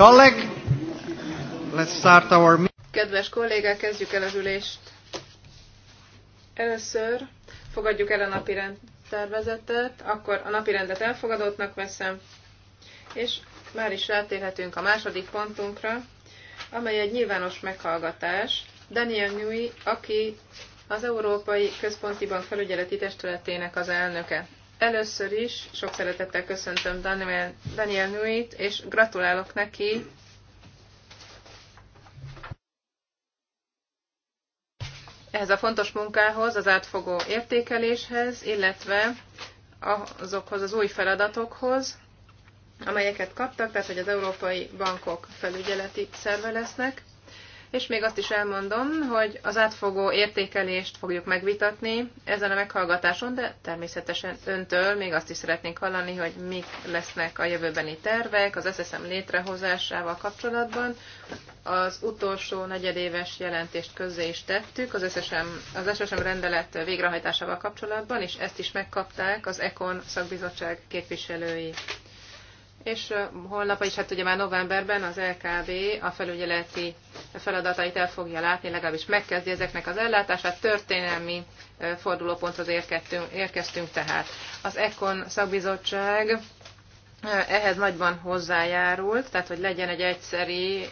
let's start our Kedves kollégák, kezdjük el az ülést. Először fogadjuk el a napirend tervezetet, akkor a napirendet elfogadottnak veszem, és már is rátérhetünk a második pontunkra, amely egy nyilvános meghallgatás. Daniel Nui, aki az Európai Központi Bank felügyeleti testületének az elnöke. Először is sok szeretettel köszöntöm Daniel, Daniel Nuit, és gratulálok neki ehhez a fontos munkához, az átfogó értékeléshez, illetve azokhoz az új feladatokhoz, amelyeket kaptak, tehát hogy az európai bankok felügyeleti szerve lesznek. És még azt is elmondom, hogy az átfogó értékelést fogjuk megvitatni ezen a meghallgatáson, de természetesen öntől még azt is szeretnénk hallani, hogy mik lesznek a jövőbeni tervek az SSM létrehozásával kapcsolatban. Az utolsó negyedéves jelentést közzé is tettük az SSM, az SSM rendelet végrehajtásával kapcsolatban, és ezt is megkapták az ECON szakbizottság képviselői és holnap, is, hát ugye már novemberben az LKB a felügyeleti feladatait el fogja látni, legalábbis megkezdi ezeknek az ellátását. Történelmi fordulóponthoz érkeztünk, érkeztünk tehát. Az ECON szakbizottság ehhez nagyban hozzájárult, tehát hogy legyen egy egyszeri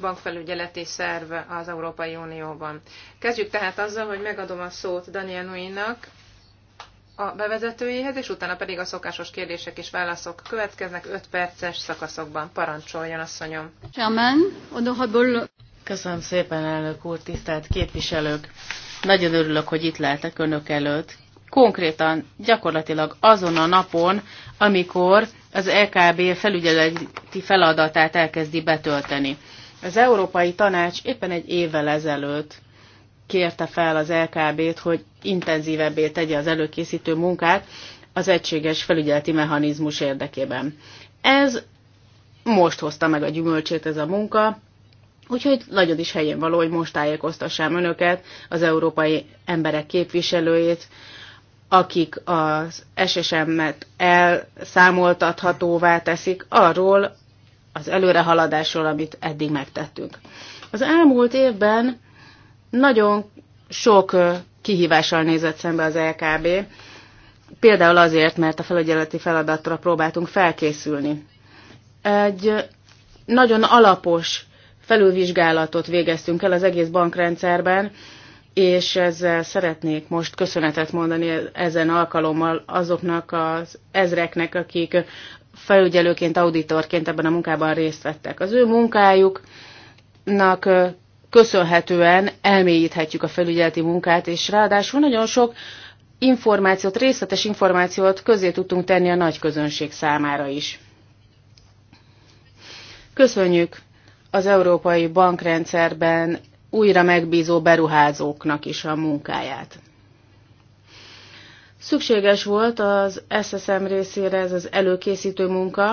bankfelügyeleti szerv az Európai Unióban. Kezdjük tehát azzal, hogy megadom a szót Daniel Nuinnak, a bevezetőjéhez, és utána pedig a szokásos kérdések és válaszok következnek 5 perces szakaszokban. Parancsoljon, asszonyom! Köszönöm szépen, elnök úr, tisztelt képviselők! Nagyon örülök, hogy itt lehetek önök előtt. Konkrétan, gyakorlatilag azon a napon, amikor az LKB felügyeleti feladatát elkezdi betölteni. Az Európai Tanács éppen egy évvel ezelőtt kérte fel az LKB-t, hogy intenzívebbé tegye az előkészítő munkát az egységes felügyeleti mechanizmus érdekében. Ez most hozta meg a gyümölcsét ez a munka, úgyhogy nagyon is helyén való, hogy most tájékoztassam önöket, az európai emberek képviselőjét, akik az SSM-et elszámoltathatóvá teszik arról az előrehaladásról, amit eddig megtettünk. Az elmúlt évben nagyon sok kihívással nézett szembe az LKB, például azért, mert a felügyeleti feladatra próbáltunk felkészülni. Egy nagyon alapos felülvizsgálatot végeztünk el az egész bankrendszerben, és ezzel szeretnék most köszönetet mondani ezen alkalommal azoknak az ezreknek, akik felügyelőként, auditorként ebben a munkában részt vettek. Az ő munkájuknak köszönhetően elmélyíthetjük a felügyeleti munkát, és ráadásul nagyon sok információt, részletes információt közé tudtunk tenni a nagy közönség számára is. Köszönjük az európai bankrendszerben újra megbízó beruházóknak is a munkáját. Szükséges volt az SSM részére ez az előkészítő munka,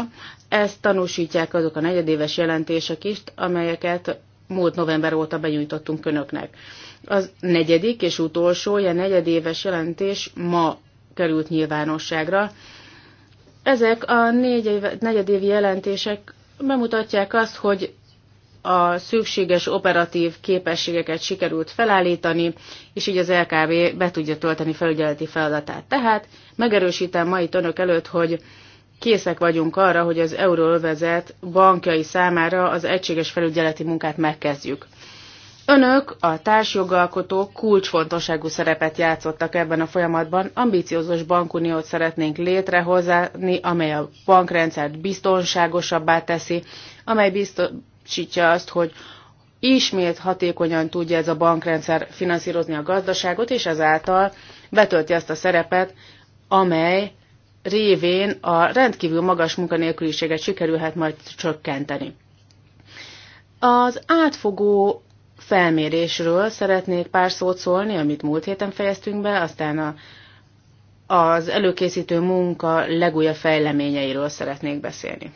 ezt tanúsítják azok a negyedéves jelentések is, amelyeket múlt november óta benyújtottunk önöknek. Az negyedik és utolsó, ilyen negyedéves jelentés ma került nyilvánosságra. Ezek a négy éve, negyedévi jelentések bemutatják azt, hogy a szükséges operatív képességeket sikerült felállítani, és így az LKB be tudja tölteni felügyeleti feladatát. Tehát megerősítem mai itt önök előtt, hogy készek vagyunk arra, hogy az euróövezet bankjai számára az egységes felügyeleti munkát megkezdjük. Önök, a társjogalkotók kulcsfontosságú szerepet játszottak ebben a folyamatban. Ambiciózus bankuniót szeretnénk létrehozni, amely a bankrendszert biztonságosabbá teszi, amely biztosítja azt, hogy ismét hatékonyan tudja ez a bankrendszer finanszírozni a gazdaságot, és ezáltal betölti azt a szerepet, amely révén a rendkívül magas munkanélküliséget sikerülhet majd csökkenteni. Az átfogó felmérésről szeretnék pár szót szólni, amit múlt héten fejeztünk be, aztán a, az előkészítő munka legújabb fejleményeiről szeretnék beszélni.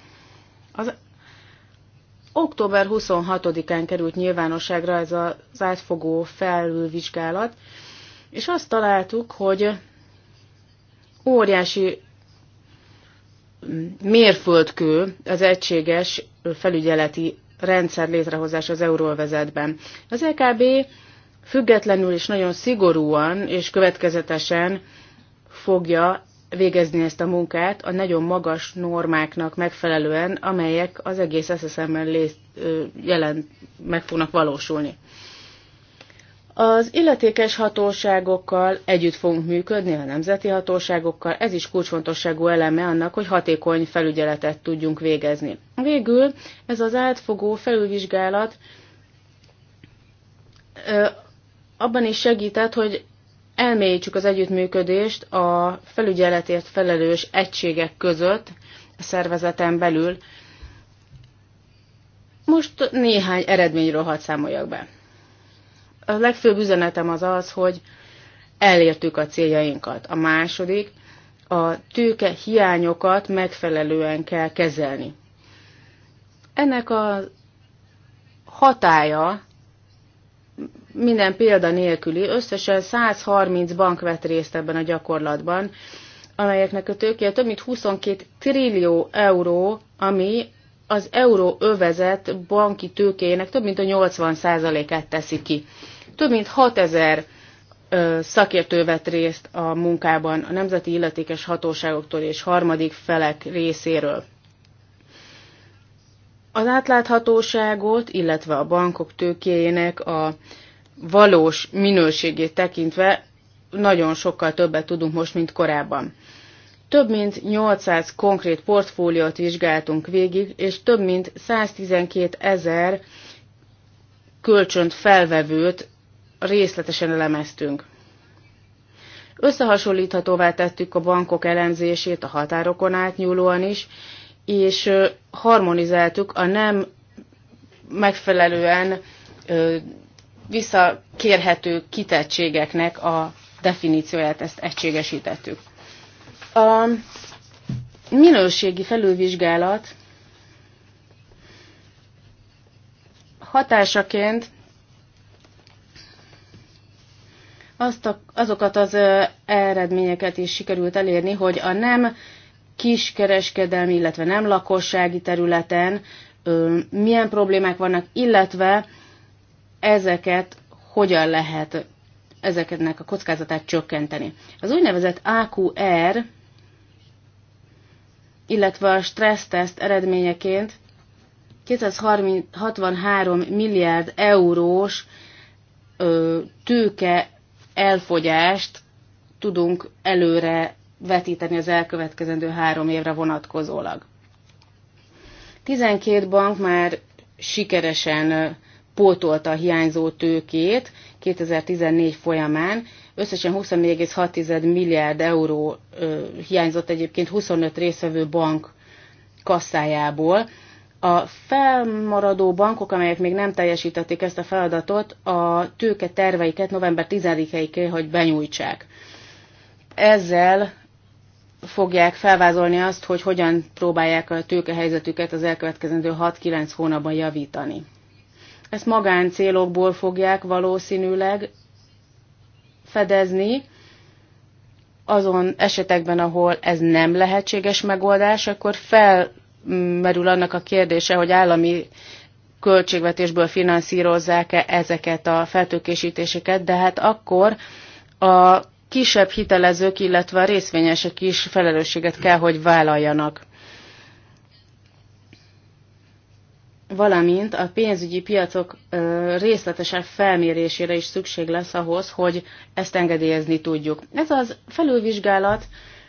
Az október 26-án került nyilvánosságra ez az átfogó felülvizsgálat, és azt találtuk, hogy óriási mérföldkő az egységes felügyeleti rendszer létrehozás az euróvezetben. Az EKB függetlenül és nagyon szigorúan és következetesen fogja végezni ezt a munkát a nagyon magas normáknak megfelelően, amelyek az egész ssm ben jelen meg fognak valósulni. Az illetékes hatóságokkal együtt fogunk működni, a nemzeti hatóságokkal, ez is kulcsfontosságú eleme annak, hogy hatékony felügyeletet tudjunk végezni. Végül ez az átfogó felülvizsgálat abban is segített, hogy elmélyítsük az együttműködést a felügyeletért felelős egységek között, a szervezeten belül. Most néhány eredményről hadd számoljak be a legfőbb üzenetem az az, hogy elértük a céljainkat. A második, a tőke hiányokat megfelelően kell kezelni. Ennek a hatája minden példa nélküli, összesen 130 bank vett részt ebben a gyakorlatban, amelyeknek a tőkéje több mint 22 trillió euró, ami az euróövezet banki tőkéjének több mint a 80%-át teszi ki. Több mint 6000 szakértő vett részt a munkában a nemzeti illetékes hatóságoktól és harmadik felek részéről. Az átláthatóságot, illetve a bankok tőkéjének a valós minőségét tekintve nagyon sokkal többet tudunk most, mint korábban. Több mint 800 konkrét portfóliót vizsgáltunk végig, és több mint 112 ezer kölcsönt felvevőt részletesen elemeztünk. Összehasonlíthatóvá tettük a bankok elemzését a határokon átnyúlóan is, és harmonizáltuk a nem megfelelően visszakérhető kitettségeknek a definícióját, ezt egységesítettük. A minőségi felülvizsgálat hatásaként azt a, azokat az eredményeket is sikerült elérni, hogy a nem kiskereskedelmi, illetve nem lakossági területen ö, milyen problémák vannak, illetve ezeket hogyan lehet ezeknek a kockázatát csökkenteni. Az úgynevezett AQR, illetve a stresszteszt eredményeként 263 milliárd eurós tőke elfogyást tudunk előre vetíteni az elkövetkezendő három évre vonatkozólag. 12 bank már sikeresen pótolta a hiányzó tőkét 2014 folyamán, összesen 24,6 milliárd euró hiányzott egyébként 25 részvevő bank kasszájából, a felmaradó bankok, amelyek még nem teljesítették ezt a feladatot, a tőke terveiket november 10-ig kell, hogy benyújtsák. Ezzel fogják felvázolni azt, hogy hogyan próbálják a tőkehelyzetüket az elkövetkezendő 6-9 hónapban javítani. Ezt magáncélokból fogják valószínűleg fedezni, azon esetekben, ahol ez nem lehetséges megoldás, akkor fel merül annak a kérdése, hogy állami költségvetésből finanszírozzák-e ezeket a feltőkésítéseket, de hát akkor a kisebb hitelezők, illetve a részvényesek is felelősséget kell, hogy vállaljanak. Valamint a pénzügyi piacok részletesebb felmérésére is szükség lesz ahhoz, hogy ezt engedélyezni tudjuk. Ez az felülvizsgálat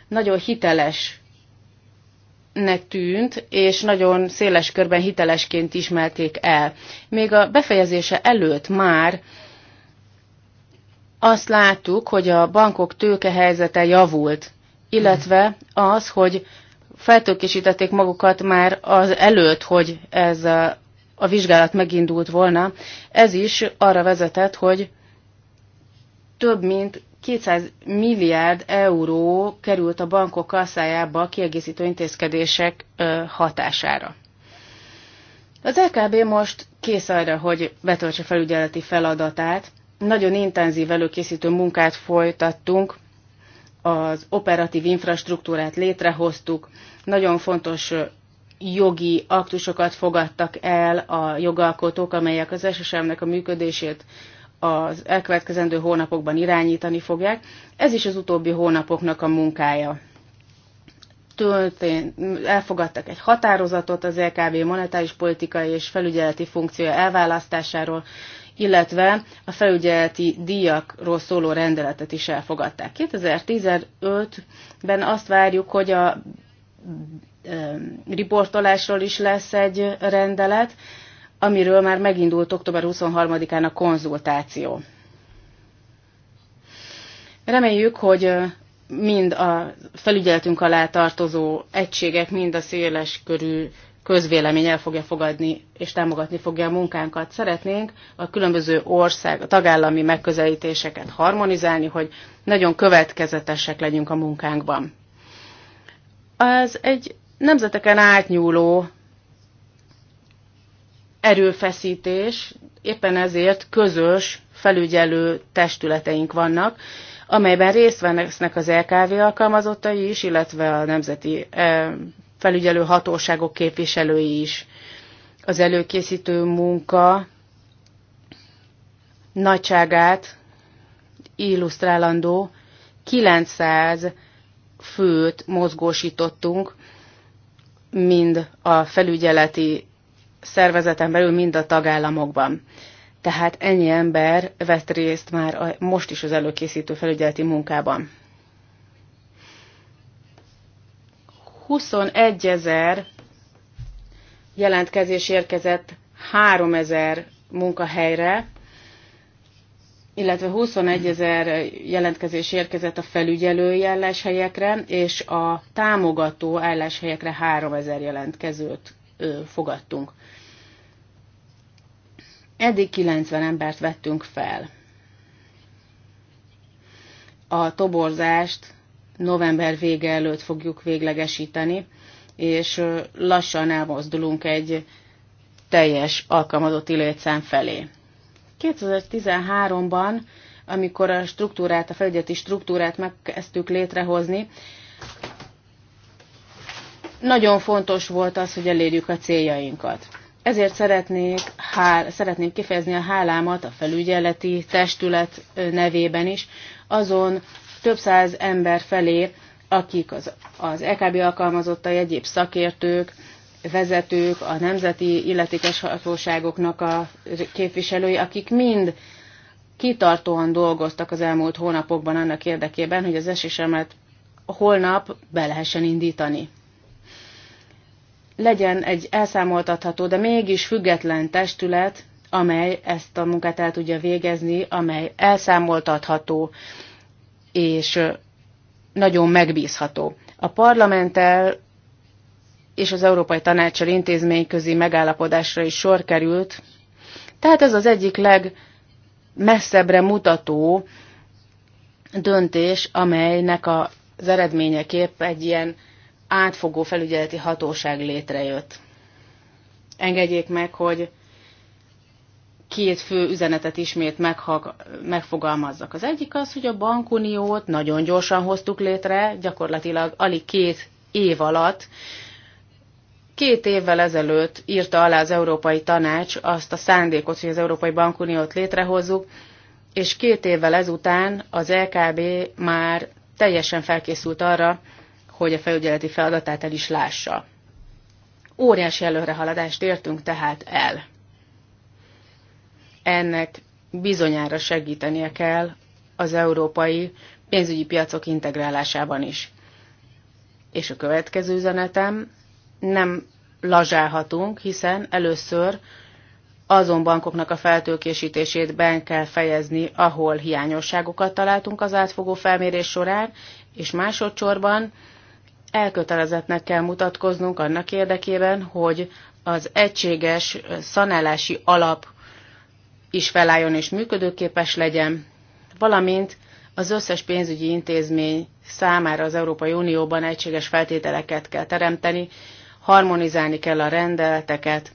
nagyon hiteles nek tűnt, és nagyon széles körben hitelesként ismerték el. Még a befejezése előtt már azt láttuk, hogy a bankok tőkehelyzete javult, illetve az, hogy feltőkésítették magukat már az előtt, hogy ez a, a vizsgálat megindult volna, ez is arra vezetett, hogy több mint 200 milliárd euró került a bankok kasszájába a kiegészítő intézkedések hatására. Az LKB most kész arra, hogy betöltse felügyeleti feladatát. Nagyon intenzív előkészítő munkát folytattunk, az operatív infrastruktúrát létrehoztuk, nagyon fontos jogi aktusokat fogadtak el a jogalkotók, amelyek az SSM-nek a működését az elkövetkezendő hónapokban irányítani fogják. Ez is az utóbbi hónapoknak a munkája. Töltén, elfogadtak egy határozatot az LKB monetáris politikai és felügyeleti funkciója elválasztásáról, illetve a felügyeleti díjakról szóló rendeletet is elfogadták. 2015-ben azt várjuk, hogy a riportolásról is lesz egy rendelet, amiről már megindult október 23-án a konzultáció. Reméljük, hogy mind a felügyeletünk alá tartozó egységek, mind a széles körű közvélemény el fogja fogadni és támogatni fogja a munkánkat. Szeretnénk a különböző ország, a tagállami megközelítéseket harmonizálni, hogy nagyon következetesek legyünk a munkánkban. Az egy nemzeteken átnyúló erőfeszítés, éppen ezért közös felügyelő testületeink vannak, amelyben részt vesznek az LKV alkalmazottai is, illetve a nemzeti e, felügyelő hatóságok képviselői is. Az előkészítő munka nagyságát illusztrálandó 900 főt mozgósítottunk, mind a felügyeleti szervezeten belül, mind a tagállamokban. Tehát ennyi ember vett részt már a, most is az előkészítő felügyeleti munkában. 21 ezer jelentkezés érkezett 3 ezer munkahelyre, illetve 21 ezer jelentkezés érkezett a felügyelői álláshelyekre, és a támogató álláshelyekre 3 ezer jelentkezőt fogadtunk. Eddig 90 embert vettünk fel. A toborzást november vége előtt fogjuk véglegesíteni, és lassan elmozdulunk egy teljes alkalmazotti létszám felé. 2013-ban, amikor a struktúrát, a felügyeti struktúrát megkezdtük létrehozni, nagyon fontos volt az, hogy elérjük a céljainkat. Ezért szeretnék, hál, szeretném kifejezni a hálámat a felügyeleti testület nevében is, azon több száz ember felé, akik az, az EKB alkalmazottai, egyéb szakértők, vezetők, a nemzeti illetékes hatóságoknak a képviselői, akik mind kitartóan dolgoztak az elmúlt hónapokban annak érdekében, hogy az esésemet holnap be lehessen indítani legyen egy elszámoltatható, de mégis független testület, amely ezt a munkát el tudja végezni, amely elszámoltatható és nagyon megbízható. A parlamenttel és az Európai Tanácssal intézményközi megállapodásra is sor került, tehát ez az egyik legmesszebbre mutató döntés, amelynek az eredményeképp egy ilyen átfogó felügyeleti hatóság létrejött. Engedjék meg, hogy két fő üzenetet ismét megfogalmazzak. Az egyik az, hogy a bankuniót nagyon gyorsan hoztuk létre, gyakorlatilag alig két év alatt. Két évvel ezelőtt írta alá az Európai Tanács azt a szándékot, hogy az Európai Bankuniót létrehozzuk, és két évvel ezután az LKB már teljesen felkészült arra, hogy a felügyeleti feladatát el is lássa. Óriási előrehaladást értünk tehát el. Ennek bizonyára segítenie kell az európai pénzügyi piacok integrálásában is. És a következő üzenetem, nem lazsálhatunk, hiszen először azon bankoknak a feltőkésítését be kell fejezni, ahol hiányosságokat találtunk az átfogó felmérés során, és másodszorban elkötelezettnek kell mutatkoznunk annak érdekében, hogy az egységes szanálási alap is felálljon és működőképes legyen, valamint az összes pénzügyi intézmény számára az Európai Unióban egységes feltételeket kell teremteni, harmonizálni kell a rendeleteket,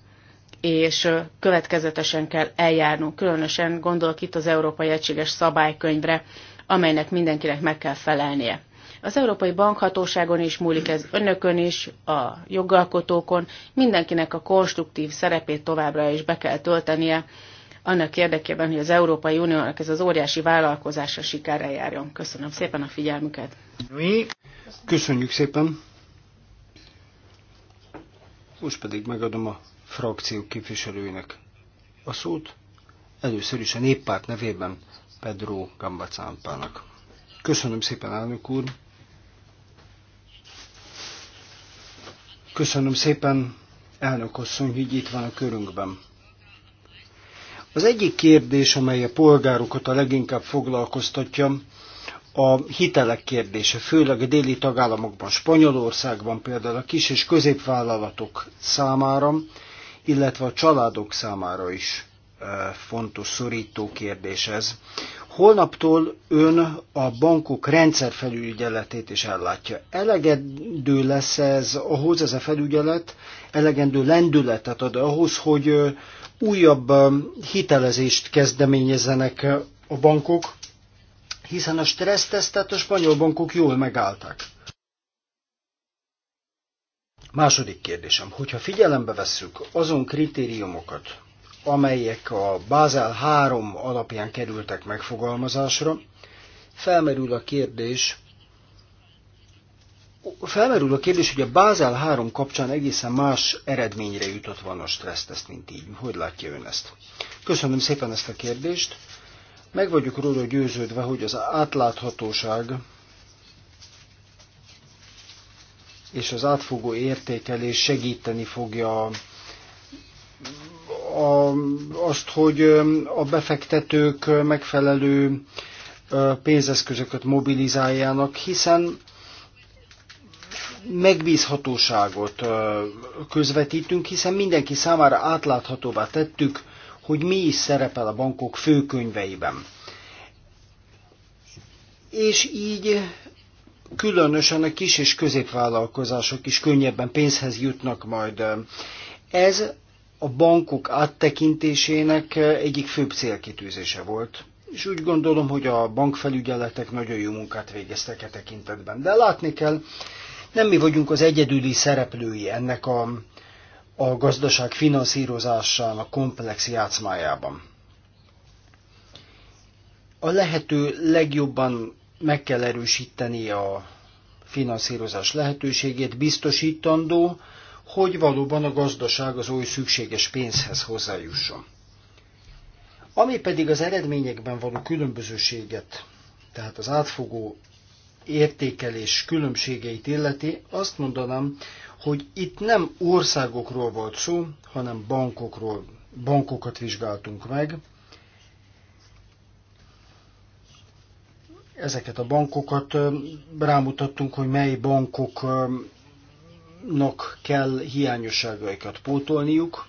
és következetesen kell eljárnunk. Különösen gondolok itt az Európai Egységes Szabálykönyvre, amelynek mindenkinek meg kell felelnie. Az Európai Bankhatóságon is múlik ez önökön is, a jogalkotókon, mindenkinek a konstruktív szerepét továbbra is be kell töltenie, annak érdekében, hogy az Európai Uniónak ez az óriási vállalkozása sikerre járjon. Köszönöm szépen a figyelmüket. Mi? Köszönjük szépen. Most pedig megadom a frakció képviselőinek a szót. Először is a néppárt nevében Pedro Gambacánpának. Köszönöm szépen, elnök úr! Köszönöm szépen, elnök asszony, hogy itt van a körünkben. Az egyik kérdés, amely a polgárokat a leginkább foglalkoztatja, a hitelek kérdése, főleg a déli tagállamokban, Spanyolországban például a kis és középvállalatok számára, illetve a családok számára is eh, fontos szorító kérdés ez. Holnaptól ön a bankok rendszerfelügyeletét is ellátja. Elegendő lesz ez ahhoz, ez a felügyelet, elegendő lendületet ad ahhoz, hogy újabb hitelezést kezdeményezzenek a bankok, hiszen a stressztesztet a spanyol bankok jól megállták. Második kérdésem, hogyha figyelembe vesszük azon kritériumokat, amelyek a Bázel 3 alapján kerültek megfogalmazásra, felmerül a kérdés, felmerül a kérdés, hogy a Bázel 3 kapcsán egészen más eredményre jutott van a stresszteszt, mint így. Hogy látja ön ezt? Köszönöm szépen ezt a kérdést. Meg vagyok róla győződve, hogy az átláthatóság és az átfogó értékelés segíteni fogja a, azt, hogy a befektetők megfelelő pénzeszközöket mobilizáljanak, hiszen megbízhatóságot közvetítünk, hiszen mindenki számára átláthatóvá tettük, hogy mi is szerepel a bankok főkönyveiben. És így különösen a kis és középvállalkozások is könnyebben pénzhez jutnak majd. Ez a bankok áttekintésének egyik főbb célkitűzése volt. És úgy gondolom, hogy a bankfelügyeletek nagyon jó munkát végeztek e tekintetben. De látni kell, nem mi vagyunk az egyedüli szereplői ennek a, a gazdaság finanszírozásának komplex játszmájában. A lehető legjobban meg kell erősíteni a finanszírozás lehetőségét, biztosítandó, hogy valóban a gazdaság az oly szükséges pénzhez hozzájusson. Ami pedig az eredményekben való különbözőséget, tehát az átfogó értékelés különbségeit illeti, azt mondanám, hogy itt nem országokról volt szó, hanem bankokról, bankokat vizsgáltunk meg. Ezeket a bankokat rámutattunk, hogy mely bankok nak kell hiányosságaikat pótolniuk.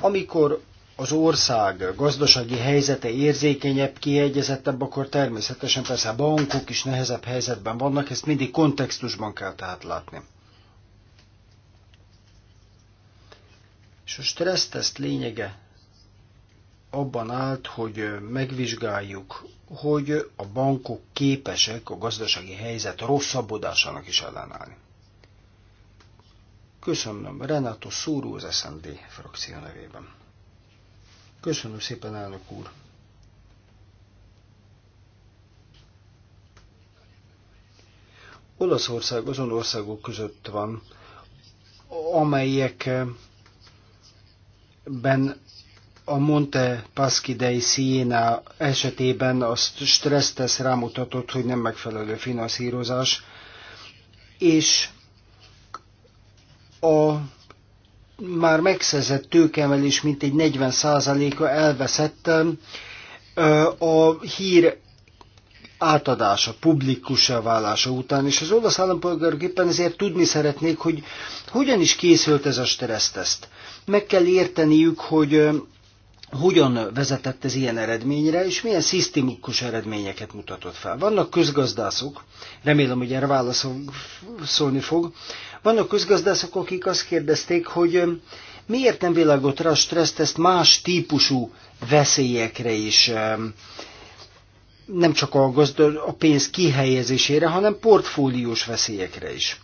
Amikor az ország gazdasági helyzete érzékenyebb, kiegyezettebb, akkor természetesen persze a bankok is nehezebb helyzetben vannak, ezt mindig kontextusban kell tehát látni. És a stresszteszt lényege abban állt, hogy megvizsgáljuk, hogy a bankok képesek a gazdasági helyzet rosszabbodásának is ellenállni. Köszönöm, Renato Szúró az SMD frakció nevében. Köszönöm szépen, elnök úr. Olaszország azon országok között van, amelyekben a Monte Paschi dei Siena esetében a stressztesz rámutatott, hogy nem megfelelő finanszírozás, és a már megszerzett tőkeemelés mintegy 40%-a elveszett a hír átadása, publikussá válása után, és az olasz állampolgárok éppen ezért tudni szeretnék, hogy hogyan is készült ez a stereszteszt. Meg kell érteniük, hogy hogyan vezetett ez ilyen eredményre, és milyen szisztémikus eredményeket mutatott fel. Vannak közgazdászok, remélem, hogy erre válaszolni fog, vannak közgazdászok, akik azt kérdezték, hogy miért nem világot rá a stresszteszt más típusú veszélyekre is, nem csak a, gazda, a pénz kihelyezésére, hanem portfóliós veszélyekre is.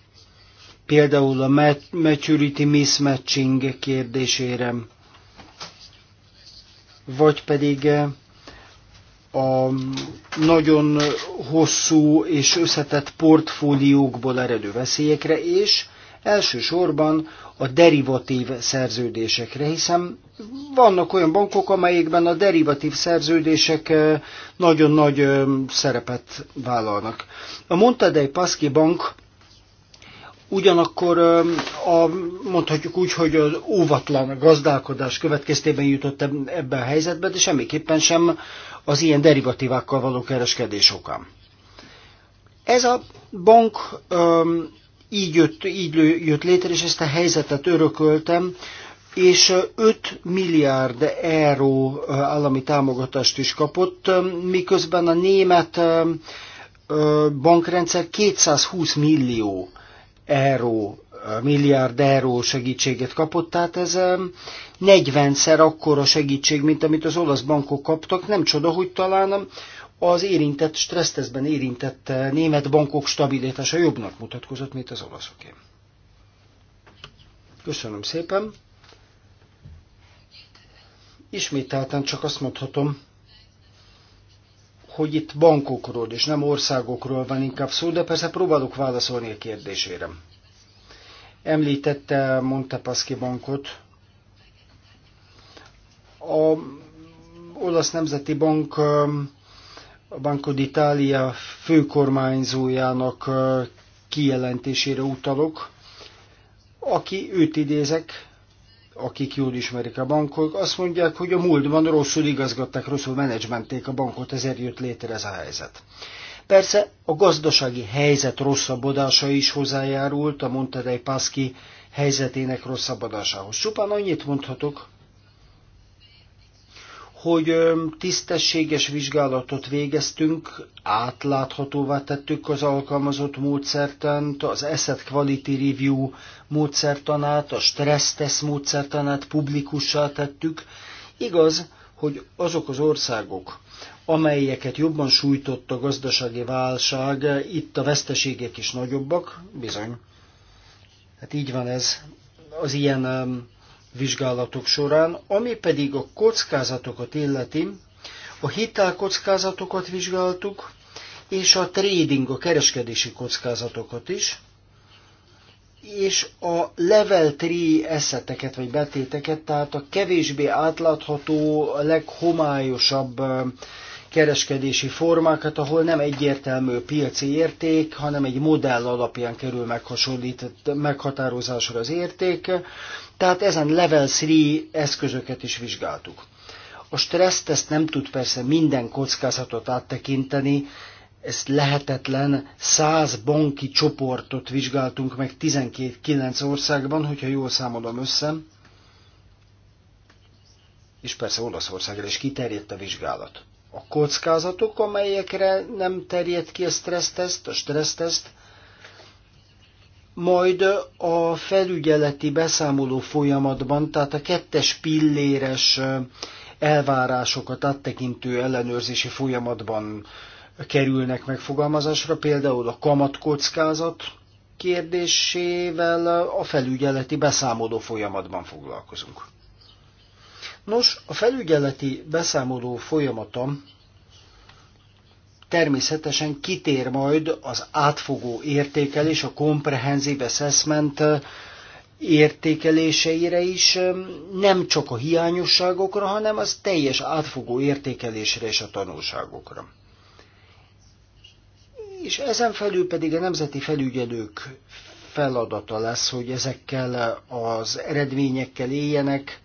Például a maturity mismatching kérdésére, vagy pedig eh, a nagyon hosszú és összetett portfóliókból eredő veszélyekre, és elsősorban a derivatív szerződésekre, hiszen vannak olyan bankok, amelyekben a derivatív szerződések eh, nagyon nagy eh, szerepet vállalnak. A Montadei Paszki Bank Ugyanakkor a, mondhatjuk úgy, hogy az óvatlan gazdálkodás következtében jutott ebbe a helyzetbe, de semmiképpen sem az ilyen derivatívákkal való kereskedés okán. Ez a bank um, így, jött, így jött létre, és ezt a helyzetet örököltem, és 5 milliárd euró állami támogatást is kapott, miközben a német bankrendszer 220 millió euró, milliárd euró segítséget kapott, tehát ez 40-szer akkora segítség, mint amit az olasz bankok kaptak. Nem csoda, hogy talán az érintett, stresszteszben érintett eh, német bankok stabilitása jobbnak mutatkozott, mint az olaszoké. Köszönöm szépen. Ismételten csak azt mondhatom, hogy itt bankokról és nem országokról van inkább szó, de persze próbálok válaszolni a kérdésére. Említette Montepaschi bankot. A olasz nemzeti bank um, a Banco d'Italia főkormányzójának uh, kijelentésére utalok, aki őt idézek, akik jól ismerik a bankok, azt mondják, hogy a múltban rosszul igazgatták, rosszul menedzsmenték a bankot, ezért jött létre ez a helyzet. Persze a gazdasági helyzet rosszabbodása is hozzájárult a Montedei Paszki helyzetének rosszabbodásához. Csupán annyit mondhatok, hogy tisztességes vizsgálatot végeztünk, átláthatóvá tettük az alkalmazott módszertent, az Asset Quality Review módszertanát, a stressztesz módszertanát publikussá tettük. Igaz, hogy azok az országok, amelyeket jobban sújtott a gazdasági válság, itt a veszteségek is nagyobbak, bizony. Hát így van ez az ilyen um, vizsgálatok során. Ami pedig a kockázatokat illeti, a hitelkockázatokat vizsgáltuk, és a trading, a kereskedési kockázatokat is és a level 3 eszeteket, vagy betéteket, tehát a kevésbé átlátható, a leghomályosabb kereskedési formákat, ahol nem egyértelmű piaci érték, hanem egy modell alapján kerül meghatározásra az érték. Tehát ezen level 3 eszközöket is vizsgáltuk. A stressztest nem tud persze minden kockázatot áttekinteni, ezt lehetetlen száz banki csoportot vizsgáltunk meg 12-9 országban, hogyha jól számolom össze, és persze Olaszországra is kiterjedt a vizsgálat. A kockázatok, amelyekre nem terjed ki a stresszteszt, a stresszteszt, majd a felügyeleti beszámoló folyamatban, tehát a kettes pilléres elvárásokat áttekintő ellenőrzési folyamatban kerülnek megfogalmazásra, például a kamatkockázat kérdésével a felügyeleti beszámoló folyamatban foglalkozunk. Nos, a felügyeleti beszámoló folyamata természetesen kitér majd az átfogó értékelés, a comprehensive assessment értékeléseire is, nem csak a hiányosságokra, hanem az teljes átfogó értékelésre és a tanulságokra és ezen felül pedig a nemzeti felügyelők feladata lesz, hogy ezekkel az eredményekkel éljenek,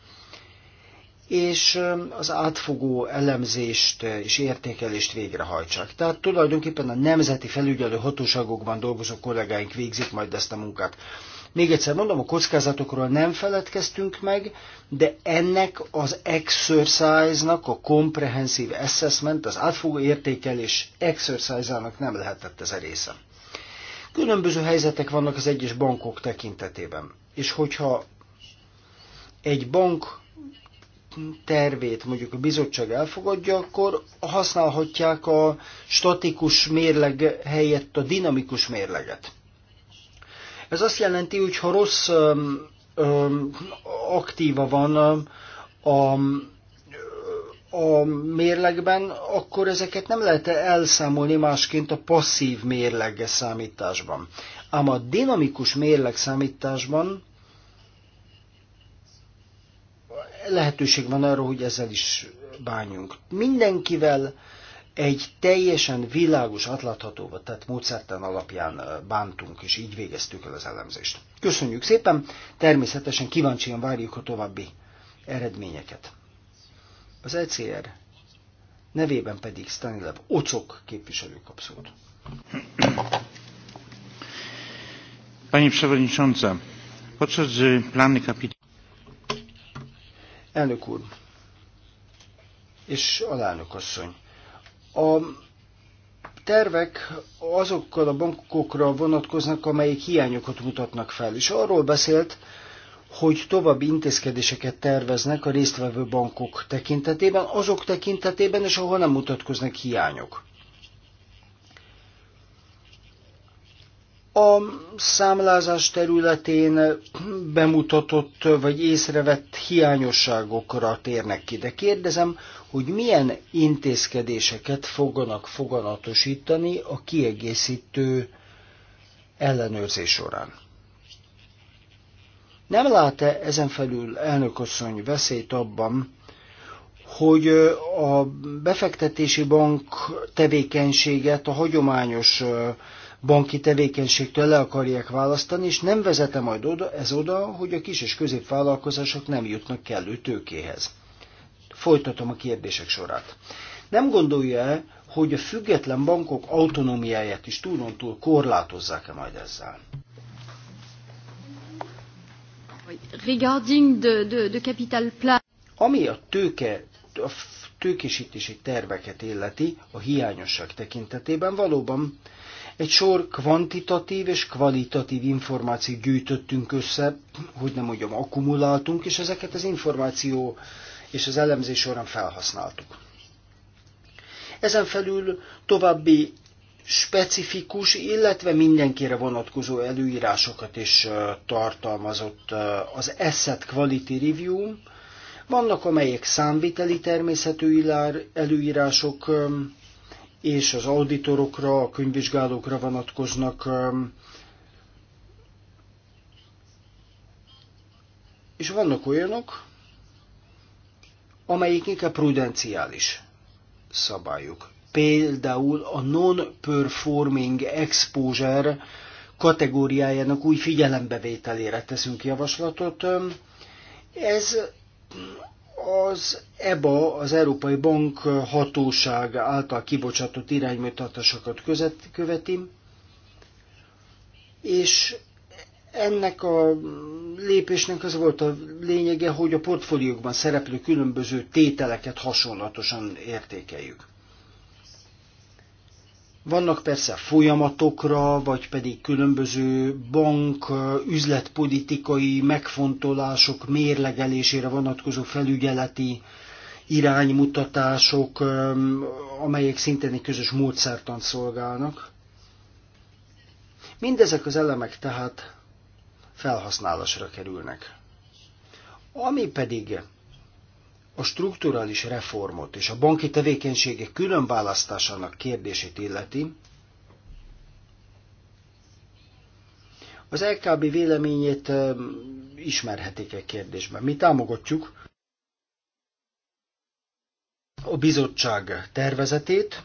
és az átfogó elemzést és értékelést végrehajtsák. Tehát tulajdonképpen a nemzeti felügyelő hatóságokban dolgozó kollégáink végzik majd ezt a munkát. Még egyszer mondom, a kockázatokról nem feledkeztünk meg, de ennek az exercise-nak, a comprehensive assessment, az átfogó értékelés exercise-ának nem lehetett ez a része. Különböző helyzetek vannak az egyes bankok tekintetében, és hogyha egy bank tervét mondjuk a bizottság elfogadja, akkor használhatják a statikus mérleg helyett a dinamikus mérleget. Ez azt jelenti, hogy ha rossz öm, öm, aktíva van a, a mérlegben, akkor ezeket nem lehet elszámolni másként a passzív mérlege számításban. Ám a dinamikus mérleg számításban lehetőség van arra, hogy ezzel is bánjunk. Mindenkivel egy teljesen világos, átlátható, tehát módszertan alapján bántunk, és így végeztük el az elemzést. Köszönjük szépen, természetesen kíváncsian várjuk a további eredményeket. Az ECR nevében pedig Stanislav Ocok képviselő kap Pani Przewodnicząca, podczas plany kapitału... Elnök úr és alelnök asszony. A tervek azokkal a bankokra vonatkoznak, amelyek hiányokat mutatnak fel, és arról beszélt, hogy további intézkedéseket terveznek a résztvevő bankok tekintetében, azok tekintetében, és ahol nem mutatkoznak hiányok. A számlázás területén bemutatott vagy észrevett hiányosságokra térnek ki, de kérdezem, hogy milyen intézkedéseket fognak foganatosítani a kiegészítő ellenőrzés során. Nem lát-e ezen felül elnökasszony veszélyt abban, hogy a befektetési bank tevékenységet a hagyományos banki tevékenységtől le akarják választani, és nem vezete majd oda, ez oda, hogy a kis és középvállalkozások nem jutnak kellő tőkéhez. Folytatom a kérdések sorát. Nem gondolja-e, hogy a független bankok autonómiáját is túlontúl korlátozzák-e majd ezzel? Regarding the, the, the capital plan. Ami a tőke, a tőkésítési terveket illeti, a hiányosság tekintetében valóban egy sor kvantitatív és kvalitatív információt gyűjtöttünk össze, hogy nem mondjam, akkumuláltunk, és ezeket az információ és az elemzés során felhasználtuk. Ezen felül további specifikus, illetve mindenkire vonatkozó előírásokat is tartalmazott az Asset Quality Review. Vannak, amelyek számviteli természetű előírások, és az auditorokra, a könyvvizsgálókra vonatkoznak. Um, és vannak olyanok, amelyik inkább prudenciális szabályok. Például a non-performing exposure kategóriájának új figyelembevételére teszünk javaslatot. Um, ez az EBA, az Európai Bank hatóság által kibocsátott iránymutatásokat követi, és ennek a lépésnek az volt a lényege, hogy a portfóliókban szereplő különböző tételeket hasonlatosan értékeljük. Vannak persze folyamatokra, vagy pedig különböző bank, üzletpolitikai megfontolások mérlegelésére vonatkozó felügyeleti iránymutatások, amelyek szintén egy közös módszertant szolgálnak. Mindezek az elemek tehát felhasználásra kerülnek. Ami pedig a strukturális reformot és a banki tevékenységek különválasztásának kérdését illeti, az LKB véleményét ismerhetik egy kérdésben. Mi támogatjuk a bizottság tervezetét,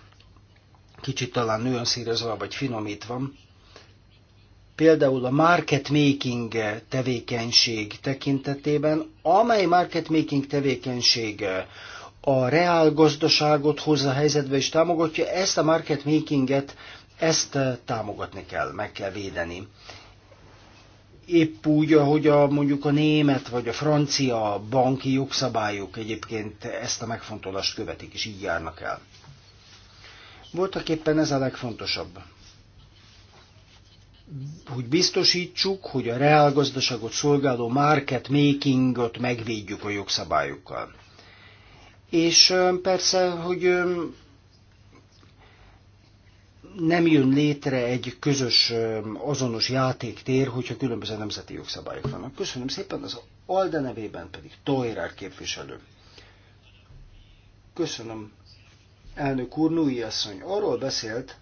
kicsit talán nőanszírozva vagy finomítva, például a market making tevékenység tekintetében, amely market making tevékenység a reál gazdaságot hozza helyzetbe és támogatja, ezt a market makinget, ezt támogatni kell, meg kell védeni. Épp úgy, ahogy a, mondjuk a német vagy a francia banki jogszabályok egyébként ezt a megfontolást követik, és így járnak el. Voltak éppen ez a legfontosabb hogy biztosítsuk, hogy a reálgazdaságot szolgáló market makingot megvédjük a jogszabályokkal. És persze, hogy nem jön létre egy közös azonos játéktér, hogyha különböző nemzeti jogszabályok vannak. Köszönöm szépen, az ALDE nevében pedig Toirár képviselő. Köszönöm, elnök úr, Núi asszony. Arról beszélt,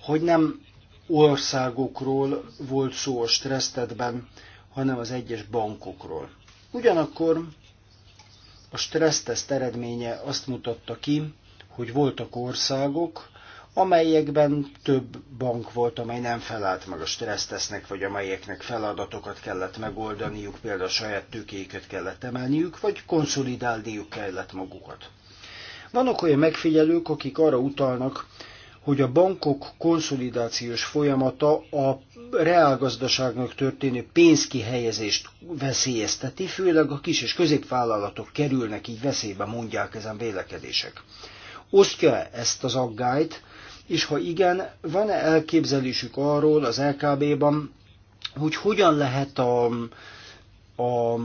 hogy nem országokról volt szó a stressztetben, hanem az egyes bankokról. Ugyanakkor a stresszteszt eredménye azt mutatta ki, hogy voltak országok, amelyekben több bank volt, amely nem felállt meg a stressztesznek, vagy amelyeknek feladatokat kellett megoldaniuk, például a saját tőkéket kellett emelniük, vagy konszolidálniuk kellett magukat. Vannak olyan megfigyelők, akik arra utalnak, hogy a bankok konszolidációs folyamata a reálgazdaságnak történő pénzkihelyezést veszélyezteti, főleg a kis és középvállalatok kerülnek így veszélybe, mondják ezen vélekedések. osztja -e ezt az aggályt, és ha igen, van-e elképzelésük arról az LKB-ban, hogy hogyan lehet a, a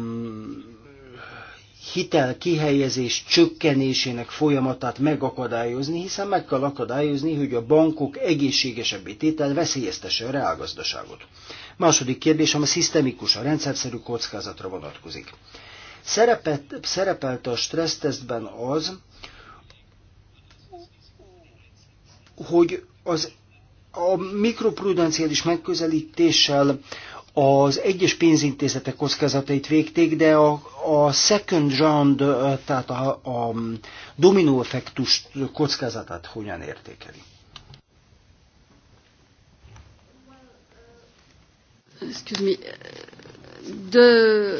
hitel kihelyezés csökkenésének folyamatát megakadályozni, hiszen meg kell akadályozni, hogy a bankok egészségesebb tétel veszélyeztesse a reálgazdaságot. Második kérdésem a szisztemikus, a rendszerszerű kockázatra vonatkozik. Szerepet, szerepelt a stressztesztben az, hogy az a mikroprudenciális megközelítéssel az egyes pénzintézetek kockázatait végték, de a, a second round, tehát a, a dominó effektus kockázatát hogyan értékeli? Excuse me. The,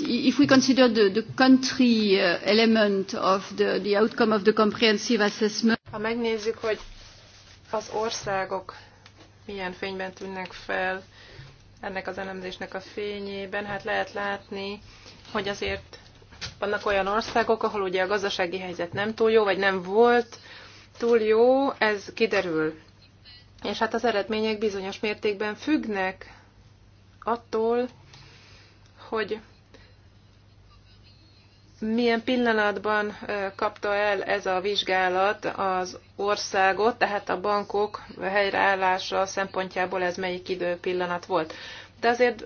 if we consider the, the country uh, element of the, the outcome of the comprehensive assessment, ha megnézzük, hogy az országok milyen fényben tűnnek fel ennek az elemzésnek a fényében. Hát lehet látni, hogy azért vannak olyan országok, ahol ugye a gazdasági helyzet nem túl jó, vagy nem volt túl jó, ez kiderül. És hát az eredmények bizonyos mértékben függnek attól, hogy milyen pillanatban kapta el ez a vizsgálat az országot, tehát a bankok helyreállása szempontjából ez melyik idő pillanat volt. De azért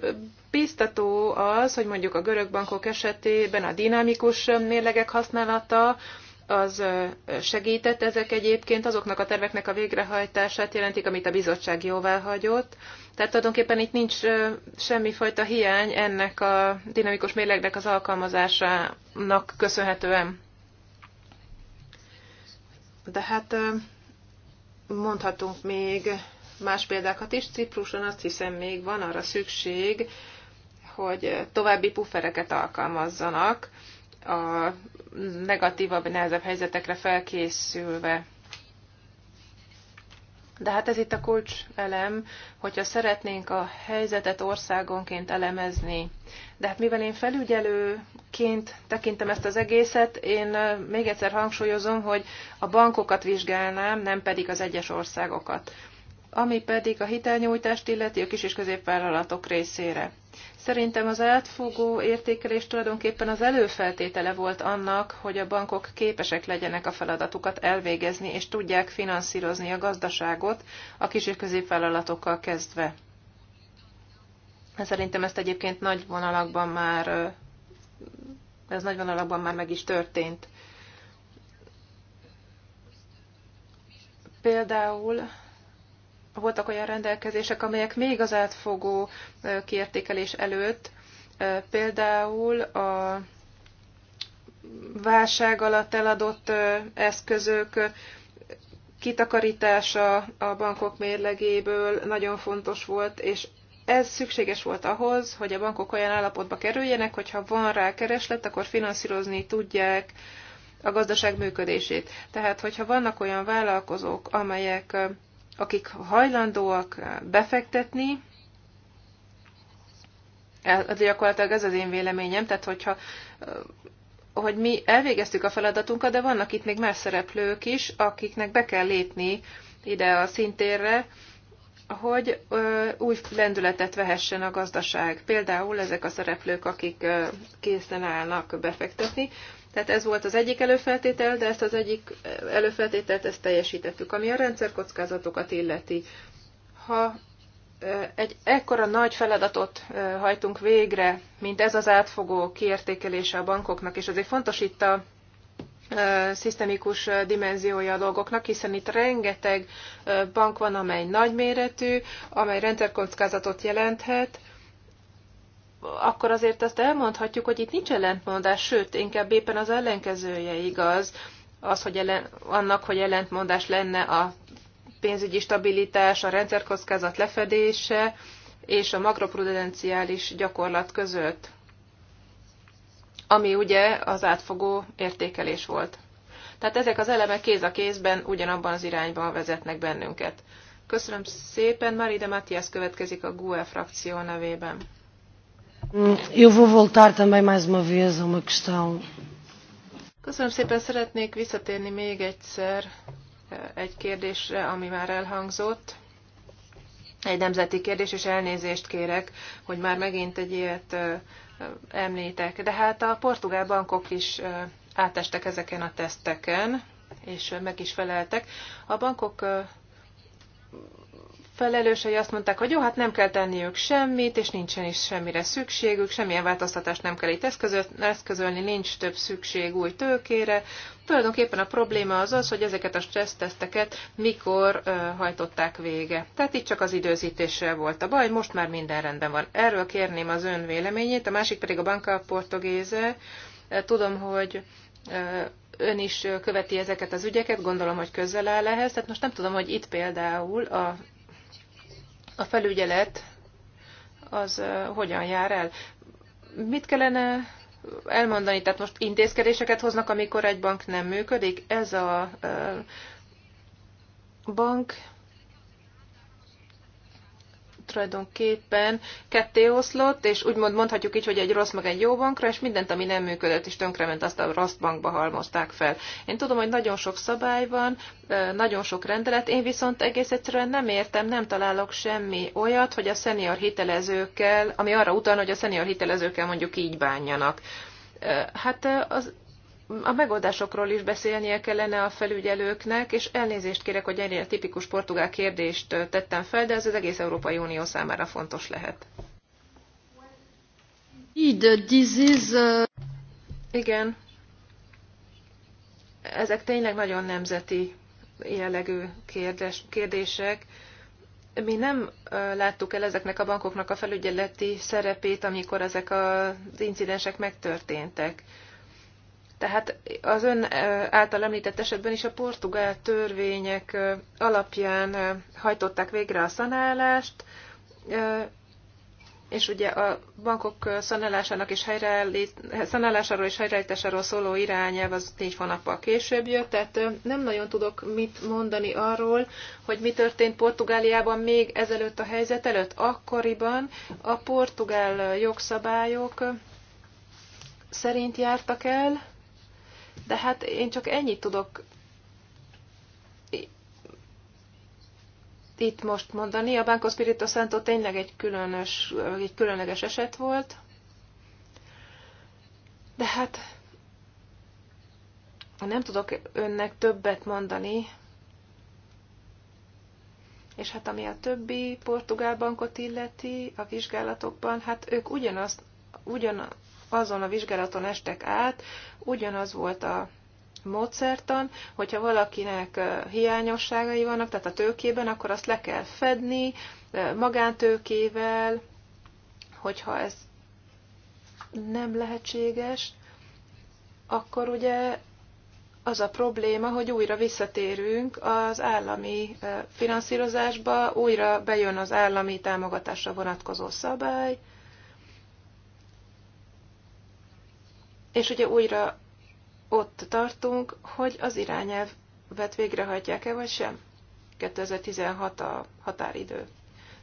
biztató az, hogy mondjuk a görög bankok esetében a dinamikus mérlegek használata, az segített. Ezek egyébként azoknak a terveknek a végrehajtását jelentik, amit a bizottság jóvá hagyott. Tehát tulajdonképpen itt nincs semmifajta hiány ennek a dinamikus mérlegnek az alkalmazásának köszönhetően. De hát mondhatunk még más példákat is. Cipruson azt hiszem még van arra szükség, hogy további puffereket alkalmazzanak a negatívabb, nehezebb helyzetekre felkészülve. De hát ez itt a kulcs elem, hogyha szeretnénk a helyzetet országonként elemezni. De hát mivel én felügyelőként tekintem ezt az egészet, én még egyszer hangsúlyozom, hogy a bankokat vizsgálnám, nem pedig az egyes országokat. Ami pedig a hitelnyújtást illeti a kis és középvállalatok részére. Szerintem az átfogó értékelés tulajdonképpen az előfeltétele volt annak, hogy a bankok képesek legyenek a feladatukat elvégezni, és tudják finanszírozni a gazdaságot a kis- és középvállalatokkal kezdve. Szerintem ezt egyébként nagy vonalakban már, ez nagy vonalakban már meg is történt. Például voltak olyan rendelkezések, amelyek még az átfogó kiértékelés előtt, például a válság alatt eladott eszközök kitakarítása a bankok mérlegéből nagyon fontos volt, és ez szükséges volt ahhoz, hogy a bankok olyan állapotba kerüljenek, hogyha van rá kereslet, akkor finanszírozni tudják a gazdaság működését. Tehát, hogyha vannak olyan vállalkozók, amelyek akik hajlandóak befektetni, ez gyakorlatilag ez az én véleményem, tehát hogyha hogy mi elvégeztük a feladatunkat, de vannak itt még más szereplők is, akiknek be kell lépni ide a szintérre, hogy ö, új lendületet vehessen a gazdaság. Például ezek a szereplők, akik ö, készen állnak befektetni, tehát ez volt az egyik előfeltétel, de ezt az egyik előfeltételt ezt teljesítettük. Ami a rendszerkockázatokat illeti, ha egy ekkora nagy feladatot hajtunk végre, mint ez az átfogó kiértékelése a bankoknak, és azért fontos itt a szisztemikus dimenziója a dolgoknak, hiszen itt rengeteg bank van, amely nagyméretű, amely rendszerkockázatot jelenthet, akkor azért azt elmondhatjuk, hogy itt nincs ellentmondás, sőt, inkább éppen az ellenkezője igaz, az, hogy ellen, annak, hogy ellentmondás lenne a pénzügyi stabilitás, a rendszerkockázat lefedése és a makroprudenciális gyakorlat között, ami ugye az átfogó értékelés volt. Tehát ezek az elemek kéz a kézben ugyanabban az irányban vezetnek bennünket. Köszönöm szépen, Maride Matthias következik a GUE frakció nevében. Köszönöm szépen, szeretnék visszatérni még egyszer eh, egy kérdésre, ami már elhangzott. Egy nemzeti kérdés, és elnézést kérek, hogy már megint egy ilyet eh, említek. De hát a portugál bankok is eh, átestek ezeken a teszteken, és meg is feleltek. A bankok felelősei azt mondták, hogy jó, hát nem kell tenniük semmit, és nincsen is semmire szükségük, semmilyen változtatást nem kell itt eszközölni, nincs több szükség új tőkére. Tulajdonképpen a probléma az az, hogy ezeket a stresszteszteket mikor ö, hajtották vége. Tehát itt csak az időzítéssel volt a baj, most már minden rendben van. Erről kérném az ön véleményét, a másik pedig a Banca Portugéze. Tudom, hogy ön is követi ezeket az ügyeket, gondolom, hogy közel áll ehhez. Tehát most nem tudom, hogy itt például a a felügyelet az hogyan jár el. Mit kellene elmondani? Tehát most intézkedéseket hoznak, amikor egy bank nem működik? Ez a bank tulajdonképpen ketté oszlott, és úgymond mondhatjuk így, hogy egy rossz meg egy jó bankra, és mindent, ami nem működött és tönkrement, azt a rossz bankba halmozták fel. Én tudom, hogy nagyon sok szabály van, nagyon sok rendelet, én viszont egész egyszerűen nem értem, nem találok semmi olyat, hogy a szenior hitelezőkkel, ami arra utal, hogy a szenior hitelezőkkel mondjuk így bánjanak. Hát az a megoldásokról is beszélnie kellene a felügyelőknek, és elnézést kérek, hogy ennyire tipikus portugál kérdést tettem fel, de ez az egész Európai Unió számára fontos lehet. Igen. Ezek tényleg nagyon nemzeti jellegű kérdés, kérdések. Mi nem láttuk el ezeknek a bankoknak a felügyeleti szerepét, amikor ezek az incidensek megtörténtek tehát az ön által említett esetben is a portugál törvények alapján hajtották végre a szanálást, és ugye a bankok szanálásának és helyreállít, szanálásáról és helyreállításáról szóló irányelv az négy hónappal később jött, tehát nem nagyon tudok mit mondani arról, hogy mi történt Portugáliában még ezelőtt a helyzet előtt. Akkoriban a portugál jogszabályok szerint jártak el, de hát én csak ennyit tudok itt most mondani. A Banco Spirito Santo tényleg egy, különös, egy különleges eset volt. De hát nem tudok önnek többet mondani. És hát ami a többi portugál bankot illeti a vizsgálatokban, hát ők ugyanazt, ugyan, azon a vizsgálaton estek át, ugyanaz volt a módszertan, hogyha valakinek hiányosságai vannak, tehát a tőkében, akkor azt le kell fedni magántőkével, hogyha ez nem lehetséges, akkor ugye az a probléma, hogy újra visszatérünk az állami finanszírozásba, újra bejön az állami támogatásra vonatkozó szabály, És ugye újra ott tartunk, hogy az irányelvet végrehajtják-e vagy sem. 2016 a határidő.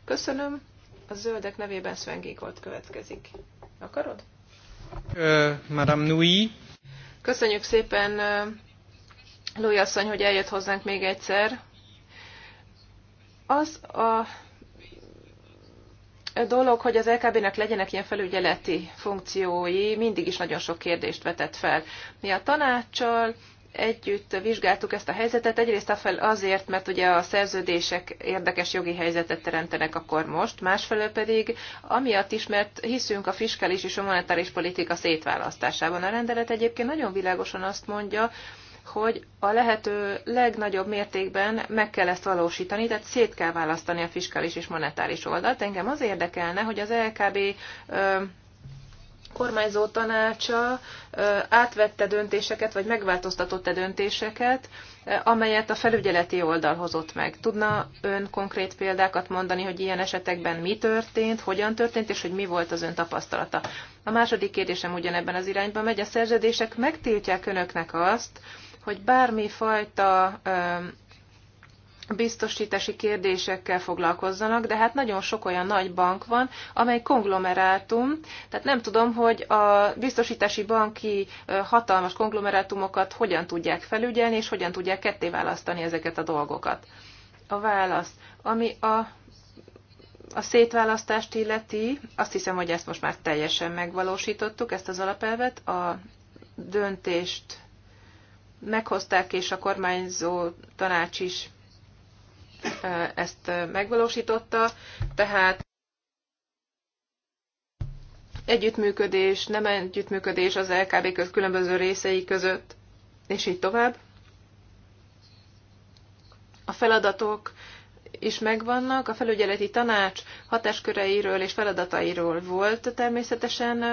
Köszönöm. A zöldek nevében Sven volt következik. Akarod? Ö, Madame Nui. Köszönjük szépen, Lui asszony, hogy eljött hozzánk még egyszer. Az a dolog, hogy az LKB-nek legyenek ilyen felügyeleti funkciói, mindig is nagyon sok kérdést vetett fel. Mi a tanácssal együtt vizsgáltuk ezt a helyzetet, egyrészt azért, mert ugye a szerződések érdekes jogi helyzetet teremtenek akkor most, másfelől pedig amiatt is, mert hiszünk a fiskális és a monetáris politika szétválasztásában. A rendelet egyébként nagyon világosan azt mondja, hogy a lehető legnagyobb mértékben meg kell ezt valósítani, tehát szét kell választani a fiskális és monetáris oldalt. Engem az érdekelne, hogy az LKB kormányzó tanácsa átvette döntéseket, vagy megváltoztatott-e döntéseket, amelyet a felügyeleti oldal hozott meg. Tudna ön konkrét példákat mondani, hogy ilyen esetekben mi történt, hogyan történt, és hogy mi volt az ön tapasztalata? A második kérdésem ugyanebben az irányban, megy. A szerződések megtiltják önöknek azt, hogy bármi fajta biztosítási kérdésekkel foglalkozzanak, de hát nagyon sok olyan nagy bank van, amely konglomerátum, tehát nem tudom, hogy a biztosítási banki hatalmas konglomerátumokat hogyan tudják felügyelni, és hogyan tudják kettéválasztani ezeket a dolgokat. A válasz, ami a a szétválasztást illeti, azt hiszem, hogy ezt most már teljesen megvalósítottuk, ezt az alapelvet, a döntést meghozták, és a kormányzó tanács is ezt megvalósította, tehát együttműködés, nem együttműködés az LKB köz különböző részei között, és így tovább. A feladatok is megvannak, a felügyeleti tanács hatásköreiről és feladatairól volt természetesen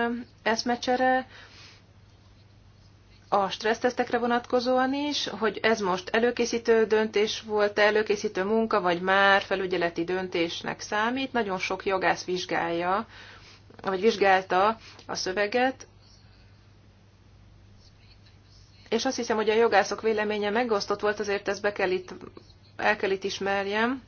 eszmecsere, a stressztesztekre vonatkozóan is, hogy ez most előkészítő döntés volt, előkészítő munka, vagy már felügyeleti döntésnek számít. Nagyon sok jogász vizsgálja, vagy vizsgálta a szöveget, és azt hiszem, hogy a jogászok véleménye megosztott volt, azért ezt be kell itt, el kell itt ismerjem.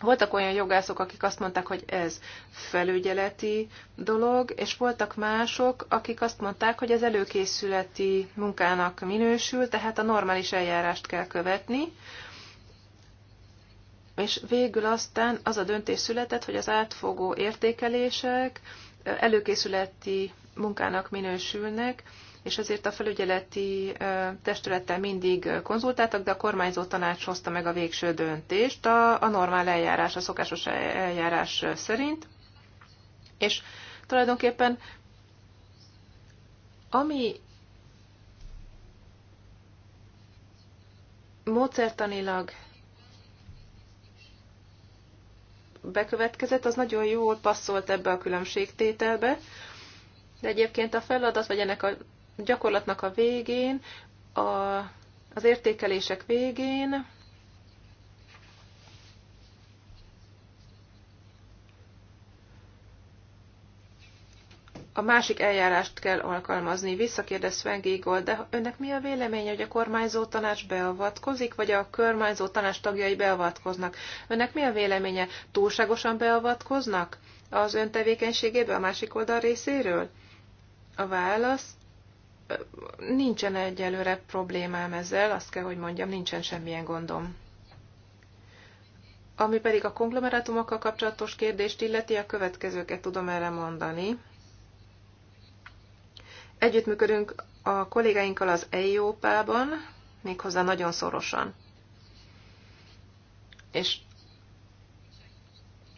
Voltak olyan jogászok, akik azt mondták, hogy ez felügyeleti dolog, és voltak mások, akik azt mondták, hogy ez előkészületi munkának minősül, tehát a normális eljárást kell követni. És végül aztán az a döntés született, hogy az átfogó értékelések előkészületi munkának minősülnek, és ezért a felügyeleti testülettel mindig konzultáltak, de a kormányzó tanács hozta meg a végső döntést a, a normál eljárás, a szokásos eljárás szerint, és tulajdonképpen ami módszertanilag bekövetkezett, az nagyon jól passzolt ebbe a különbségtételbe, de egyébként a feladat, vagy ennek a gyakorlatnak a végén, a, az értékelések végén a másik eljárást kell alkalmazni. Visszakérdez Sven Giegold, de önnek mi a véleménye, hogy a kormányzó tanács beavatkozik, vagy a kormányzó tanács tagjai beavatkoznak? Önnek mi a véleménye? Túlságosan beavatkoznak az ön tevékenységébe a másik oldal részéről? A válasz nincsen egyelőre problémám ezzel, azt kell, hogy mondjam, nincsen semmilyen gondom. Ami pedig a konglomerátumokkal kapcsolatos kérdést illeti, a következőket tudom erre mondani. Együttműködünk a kollégáinkkal az EIOPA-ban, méghozzá nagyon szorosan. És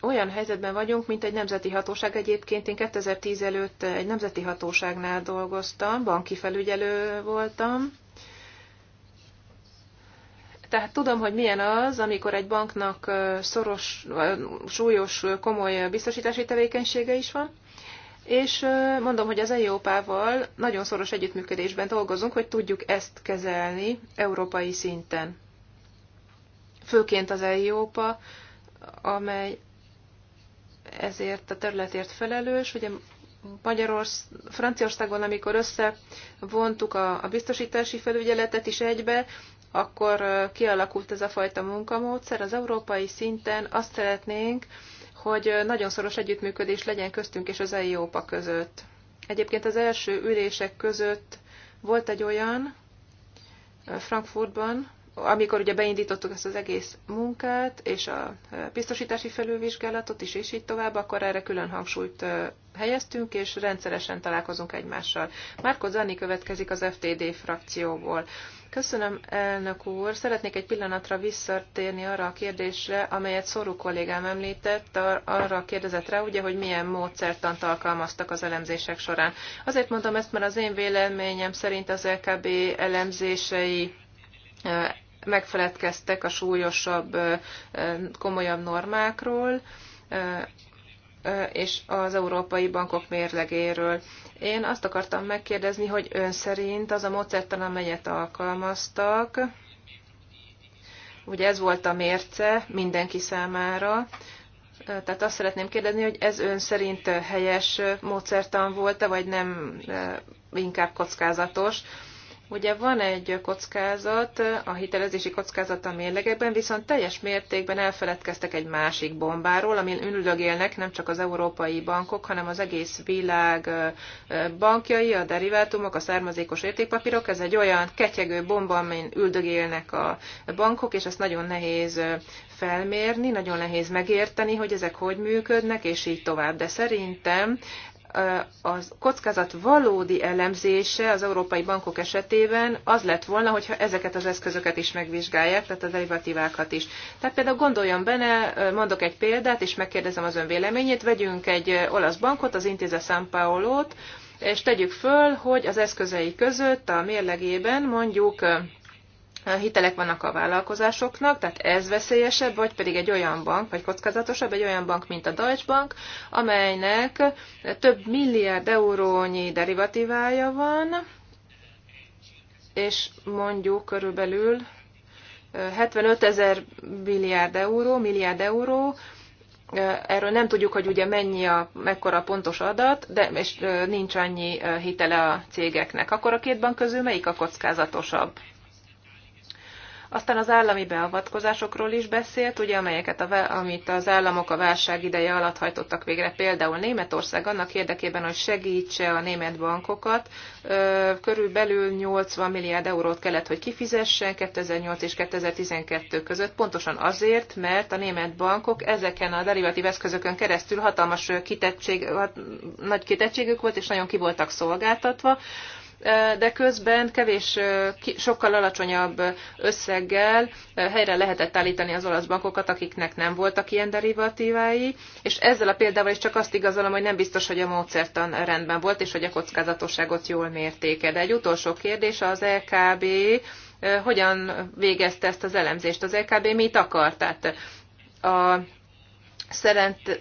olyan helyzetben vagyunk, mint egy nemzeti hatóság. Egyébként én 2010 előtt egy nemzeti hatóságnál dolgoztam, banki felügyelő voltam. Tehát tudom, hogy milyen az, amikor egy banknak szoros, súlyos, komoly biztosítási tevékenysége is van, és mondom, hogy az EIOPA-val nagyon szoros együttműködésben dolgozunk, hogy tudjuk ezt kezelni európai szinten. Főként az EIOPA, amely ezért a területért felelős. Ugye Magyarorsz, Franciaországban, amikor összevontuk a, a biztosítási felügyeletet is egybe, akkor kialakult ez a fajta munkamódszer. Az európai szinten azt szeretnénk, hogy nagyon szoros együttműködés legyen köztünk és az EIOPA között. Egyébként az első ülések között volt egy olyan Frankfurtban, amikor ugye beindítottuk ezt az egész munkát, és a e, biztosítási felülvizsgálatot is, és így tovább, akkor erre külön hangsúlyt e, helyeztünk, és rendszeresen találkozunk egymással. Márko Zanni következik az FTD frakcióból. Köszönöm, elnök úr. Szeretnék egy pillanatra visszatérni arra a kérdésre, amelyet szorú kollégám említett, arra kérdezett rá, ugye, hogy milyen módszertant alkalmaztak az elemzések során. Azért mondom ezt, mert az én véleményem szerint az LKB elemzései e, megfeledkeztek a súlyosabb, komolyabb normákról, és az európai bankok mérlegéről. Én azt akartam megkérdezni, hogy ön szerint az a módszertan, amelyet alkalmaztak, ugye ez volt a mérce mindenki számára, tehát azt szeretném kérdezni, hogy ez ön szerint helyes módszertan volt-e, vagy nem inkább kockázatos, Ugye van egy kockázat, a hitelezési kockázat a mérlegekben, viszont teljes mértékben elfeledkeztek egy másik bombáról, amin üldögélnek nem csak az európai bankok, hanem az egész világ bankjai, a derivátumok, a származékos értékpapírok. Ez egy olyan ketyegő bomba, amin üldögélnek a bankok, és ezt nagyon nehéz felmérni, nagyon nehéz megérteni, hogy ezek hogy működnek, és így tovább. De szerintem a kockázat valódi elemzése az európai bankok esetében az lett volna, hogyha ezeket az eszközöket is megvizsgálják, tehát a derivatívákat is. Tehát például gondoljon benne, mondok egy példát, és megkérdezem az ön véleményét, vegyünk egy olasz bankot, az Intéze San Paolo-t, és tegyük föl, hogy az eszközei között a mérlegében mondjuk hitelek vannak a vállalkozásoknak, tehát ez veszélyesebb, vagy pedig egy olyan bank, vagy kockázatosabb, egy olyan bank, mint a Deutsche Bank, amelynek több milliárd eurónyi derivatívája van, és mondjuk körülbelül 75 ezer milliárd euró, milliárd euró, Erről nem tudjuk, hogy ugye mennyi a, mekkora a pontos adat, de és nincs annyi hitele a cégeknek. Akkor a két bank közül melyik a kockázatosabb? Aztán az állami beavatkozásokról is beszélt, ugye, amelyeket a, amit az államok a válság ideje alatt hajtottak végre, például Németország annak érdekében, hogy segítse a német bankokat, körülbelül 80 milliárd eurót kellett, hogy kifizessen 2008 és 2012 között, pontosan azért, mert a német bankok ezeken a derivatív eszközökön keresztül hatalmas kitettség, nagy kitettségük volt, és nagyon ki voltak szolgáltatva, de közben kevés, sokkal alacsonyabb összeggel helyre lehetett állítani az olasz bankokat, akiknek nem voltak ilyen derivatívái, és ezzel a példával is csak azt igazolom, hogy nem biztos, hogy a módszertan rendben volt, és hogy a kockázatosságot jól mértéke. De egy utolsó kérdés az LKB hogyan végezte ezt az elemzést? Az LKB mit akart? Tehát a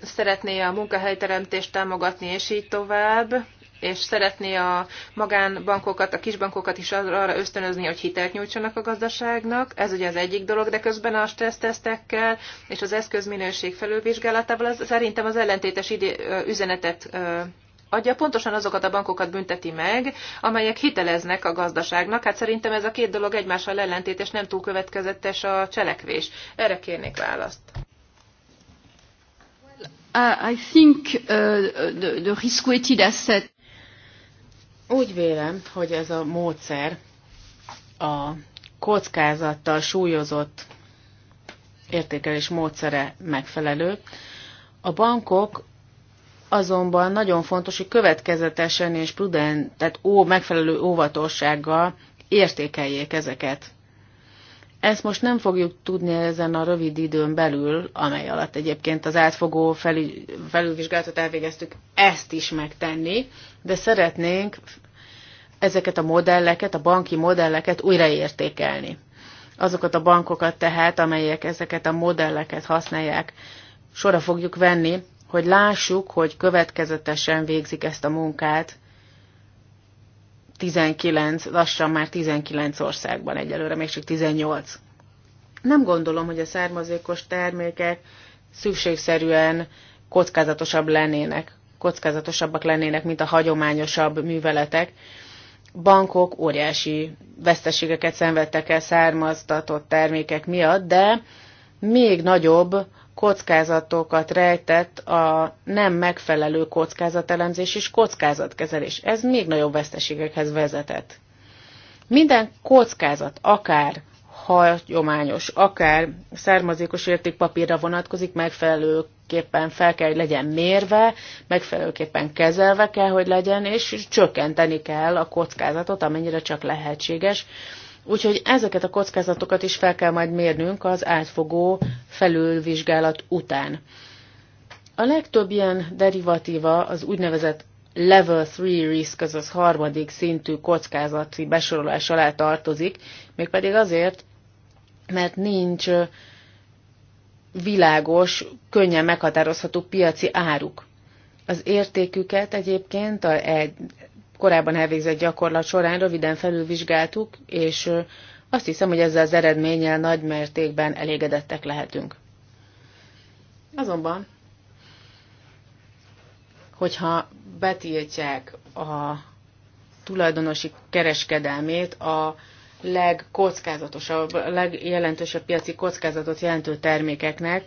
szeretné a munkahelyteremtést támogatni, és így tovább és szeretné a magánbankokat, a kisbankokat is arra ösztönözni, hogy hitelt nyújtsanak a gazdaságnak. Ez ugye az egyik dolog, de közben a stressztesztekkel és az eszközminőség felülvizsgálatával az, szerintem az ellentétes idő, üzenetet adja, pontosan azokat a bankokat bünteti meg, amelyek hiteleznek a gazdaságnak. Hát szerintem ez a két dolog egymással ellentétes, nem túl következetes a cselekvés. Erre kérnék választ. Uh, I think uh, the, the risk-weighted asset úgy vélem, hogy ez a módszer a kockázattal súlyozott értékelés módszere megfelelő. A bankok azonban nagyon fontos, hogy következetesen és prudent, tehát ó, megfelelő óvatossággal értékeljék ezeket ezt most nem fogjuk tudni ezen a rövid időn belül, amely alatt egyébként az átfogó felül, felülvizsgálatot elvégeztük, ezt is megtenni, de szeretnénk ezeket a modelleket, a banki modelleket újraértékelni. Azokat a bankokat tehát, amelyek ezeket a modelleket használják, sorra fogjuk venni, hogy lássuk, hogy következetesen végzik ezt a munkát, 19, lassan már 19 országban egyelőre, még csak 18. Nem gondolom, hogy a származékos termékek szükségszerűen kockázatosabb lennének, kockázatosabbak lennének, mint a hagyományosabb műveletek. Bankok óriási veszteségeket szenvedtek el származtatott termékek miatt, de még nagyobb kockázatokat rejtett a nem megfelelő kockázatelemzés és kockázatkezelés. Ez még nagyobb veszteségekhez vezetett. Minden kockázat, akár hagyományos, akár származékos értékpapírra vonatkozik, megfelelőképpen fel kell, hogy legyen mérve, megfelelőképpen kezelve kell, hogy legyen, és csökkenteni kell a kockázatot, amennyire csak lehetséges Úgyhogy ezeket a kockázatokat is fel kell majd mérnünk az átfogó felülvizsgálat után. A legtöbb ilyen derivatíva az úgynevezett level 3 risk, azaz harmadik szintű kockázati besorolás alá tartozik, mégpedig azért, mert nincs világos, könnyen meghatározható piaci áruk. Az értéküket egyébként a korábban elvégzett gyakorlat során röviden felülvizsgáltuk, és azt hiszem, hogy ezzel az eredménnyel nagy mértékben elégedettek lehetünk. Azonban, hogyha betiltják a tulajdonosi kereskedelmét a legkockázatosabb, legjelentősebb piaci kockázatot jelentő termékeknek,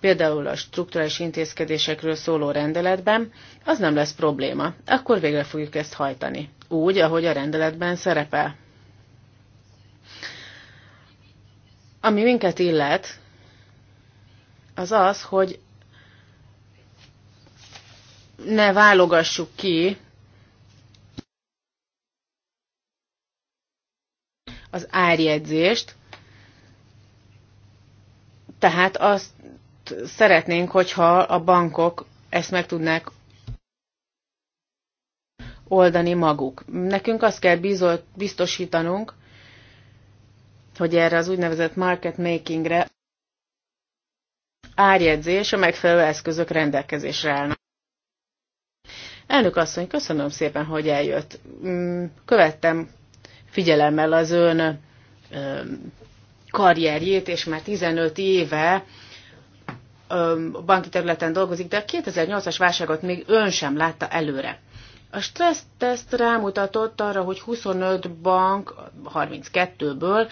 például a strukturális intézkedésekről szóló rendeletben, az nem lesz probléma. Akkor végre fogjuk ezt hajtani. Úgy, ahogy a rendeletben szerepel. Ami minket illet, az az, hogy ne válogassuk ki az árjegyzést, tehát azt szeretnénk, hogyha a bankok ezt meg tudnák oldani maguk. Nekünk azt kell biztosítanunk, hogy erre az úgynevezett market makingre árjegyzés a megfelelő eszközök rendelkezésre állnak. Elnök asszony, köszönöm szépen, hogy eljött. Mm, követtem figyelemmel az ön karrierjét, és már 15 éve a banki területen dolgozik, de a 2008-as válságot még ön sem látta előre. A teszt rámutatott arra, hogy 25 bank 32-ből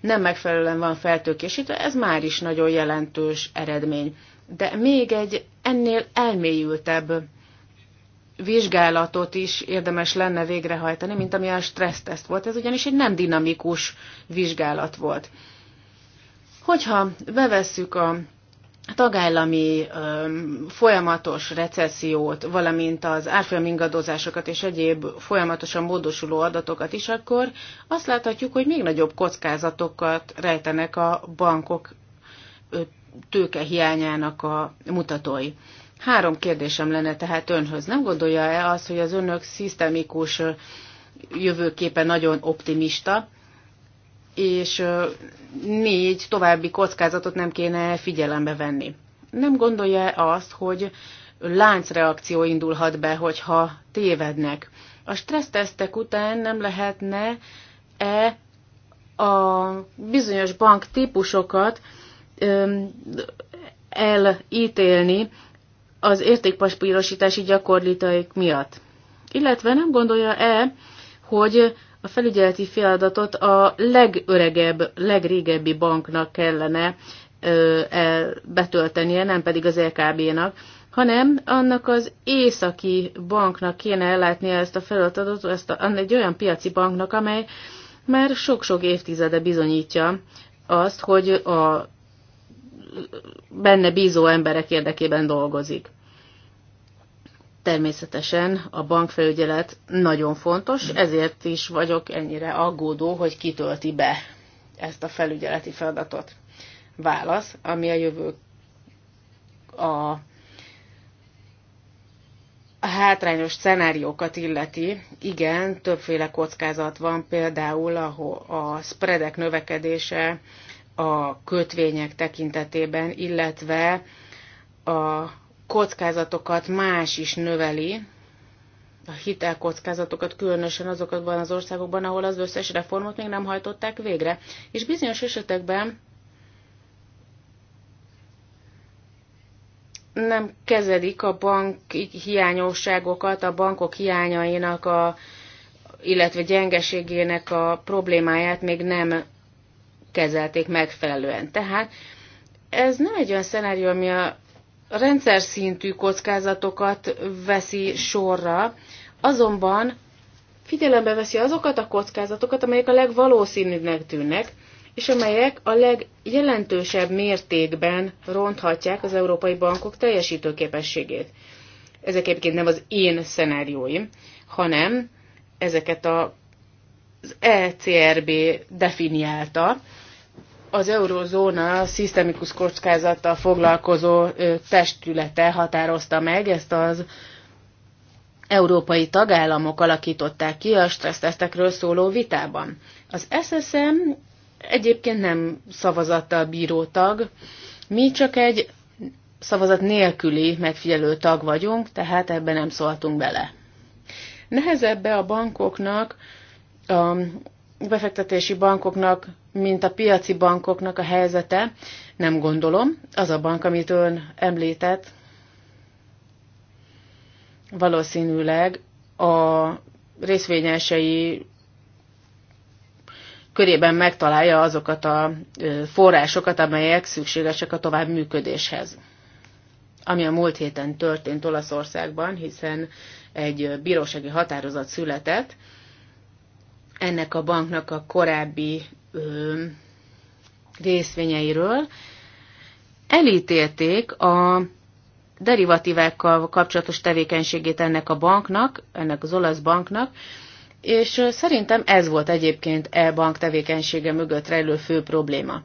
nem megfelelően van feltőkésítve, ez már is nagyon jelentős eredmény. De még egy ennél elmélyültebb vizsgálatot is érdemes lenne végrehajtani, mint ami a stresszteszt volt. Ez ugyanis egy nem dinamikus vizsgálat volt. Hogyha bevesszük a tagállami öm, folyamatos recessziót, valamint az árfolyam ingadozásokat és egyéb folyamatosan módosuló adatokat is, akkor azt láthatjuk, hogy még nagyobb kockázatokat rejtenek a bankok tőkehiányának a mutatói. Három kérdésem lenne tehát önhöz. Nem gondolja-e az, hogy az önök szisztemikus jövőképe nagyon optimista, és négy további kockázatot nem kéne figyelembe venni. Nem gondolja azt, hogy láncreakció indulhat be, hogyha tévednek. A stressztesztek után nem lehetne-e a bizonyos bank típusokat elítélni az értékpapírosítási gyakorlataik miatt? Illetve nem gondolja-e, hogy a felügyeleti feladatot a legöregebb, legrégebbi banknak kellene betöltenie, nem pedig az LKB-nak, hanem annak az északi banknak kéne ellátnia ezt a feladatot, ezt a, egy olyan piaci banknak, amely már sok-sok évtizede bizonyítja azt, hogy a benne bízó emberek érdekében dolgozik. Természetesen a bankfelügyelet nagyon fontos, ezért is vagyok ennyire aggódó, hogy kitölti be ezt a felügyeleti feladatot. Válasz, ami a jövő a a hátrányos szenáriókat illeti, igen, többféle kockázat van, például ahol a spreadek növekedése a kötvények tekintetében, illetve a kockázatokat más is növeli, a hitelkockázatokat, különösen azokban az országokban, ahol az összes reformot még nem hajtották végre. És bizonyos esetekben nem kezelik a bank hiányosságokat, a bankok hiányainak, a, illetve gyengeségének a problémáját még nem kezelték megfelelően. Tehát ez nem egy olyan szenárió, ami a rendszer szintű kockázatokat veszi sorra, azonban figyelembe veszi azokat a kockázatokat, amelyek a legvalószínűbbnek tűnnek, és amelyek a legjelentősebb mértékben ronthatják az európai bankok teljesítőképességét. Ezek egyébként nem az én szenárióim, hanem ezeket a, az ECRB definiálta, az eurozóna szisztemikus kockázattal foglalkozó testülete határozta meg ezt az európai tagállamok alakították ki a stressztesztekről szóló vitában. Az SSM egyébként nem szavazattal bíró tag, mi csak egy szavazat nélküli megfigyelő tag vagyunk, tehát ebben nem szóltunk bele. Nehezebb be a bankoknak, a befektetési bankoknak mint a piaci bankoknak a helyzete, nem gondolom. Az a bank, amit ön említett, valószínűleg a részvényesei körében megtalálja azokat a forrásokat, amelyek szükségesek a tovább működéshez. Ami a múlt héten történt Olaszországban, hiszen egy bírósági határozat született, ennek a banknak a korábbi ö, részvényeiről, elítélték a derivatívákkal kapcsolatos tevékenységét ennek a banknak, ennek az olasz banknak, és szerintem ez volt egyébként e bank tevékenysége mögött rejlő fő probléma.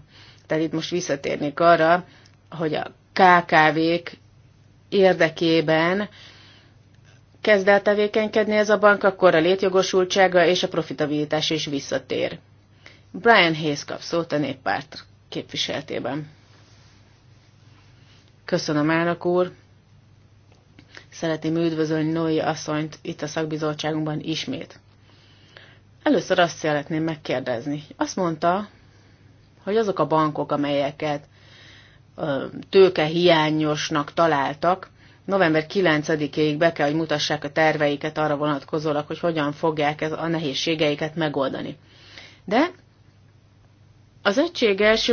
Tehát itt most visszatérnék arra, hogy a KKV-k érdekében kezd el tevékenykedni ez a bank, akkor a létjogosultsága és a profitabilitás is visszatér. Brian Hayes kap szót a néppárt képviseltében. Köszönöm, elnök úr! Szeretném üdvözölni Noé asszonyt itt a szakbizottságunkban ismét. Először azt szeretném megkérdezni. Azt mondta, hogy azok a bankok, amelyeket tőke hiányosnak találtak, november 9-ig be kell, hogy mutassák a terveiket arra vonatkozólag, hogy hogyan fogják ez a nehézségeiket megoldani. De az egységes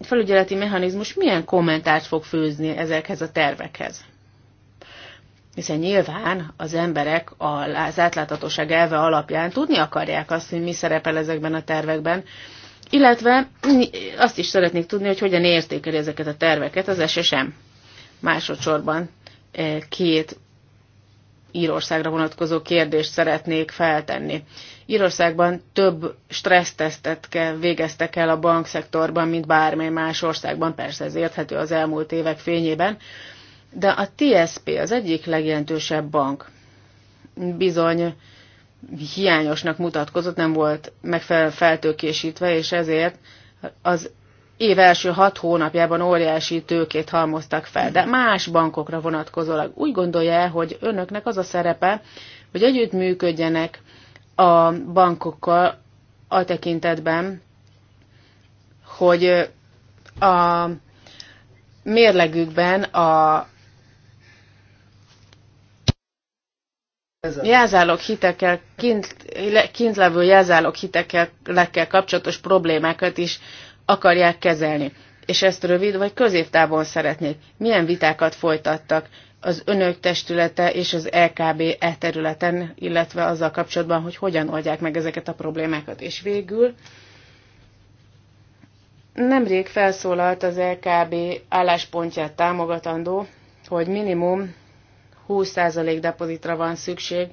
felügyeleti mechanizmus milyen kommentárt fog főzni ezekhez a tervekhez? Hiszen nyilván az emberek az átláthatóság elve alapján tudni akarják azt, hogy mi szerepel ezekben a tervekben, illetve azt is szeretnék tudni, hogy hogyan értékeli ezeket a terveket az SSM. Másodszorban eh, két Írországra vonatkozó kérdést szeretnék feltenni. Írországban több stressztesztet végeztek el a bankszektorban, mint bármely más országban, persze ez érthető az elmúlt évek fényében, de a TSP az egyik legjelentősebb bank bizony hiányosnak mutatkozott, nem volt megfelelően feltőkésítve, és ezért az év első hat hónapjában óriási tőkét halmoztak fel, de más bankokra vonatkozólag úgy gondolja, -e, hogy önöknek az a szerepe, hogy együttműködjenek a bankokkal a tekintetben, hogy a mérlegükben a jelzálók hitekkel, kint, kint levő jelzálók hitekkel kapcsolatos problémákat is akarják kezelni, és ezt rövid vagy középtávon szeretnék. Milyen vitákat folytattak az önök testülete és az LKB e területen, illetve azzal kapcsolatban, hogy hogyan oldják meg ezeket a problémákat. És végül nemrég felszólalt az LKB álláspontját támogatandó, hogy minimum 20% depozitra van szükség,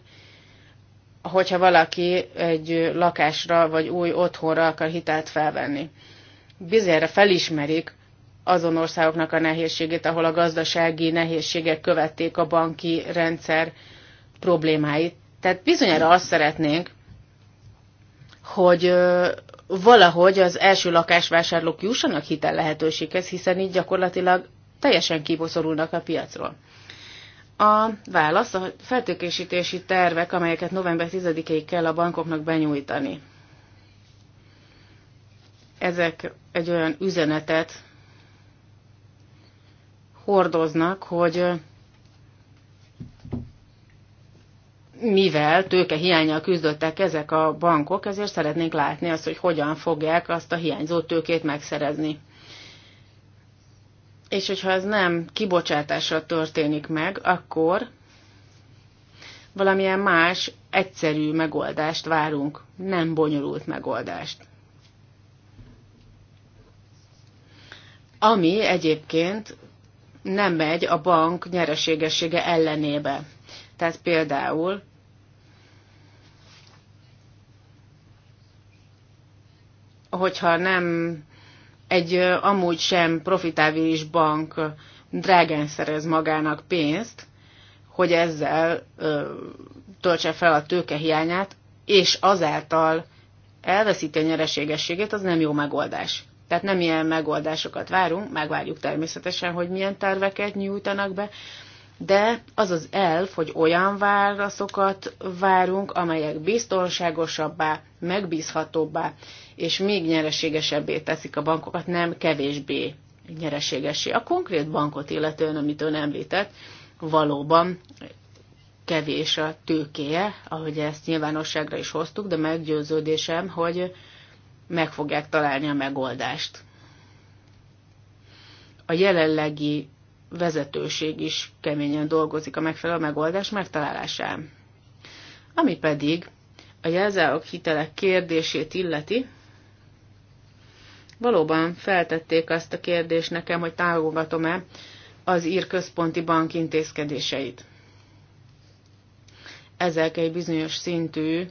hogyha valaki egy lakásra vagy új otthonra akar hitelt felvenni bizonyára felismerik azon országoknak a nehézségét, ahol a gazdasági nehézségek követték a banki rendszer problémáit. Tehát bizonyára azt szeretnénk, hogy valahogy az első lakásvásárlók jussanak hitel lehetőséghez, hiszen így gyakorlatilag teljesen kiboszorulnak a piacról. A válasz a feltőkésítési tervek, amelyeket november 10-ig kell a bankoknak benyújtani ezek egy olyan üzenetet hordoznak, hogy mivel tőke hiányjal küzdöttek ezek a bankok, ezért szeretnénk látni azt, hogy hogyan fogják azt a hiányzó tőkét megszerezni. És hogyha ez nem kibocsátással történik meg, akkor valamilyen más, egyszerű megoldást várunk, nem bonyolult megoldást. ami egyébként nem megy a bank nyereségessége ellenébe. Tehát például hogyha nem egy amúgy sem profitávilis bank drágán szerez magának pénzt, hogy ezzel ö, töltse fel a tőke hiányát, és azáltal elveszíti a nyereségességét, az nem jó megoldás. Tehát nem ilyen megoldásokat várunk, megvárjuk természetesen, hogy milyen terveket nyújtanak be, de az az elv, hogy olyan válaszokat várunk, amelyek biztonságosabbá, megbízhatóbbá és még nyereségesebbé teszik a bankokat, nem kevésbé nyereségesé. A konkrét bankot illetően, amit ön említett, valóban kevés a tőkéje, ahogy ezt nyilvánosságra is hoztuk, de meggyőződésem, hogy meg fogják találni a megoldást. A jelenlegi vezetőség is keményen dolgozik a megfelelő megoldás megtalálásán. Ami pedig a jelzálog hitelek kérdését illeti, valóban feltették azt a kérdést nekem, hogy támogatom-e az ír központi bank intézkedéseit. Ezek egy bizonyos szintű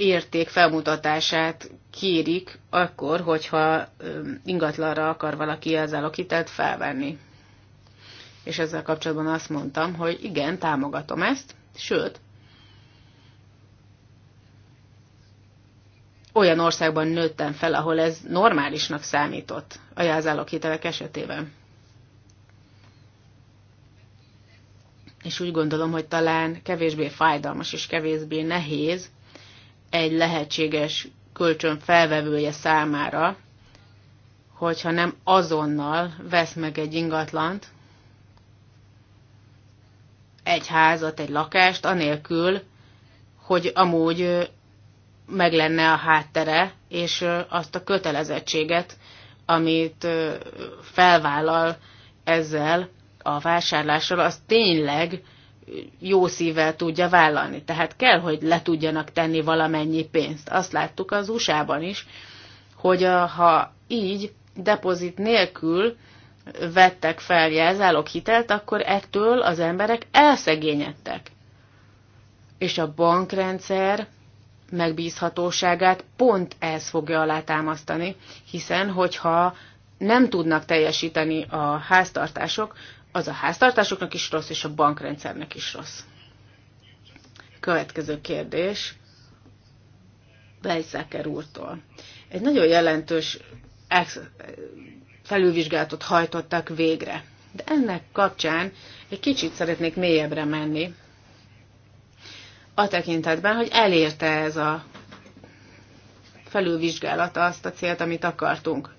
érték felmutatását kérik akkor, hogyha ingatlanra akar valaki az alakítást felvenni. És ezzel kapcsolatban azt mondtam, hogy igen, támogatom ezt, sőt, olyan országban nőttem fel, ahol ez normálisnak számított a jelzáloghitelek esetében. És úgy gondolom, hogy talán kevésbé fájdalmas és kevésbé nehéz egy lehetséges kölcsön felvevője számára, hogyha nem azonnal vesz meg egy ingatlant, egy házat, egy lakást, anélkül, hogy amúgy meg lenne a háttere, és azt a kötelezettséget, amit felvállal ezzel a vásárlással, az tényleg jó szívvel tudja vállalni. Tehát kell, hogy le tudjanak tenni valamennyi pénzt. Azt láttuk az USA-ban is, hogy ha így depozit nélkül vettek fel hitelt, akkor ettől az emberek elszegényedtek. És a bankrendszer megbízhatóságát pont ez fogja alátámasztani, hiszen hogyha nem tudnak teljesíteni a háztartások, az a háztartásoknak is rossz, és a bankrendszernek is rossz. Következő kérdés Bejszáker úrtól. Egy nagyon jelentős felülvizsgálatot hajtottak végre. De ennek kapcsán egy kicsit szeretnék mélyebbre menni, a tekintetben, hogy elérte ez a felülvizsgálata azt a célt, amit akartunk.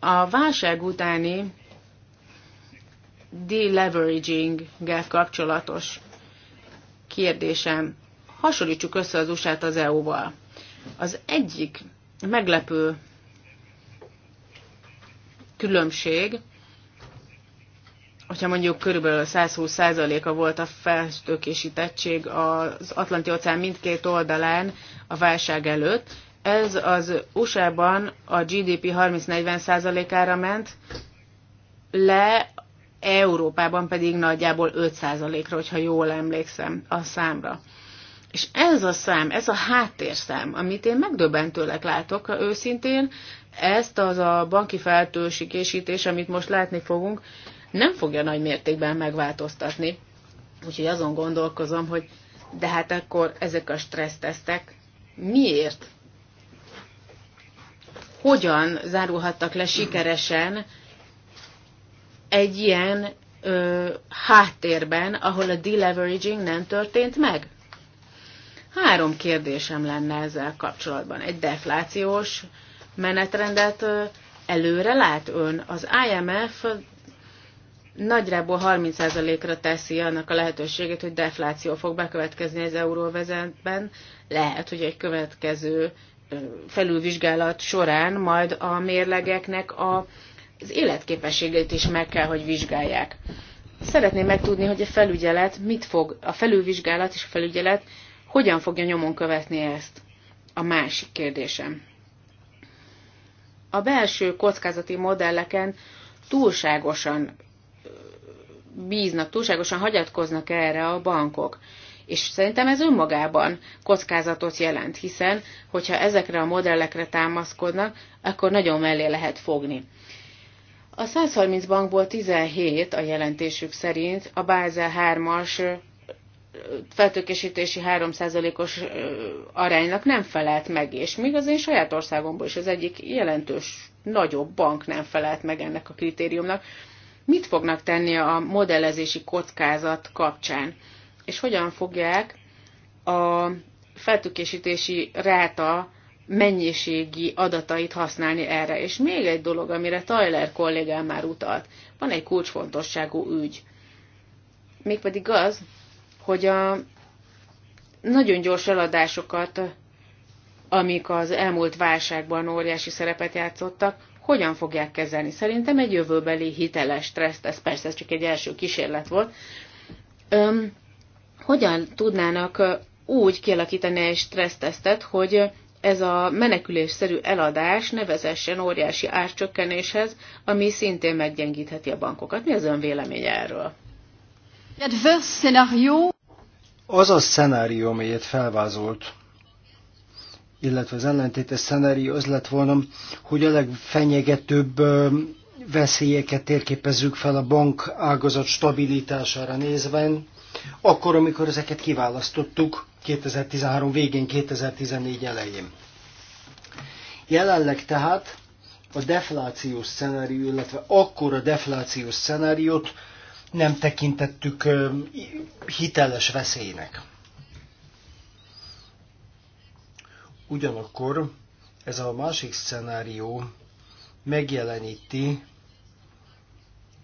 A válság utáni deleveraging-gel kapcsolatos kérdésem. Hasonlítsuk össze az usa az EU-val. Az egyik meglepő különbség, hogyha mondjuk körülbelül 120%-a volt a feltőkésítettség az Atlanti-óceán mindkét oldalán a válság előtt, ez az USA-ban a GDP 30-40%-ára ment le Európában pedig nagyjából 5%-ra, hogyha jól emlékszem a számra. És ez a szám, ez a háttérszám, amit én megdöbbentőleg látok őszintén, ezt az a banki feltősítés, amit most látni fogunk, nem fogja nagy mértékben megváltoztatni. Úgyhogy azon gondolkozom, hogy de hát akkor ezek a stressztesztek miért? Hogyan zárulhattak le sikeresen egy ilyen ö, háttérben, ahol a deleveraging nem történt meg? Három kérdésem lenne ezzel kapcsolatban. Egy deflációs menetrendet ö, előre lát ön? Az IMF nagyjából 30%-ra teszi annak a lehetőségét, hogy defláció fog bekövetkezni az euróvezetben. Lehet, hogy egy következő felülvizsgálat során majd a mérlegeknek a az életképességét is meg kell, hogy vizsgálják. Szeretném megtudni, hogy a felügyelet mit fog, a felülvizsgálat és a felügyelet hogyan fogja nyomon követni ezt. A másik kérdésem. A belső kockázati modelleken túlságosan bíznak, túlságosan hagyatkoznak erre a bankok. És szerintem ez önmagában kockázatot jelent, hiszen, hogyha ezekre a modellekre támaszkodnak, akkor nagyon mellé lehet fogni. A 130 bankból 17 a jelentésük szerint a Bázel 3-as feltökésítési 3%-os aránynak nem felelt meg, és még az én saját országomból is az egyik jelentős, nagyobb bank nem felelt meg ennek a kritériumnak. Mit fognak tenni a modellezési kockázat kapcsán? És hogyan fogják a feltökésítési ráta mennyiségi adatait használni erre. És még egy dolog, amire Tyler kollégám már utalt. Van egy kulcsfontosságú ügy. Mégpedig az, hogy a nagyon gyors eladásokat, amik az elmúlt válságban óriási szerepet játszottak, hogyan fogják kezelni. Szerintem egy jövőbeli hiteles stressz, ez persze ez csak egy első kísérlet volt, öm, hogyan tudnának úgy kialakítani egy stressztesztet, hogy ez a menekülésszerű eladás nevezessen óriási árcsökkenéshez, ami szintén meggyengítheti a bankokat. Mi az ön véleménye erről? Az a szenárió, amelyet felvázolt, illetve az ellentétes szenárió az lett volna, hogy a legfenyegetőbb veszélyeket térképezzük fel a bank ágazat stabilitására nézve, akkor, amikor ezeket kiválasztottuk, 2013 végén, 2014 elején. Jelenleg tehát a deflációs szenárió, illetve akkor a deflációs szenáriót nem tekintettük hiteles veszélynek. Ugyanakkor ez a másik szenárió megjeleníti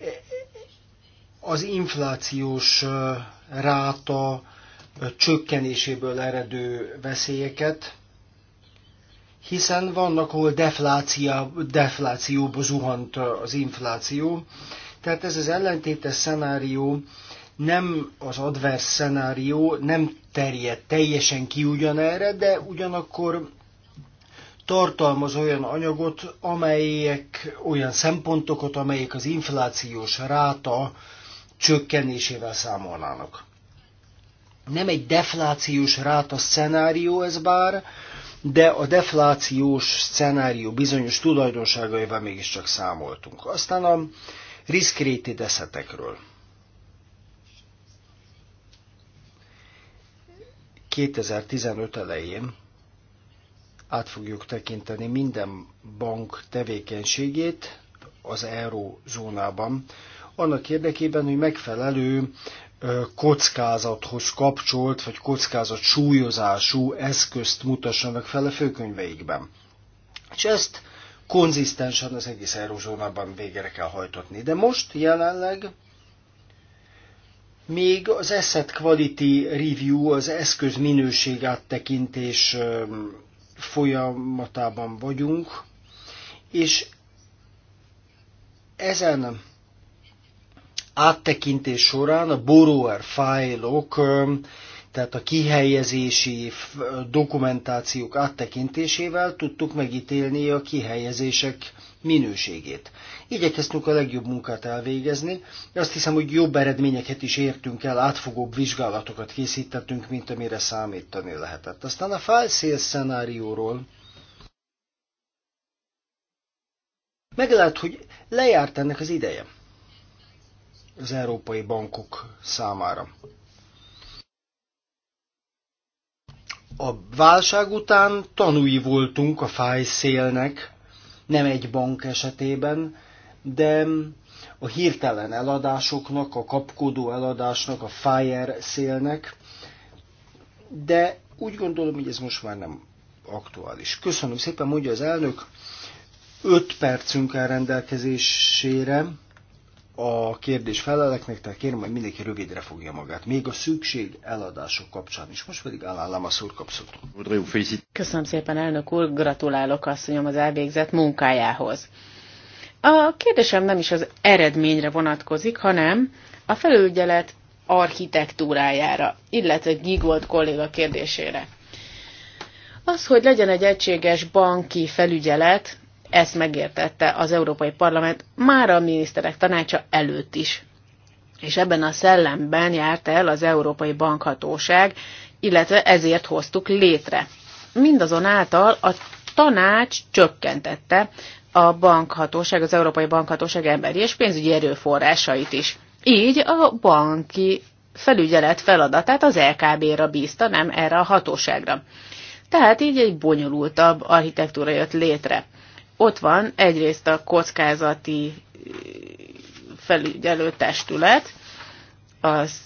e, e, az inflációs ráta csökkenéséből eredő veszélyeket, hiszen vannak, ahol deflációba zuhant az infláció. Tehát ez az ellentétes szenárió nem az advers szenárió, nem terjed teljesen ki ugyanerre, de ugyanakkor tartalmaz olyan anyagot, amelyek, olyan szempontokat, amelyek az inflációs ráta csökkenésével számolnának. Nem egy deflációs ráta szenárió ez bár, de a deflációs szenárió bizonyos tulajdonságaival mégiscsak számoltunk. Aztán a riskréti deszetekről. 2015 elején át fogjuk tekinteni minden bank tevékenységét az eurózónában, annak érdekében, hogy megfelelő kockázathoz kapcsolt, vagy kockázat súlyozású eszközt mutassanak fel a főkönyveikben. És ezt konzisztensen az egész eurozónában végre kell hajtatni. De most jelenleg még az Asset Quality Review, az eszköz minőség áttekintés folyamatában vagyunk, és ezen áttekintés során a borrower fájlok, tehát a kihelyezési dokumentációk áttekintésével tudtuk megítélni a kihelyezések minőségét. Igyekeztünk a legjobb munkát elvégezni, azt hiszem, hogy jobb eredményeket is értünk el, átfogóbb vizsgálatokat készítettünk, mint amire számítani lehetett. Aztán a felszél szenárióról meglehet, hogy lejárt ennek az ideje az európai bankok számára. A válság után tanúi voltunk a fájszélnek, nem egy bank esetében, de a hirtelen eladásoknak, a kapkodó eladásnak, a fire szélnek, de úgy gondolom, hogy ez most már nem aktuális. Köszönöm szépen, mondja az elnök. 5 percünk elrendelkezésére. rendelkezésére a kérdés feleleknek, tehát kérem, hogy mindenki rövidre fogja magát, még a szükség eladások kapcsán is. Most pedig állállam a szurkapszot. Köszönöm szépen, elnök úr, gratulálok asszonyom az elvégzett munkájához. A kérdésem nem is az eredményre vonatkozik, hanem a felügyelet architektúrájára, illetve Gigold kolléga kérdésére. Az, hogy legyen egy egységes banki felügyelet, ezt megértette az Európai Parlament már a miniszterek tanácsa előtt is. És ebben a szellemben járt el az Európai Bankhatóság, illetve ezért hoztuk létre. Mindazonáltal a tanács csökkentette a bankhatóság, az Európai Bankhatóság emberi és pénzügyi erőforrásait is. Így a banki felügyelet feladatát az LKB-ra bízta, nem erre a hatóságra. Tehát így egy bonyolultabb architektúra jött létre. Ott van egyrészt a kockázati felügyelő testület, az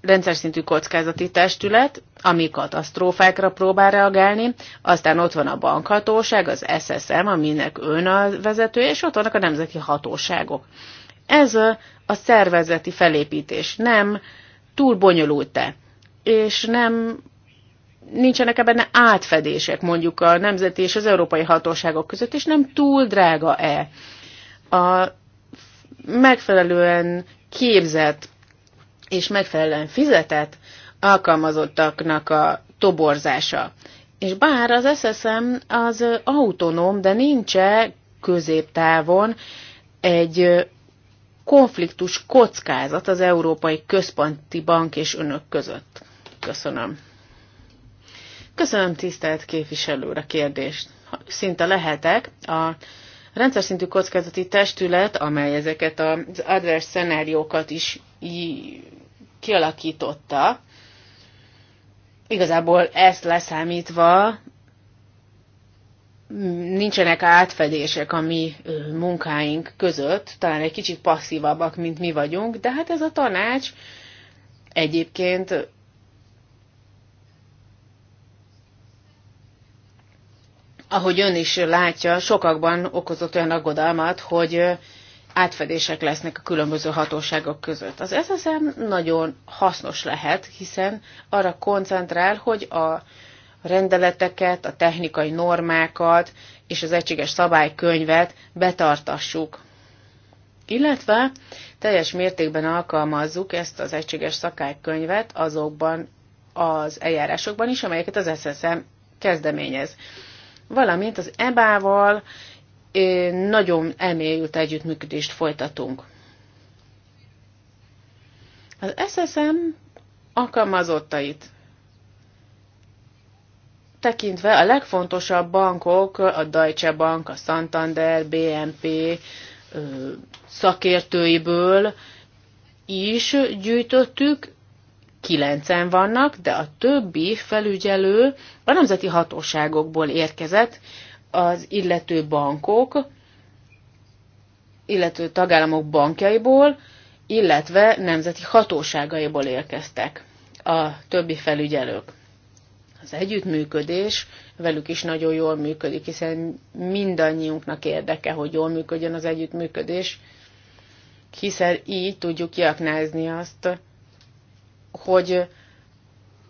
rendszer szintű kockázati testület, ami katasztrófákra próbál reagálni, aztán ott van a bankhatóság, az SSM, aminek ön a vezető és ott vannak a nemzeti hatóságok. Ez a szervezeti felépítés nem túl bonyolult-e, és nem nincsenek -e benne átfedések mondjuk a nemzeti és az európai hatóságok között, és nem túl drága-e a megfelelően képzett és megfelelően fizetett alkalmazottaknak a toborzása. És bár az SSM az autonóm, de nincs -e középtávon egy konfliktus kockázat az Európai Központi Bank és önök között. Köszönöm. Köszönöm tisztelt képviselőre a kérdést. Szinte lehetek. A rendszer szintű kockázati testület, amely ezeket az adverse szenáriókat is kialakította, igazából ezt leszámítva nincsenek átfedések a mi munkáink között, talán egy kicsit passzívabbak, mint mi vagyunk, de hát ez a tanács egyébként ahogy ön is látja, sokakban okozott olyan aggodalmat, hogy átfedések lesznek a különböző hatóságok között. Az SSM nagyon hasznos lehet, hiszen arra koncentrál, hogy a rendeleteket, a technikai normákat és az egységes szabálykönyvet betartassuk. Illetve teljes mértékben alkalmazzuk ezt az egységes szakálykönyvet azokban az eljárásokban is, amelyeket az SSM kezdeményez valamint az EBA-val nagyon elmélyült együttműködést folytatunk. Az SSM alkalmazottait tekintve a legfontosabb bankok, a Deutsche Bank, a Santander, BNP szakértőiből is gyűjtöttük kilencen vannak, de a többi felügyelő a nemzeti hatóságokból érkezett, az illető bankok, illető tagállamok bankjaiból, illetve nemzeti hatóságaiból érkeztek a többi felügyelők. Az együttműködés velük is nagyon jól működik, hiszen mindannyiunknak érdeke, hogy jól működjön az együttműködés, hiszen így tudjuk kiaknázni azt, hogy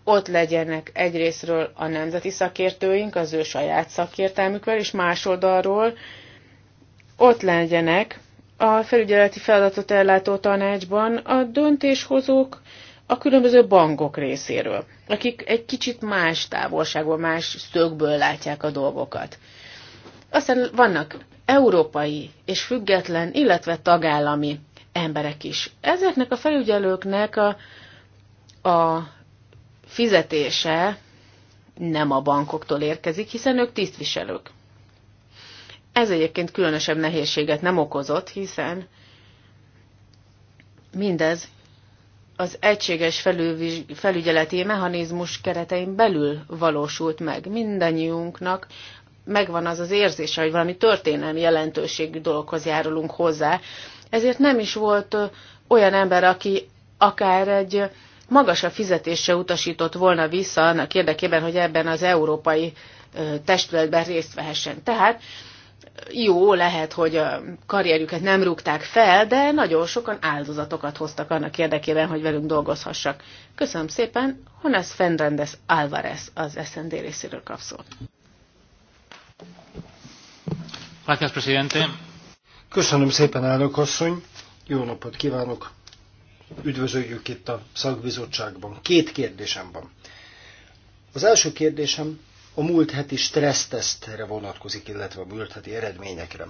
ott legyenek egyrésztről a nemzeti szakértőink az ő saját szakértelmükkel, és más oldalról ott legyenek a felügyeleti feladatot ellátó tanácsban a döntéshozók a különböző bankok részéről, akik egy kicsit más távolságból, más szögből látják a dolgokat. Aztán vannak európai és független, illetve tagállami emberek is. Ezeknek a felügyelőknek a a fizetése nem a bankoktól érkezik, hiszen ők tisztviselők. Ez egyébként különösebb nehézséget nem okozott, hiszen mindez az egységes felügyeleti mechanizmus keretein belül valósult meg. Mindennyiunknak megvan az az érzése, hogy valami történelmi jelentőségű dologhoz járulunk hozzá, ezért nem is volt olyan ember, aki akár egy magasabb fizetésre utasított volna vissza annak érdekében, hogy ebben az európai testületben részt vehessen. Tehát jó, lehet, hogy a karrierjüket nem rúgták fel, de nagyon sokan áldozatokat hoztak annak érdekében, hogy velünk dolgozhassak. Köszönöm szépen, Honas Fendrendes Álvarez az SND részéről kap szót. Köszönöm szépen, elnök asszony. Jó napot kívánok! Üdvözöljük itt a szakbizottságban. Két kérdésem van. Az első kérdésem a múlt heti stressztesztre vonatkozik, illetve a múlt heti eredményekre.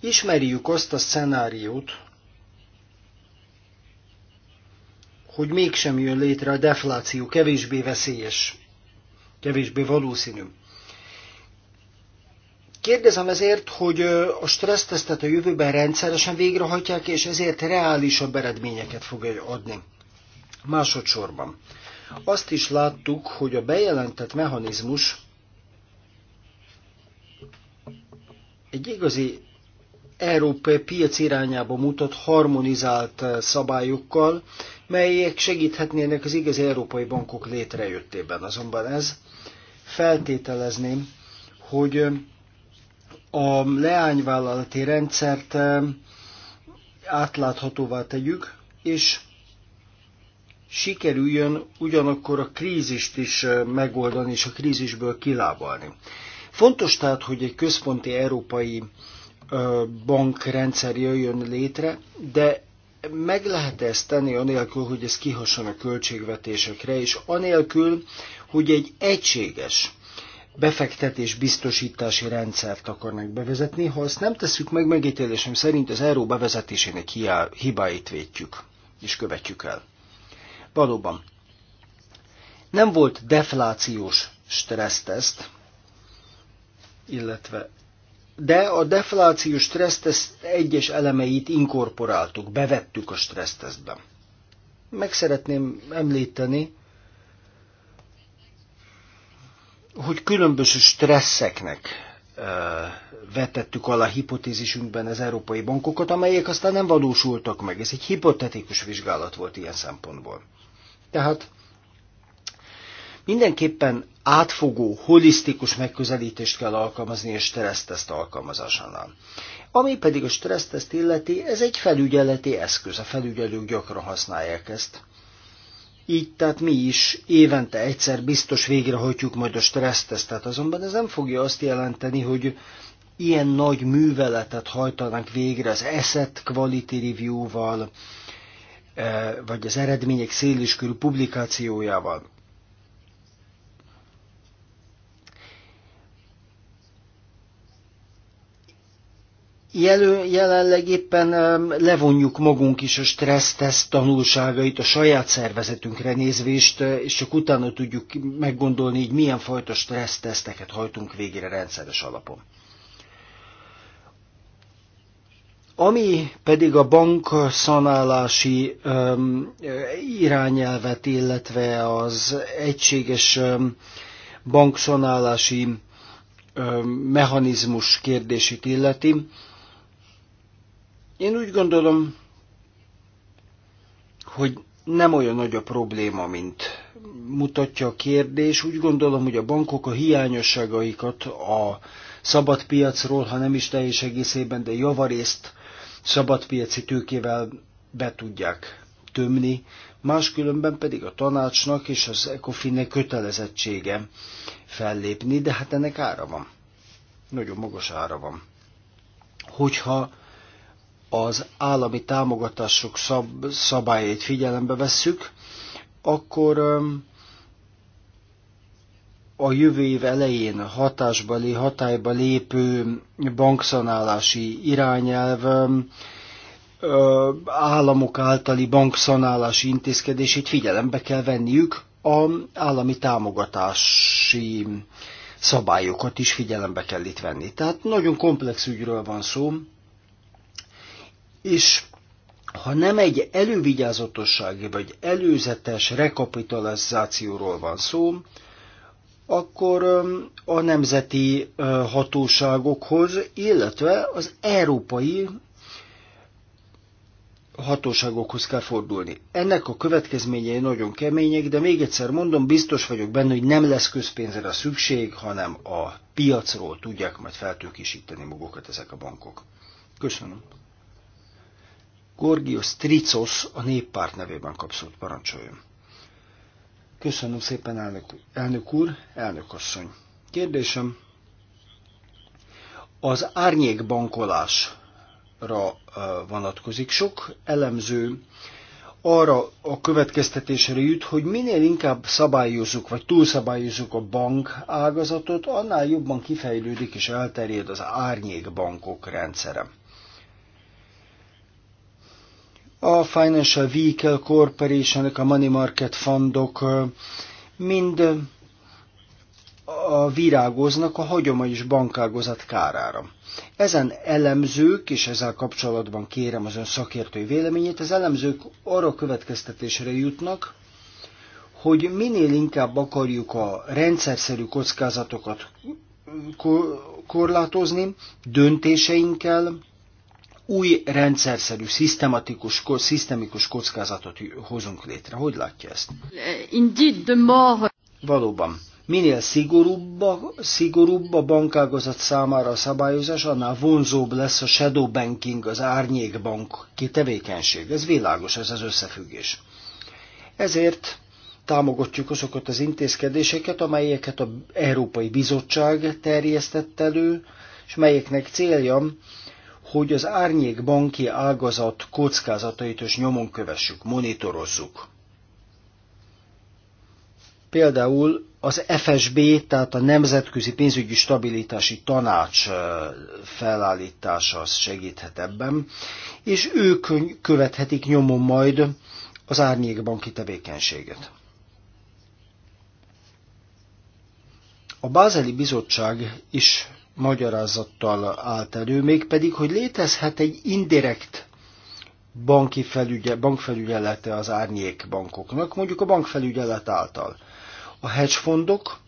Ismerjük azt a szenáriót, hogy mégsem jön létre a defláció, kevésbé veszélyes, kevésbé valószínű. Kérdezem ezért, hogy a stressztesztet a jövőben rendszeresen végrehajtják, és ezért reálisabb eredményeket fogja adni. Másodszorban. Azt is láttuk, hogy a bejelentett mechanizmus egy igazi európai piac irányába mutat harmonizált szabályokkal, melyek segíthetnének az igazi európai bankok létrejöttében. Azonban ez feltételezném, hogy a leányvállalati rendszert átláthatóvá tegyük, és sikerüljön ugyanakkor a krízist is megoldani, és a krízisből kilábalni. Fontos tehát, hogy egy központi európai bankrendszer jöjjön létre, de meg lehet -e ezt tenni anélkül, hogy ez kihasson a költségvetésekre, és anélkül, hogy egy egységes befektetés biztosítási rendszert akarnak bevezetni. Ha ezt nem tesszük meg, megítélésem szerint az euró bevezetésének hibáit vétjük és követjük el. Valóban, nem volt deflációs stresszteszt, illetve de a deflációs stresszteszt egyes elemeit inkorporáltuk, bevettük a stressztesztbe. Meg szeretném említeni, hogy különböző stresszeknek vetettük alá hipotézisünkben az európai bankokat, amelyek aztán nem valósultak meg. Ez egy hipotetikus vizsgálat volt ilyen szempontból. Tehát mindenképpen átfogó, holisztikus megközelítést kell alkalmazni és stresszteszt alkalmazásánál. Ami pedig a stresszteszt illeti, ez egy felügyeleti eszköz, a felügyelők gyakran használják ezt. Így tehát mi is évente egyszer biztos végrehajtjuk majd a stressztesztet, azonban ez nem fogja azt jelenteni, hogy ilyen nagy műveletet hajtanak végre az asset quality review-val, eh, vagy az eredmények széliskörű publikációjával. Jelő, jelenleg éppen levonjuk magunk is a stressztesz tanulságait a saját szervezetünkre nézvést, eh, és csak utána tudjuk meggondolni, hogy milyen fajta stresszteszteket hajtunk végre rendszeres alapon. Ami pedig a bank szanálási um, irányelvet, illetve az egységes um, bankszanálási mechanizmus kérdését illeti. Én úgy gondolom, hogy nem olyan nagy a probléma, mint mutatja a kérdés. Úgy gondolom, hogy a bankok a hiányosságaikat a szabad piacról, ha nem is teljes egészében, de javarészt szabadpiaci tőkével be tudják tömni, máskülönben pedig a tanácsnak és az ECOFIN-nek kötelezettsége fellépni, de hát ennek ára van. Nagyon magas ára van. Hogyha az állami támogatások szab, szabályait figyelembe vesszük, akkor a jövő év elején hatásba, hatályba lépő bankszanálási irányelv államok általi bankszanálási intézkedését figyelembe kell venniük, a állami támogatási szabályokat is figyelembe kell itt venni. Tehát nagyon komplex ügyről van szó, és ha nem egy elővigyázatossági vagy előzetes rekapitalizációról van szó, akkor a nemzeti hatóságokhoz, illetve az európai hatóságokhoz kell fordulni. Ennek a következményei nagyon kemények, de még egyszer mondom, biztos vagyok benne, hogy nem lesz közpénzre a szükség, hanem a piacról tudják majd feltőkisíteni magukat ezek a bankok. Köszönöm. Gorgios Tricos a néppárt nevében kapszott parancsoljon. Köszönöm szépen, elnök, elnök úr, elnök asszony. Kérdésem, az árnyékbankolásra vonatkozik. Sok elemző arra a következtetésre jut, hogy minél inkább szabályozzuk, vagy túlszabályozzuk a bank ágazatot, annál jobban kifejlődik és elterjed az árnyékbankok rendszere a Financial Vehicle corporation a Money Market fundok mind a virágoznak a hagyományos bankágozat kárára. Ezen elemzők, és ezzel kapcsolatban kérem az ön szakértői véleményét, az elemzők arra következtetésre jutnak, hogy minél inkább akarjuk a rendszerszerű kockázatokat korlátozni döntéseinkkel, új rendszerszerű, szisztematikus, szisztemikus kockázatot hozunk létre. Hogy látja ezt? Indeed, more... Valóban. Minél szigorúbb a, szigorúbb a bankágazat számára a szabályozás, annál vonzóbb lesz a shadow banking, az árnyékbank kitevékenység. Ez világos, ez az összefüggés. Ezért támogatjuk azokat az intézkedéseket, amelyeket a Európai Bizottság terjesztett elő, és melyeknek célja hogy az árnyék banki ágazat kockázatait is nyomon kövessük, monitorozzuk. Például az FSB, tehát a Nemzetközi Pénzügyi Stabilitási Tanács felállítása az segíthet ebben, és ők követhetik nyomon majd az árnyékbanki tevékenységet. A Bázeli Bizottság is magyarázattal állt elő, mégpedig, hogy létezhet egy indirekt banki felügye, bankfelügyelete az árnyék bankoknak, mondjuk a bankfelügyelet által. A hedgefondok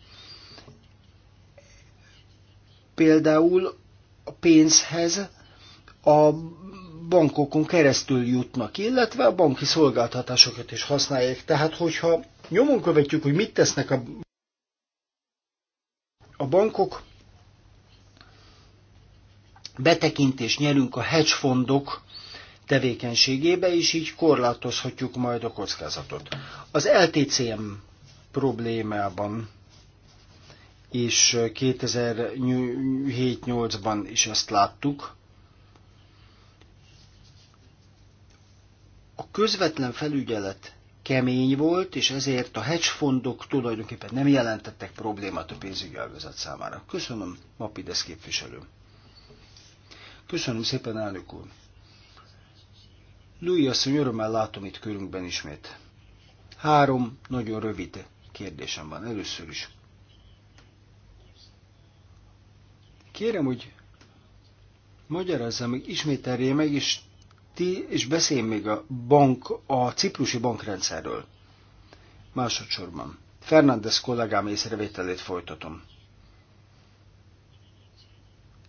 például a pénzhez a bankokon keresztül jutnak, illetve a banki szolgáltatásokat is használják. Tehát, hogyha nyomon követjük, hogy mit tesznek a, a bankok, betekintést nyerünk a hedgefondok tevékenységébe, és így korlátozhatjuk majd a kockázatot. Az LTCM problémában és 2007-8-ban is ezt láttuk. A közvetlen felügyelet kemény volt, és ezért a hedgefondok tulajdonképpen nem jelentettek problémát a pénzügyi ágazat számára. Köszönöm, Mapides képviselő. Köszönöm szépen, elnök úr. Louis asszony, örömmel látom itt körünkben ismét. Három nagyon rövid kérdésem van. Először is. Kérem, hogy magyarázzam, meg, ismételje meg, és, ti, és beszélj még a bank, a ciprusi bankrendszerről. Másodszorban. Fernández kollégám észrevételét folytatom.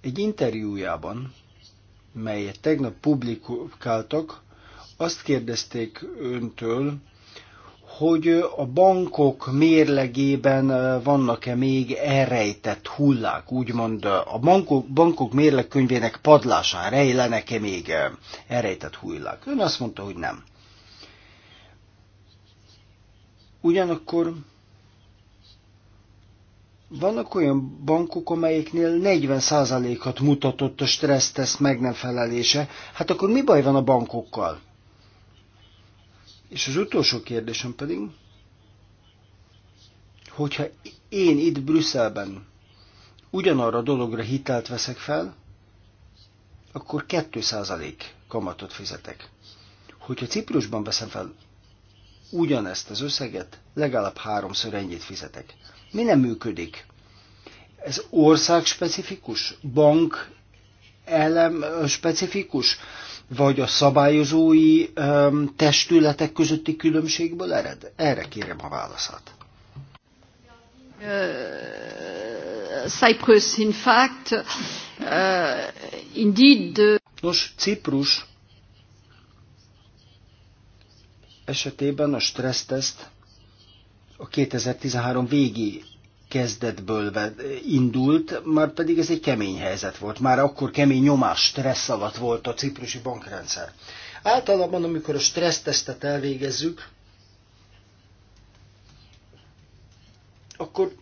Egy interjújában melyet tegnap publikáltak, azt kérdezték öntől, hogy a bankok mérlegében vannak-e még elrejtett hullák, úgymond a bankok, bankok mérlegkönyvének padlásán rejlenek-e még elrejtett hullák? Ön azt mondta, hogy nem. Ugyanakkor vannak olyan bankok, amelyeknél 40%-at mutatott a stressztesz meg nem felelése. Hát akkor mi baj van a bankokkal? És az utolsó kérdésem pedig, hogyha én itt Brüsszelben ugyanarra a dologra hitelt veszek fel, akkor 2% kamatot fizetek. Hogyha Ciprusban veszem fel ugyanezt az összeget, legalább háromszor ennyit fizetek. Mi nem működik? Ez országspecifikus? Bank elem specifikus? Vagy a szabályozói um, testületek közötti különbségből ered? Erre kérem a válaszat. Uh, Cyprus, in fact, uh, indeed... The... Nos, Ciprus esetében a stresszteszt a 2013 végi kezdetből indult, már pedig ez egy kemény helyzet volt. Már akkor kemény nyomás, stressz alatt volt a ciprusi bankrendszer. Általában, amikor a stressztesztet elvégezzük, akkor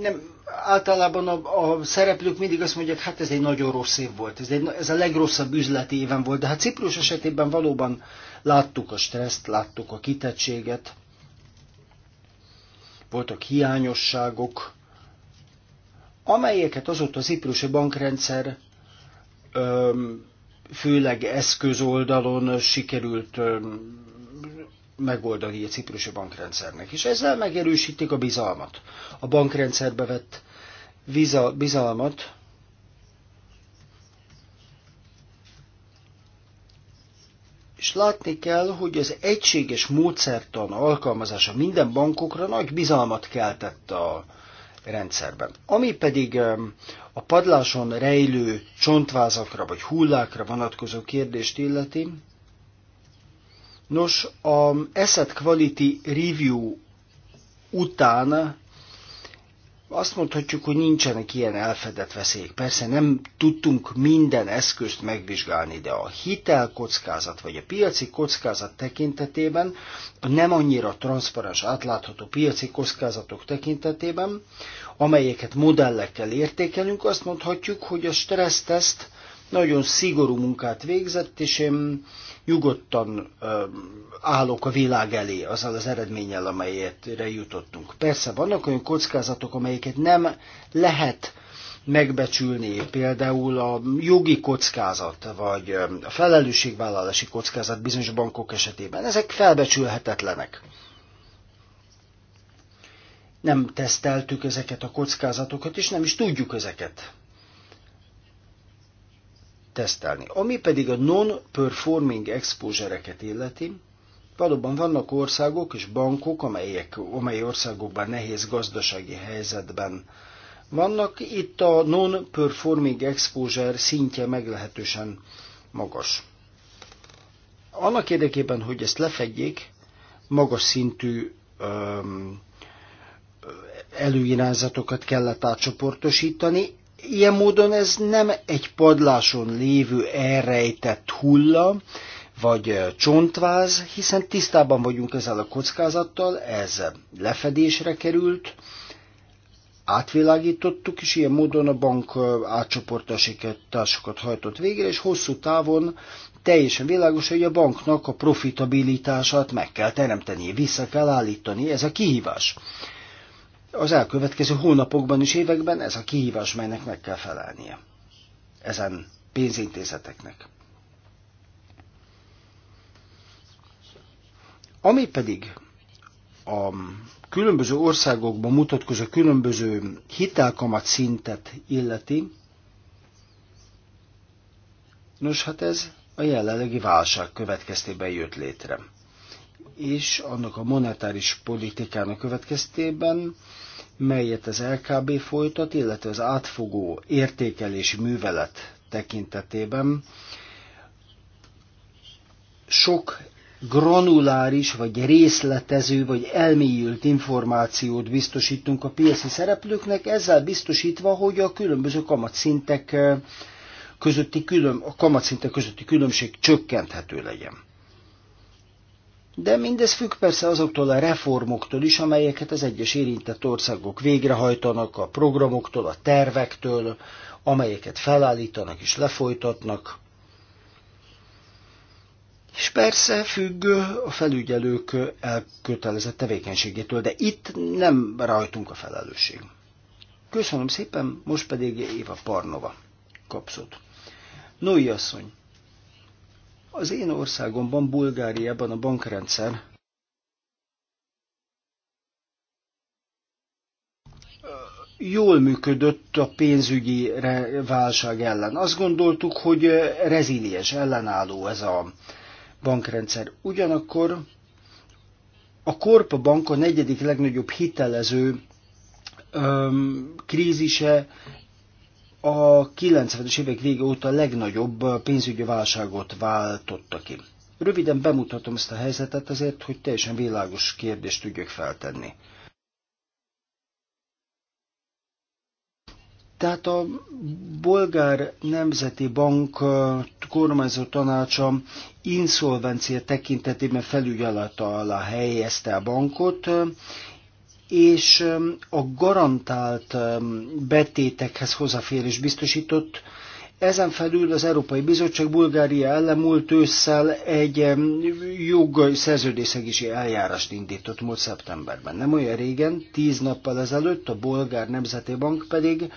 nem, általában a, a szereplők mindig azt mondják, hát ez egy nagyon rossz év volt, ez, egy, ez a legrosszabb üzleti éven volt, de hát Ciprus esetében valóban láttuk a stresszt, láttuk a kitettséget, voltak hiányosságok, amelyeket azóta az ciprusi bankrendszer főleg eszközoldalon sikerült megoldani a ciprusi bankrendszernek, és ezzel megerősítik a bizalmat. A bankrendszerbe vett bizalmat, és látni kell, hogy az egységes módszertan alkalmazása minden bankokra nagy bizalmat keltett a rendszerben. Ami pedig a padláson rejlő csontvázakra vagy hullákra vonatkozó kérdést illeti, nos, a Asset Quality Review után azt mondhatjuk, hogy nincsenek ilyen elfedett veszélyek. Persze nem tudtunk minden eszközt megvizsgálni, de a hitelkockázat vagy a piaci kockázat tekintetében, a nem annyira transzparens átlátható piaci kockázatok tekintetében, amelyeket modellekkel értékelünk, azt mondhatjuk, hogy a stresszteszt nagyon szigorú munkát végzett, és én nyugodtan állok a világ elé azzal az eredménnyel, amelyetre jutottunk. Persze vannak olyan kockázatok, amelyeket nem lehet megbecsülni, például a jogi kockázat, vagy a felelősségvállalási kockázat bizonyos bankok esetében. Ezek felbecsülhetetlenek. Nem teszteltük ezeket a kockázatokat, és nem is tudjuk ezeket tesztelni. Ami pedig a non-performing exposure-eket illeti, valóban vannak országok és bankok, amelyek, amely országokban nehéz gazdasági helyzetben vannak. Itt a non-performing exposure szintje meglehetősen magas. Annak érdekében, hogy ezt lefedjék, magas szintű öm, előirányzatokat kellett átcsoportosítani, Ilyen módon ez nem egy padláson lévő elrejtett hulla, vagy csontváz, hiszen tisztában vagyunk ezzel a kockázattal, ez lefedésre került, átvilágítottuk, és ilyen módon a bank átcsoportosításokat hajtott végre, és hosszú távon teljesen világos, hogy a banknak a profitabilitását meg kell teremteni, vissza kell állítani, ez a kihívás az elkövetkező hónapokban és években ez a kihívás, melynek meg kell felelnie ezen pénzintézeteknek. Ami pedig a különböző országokban mutatkozó különböző hitelkamat szintet illeti, nos hát ez a jelenlegi válság következtében jött létre. És annak a monetáris politikának következtében melyet az LKB folytat, illetve az átfogó értékelési művelet tekintetében sok granuláris, vagy részletező, vagy elmélyült információt biztosítunk a piaci szereplőknek, ezzel biztosítva, hogy a különböző kamatszintek eh, közötti külön, a kamatszintek közötti különbség csökkenthető legyen. De mindez függ persze azoktól a reformoktól is, amelyeket az egyes érintett országok végrehajtanak, a programoktól, a tervektől, amelyeket felállítanak és lefolytatnak. És persze függ a felügyelők elkötelezett tevékenységétől, de itt nem rajtunk a felelősség. Köszönöm szépen, most pedig Éva Parnova kapszott. Női asszony, az én országomban, Bulgáriában a bankrendszer jól működött a pénzügyi válság ellen. Azt gondoltuk, hogy reziliens, ellenálló ez a bankrendszer. Ugyanakkor a Korpa Bank a negyedik legnagyobb hitelező öm, krízise a 90-es évek vége óta a legnagyobb pénzügyi válságot váltotta ki. Röviden bemutatom ezt a helyzetet azért, hogy teljesen világos kérdést tudjuk feltenni. Tehát a Bolgár Nemzeti Bank kormányzó tanácsa inszolvencia tekintetében felügyelete alá helyezte a bankot, és a garantált betétekhez hozzáférés biztosított. Ezen felül az Európai Bizottság Bulgária ellen múlt ősszel egy jogszerződészegési eljárást indított múlt szeptemberben. Nem olyan régen, tíz nappal ezelőtt a Bolgár Nemzeti Bank pedig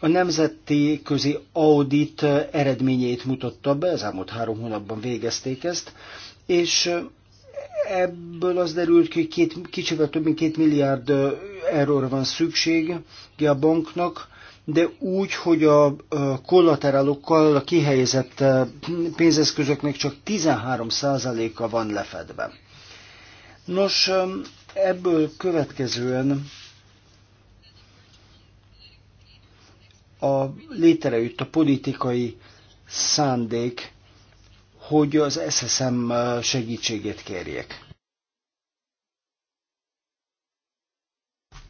a nemzeti közi audit eredményeit mutatta be, az elmúlt három hónapban végezték ezt, és Ebből az derült ki, hogy két, kicsivel több mint két milliárd euróra van szükség a banknak, de úgy, hogy a kollaterálokkal a kihelyezett pénzeszközöknek csak 13%-a van lefedve. Nos, ebből következően a, létrejött a politikai szándék, hogy az SSM eh, segítségét kérjek.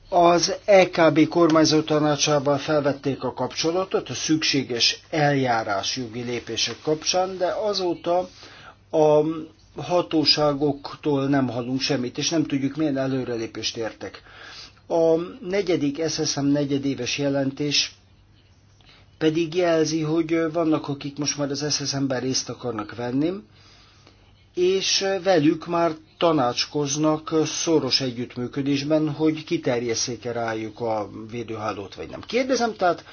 Az EKB kormányzó tanácsában felvették a kapcsolatot a szükséges eljárás jogi lépések kapcsán, de azóta a hatóságoktól nem hallunk semmit, és nem tudjuk, milyen előrelépést értek. A negyedik SSM negyedéves jelentés pedig jelzi, hogy vannak, akik most már az SSM-ben részt akarnak venni, és velük már tanácskoznak szoros együttműködésben, hogy kiterjesszék-e rájuk a védőhálót, vagy nem. Kérdezem tehát,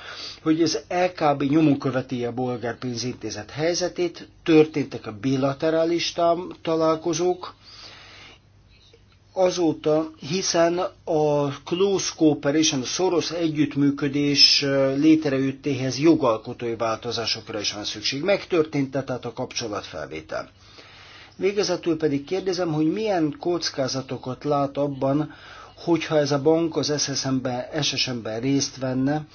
hogy az LKB nyomon követi a bolgár pénzintézet helyzetét, történtek a bilaterális találkozók, azóta, hiszen a close cooperation, a szoros együttműködés létrejöttéhez jogalkotói változásokra is van szükség. Megtörtént tehát a kapcsolatfelvétel. Végezetül pedig kérdezem, hogy milyen kockázatokat lát abban, hogyha ez a bank az SSM-ben, SSM-ben részt venne,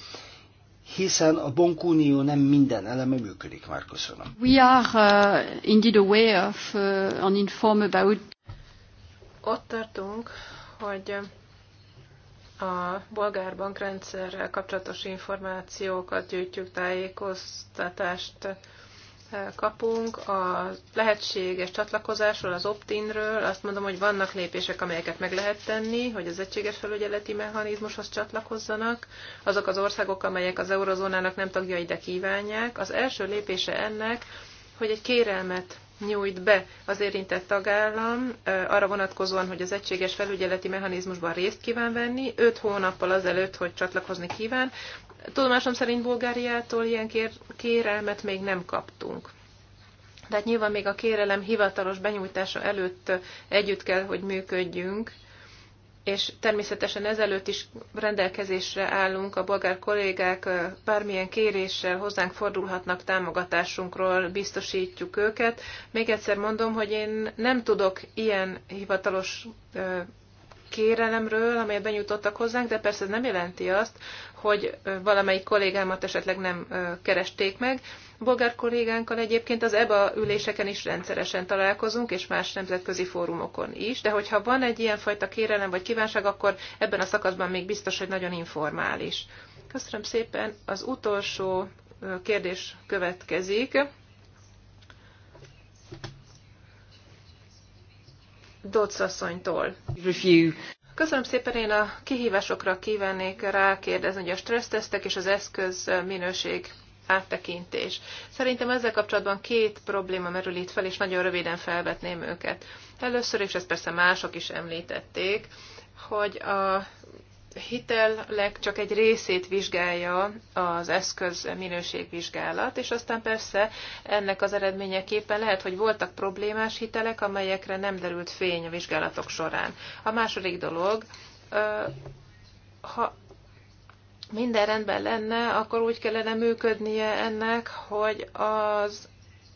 hiszen a bankunió nem minden eleme működik már, köszönöm. We are uh, indeed aware of uh, about ott tartunk, hogy a bolgár bankrendszerrel kapcsolatos információkat gyűjtjük, tájékoztatást eh, kapunk. A lehetséges csatlakozásról, az opt-inről azt mondom, hogy vannak lépések, amelyeket meg lehet tenni, hogy az egységes felügyeleti mechanizmushoz csatlakozzanak. Azok az országok, amelyek az eurozónának nem tagjai, de kívánják. Az első lépése ennek, hogy egy kérelmet nyújt be az érintett tagállam arra vonatkozóan, hogy az egységes felügyeleti mechanizmusban részt kíván venni, 5 hónappal azelőtt, hogy csatlakozni kíván. Tudomásom szerint Bulgáriától ilyen kér- kérelmet még nem kaptunk. Tehát nyilván még a kérelem hivatalos benyújtása előtt együtt kell, hogy működjünk és természetesen ezelőtt is rendelkezésre állunk, a bolgár kollégák bármilyen kéréssel hozzánk fordulhatnak támogatásunkról, biztosítjuk őket. Még egyszer mondom, hogy én nem tudok ilyen hivatalos kérelemről, amelyet benyújtottak hozzánk, de persze ez nem jelenti azt, hogy valamelyik kollégámat esetleg nem keresték meg. Bolgár kollégánkkal egyébként az EBA üléseken is rendszeresen találkozunk, és más nemzetközi fórumokon is, de hogyha van egy ilyenfajta kérelem vagy kívánság, akkor ebben a szakaszban még biztos, hogy nagyon informális. Köszönöm szépen. Az utolsó kérdés következik. Dodds asszonytól. Review. Köszönöm szépen, én a kihívásokra kívánnék rákérdezni, hogy a stressztesztek és az eszköz minőség áttekintés. Szerintem ezzel kapcsolatban két probléma merül itt fel, és nagyon röviden felvetném őket. Először, és ezt persze mások is említették, hogy a hitelleg csak egy részét vizsgálja az eszköz minőségvizsgálat, és aztán persze ennek az eredményeképpen lehet, hogy voltak problémás hitelek, amelyekre nem derült fény a vizsgálatok során. A második dolog, ha minden rendben lenne, akkor úgy kellene működnie ennek, hogy az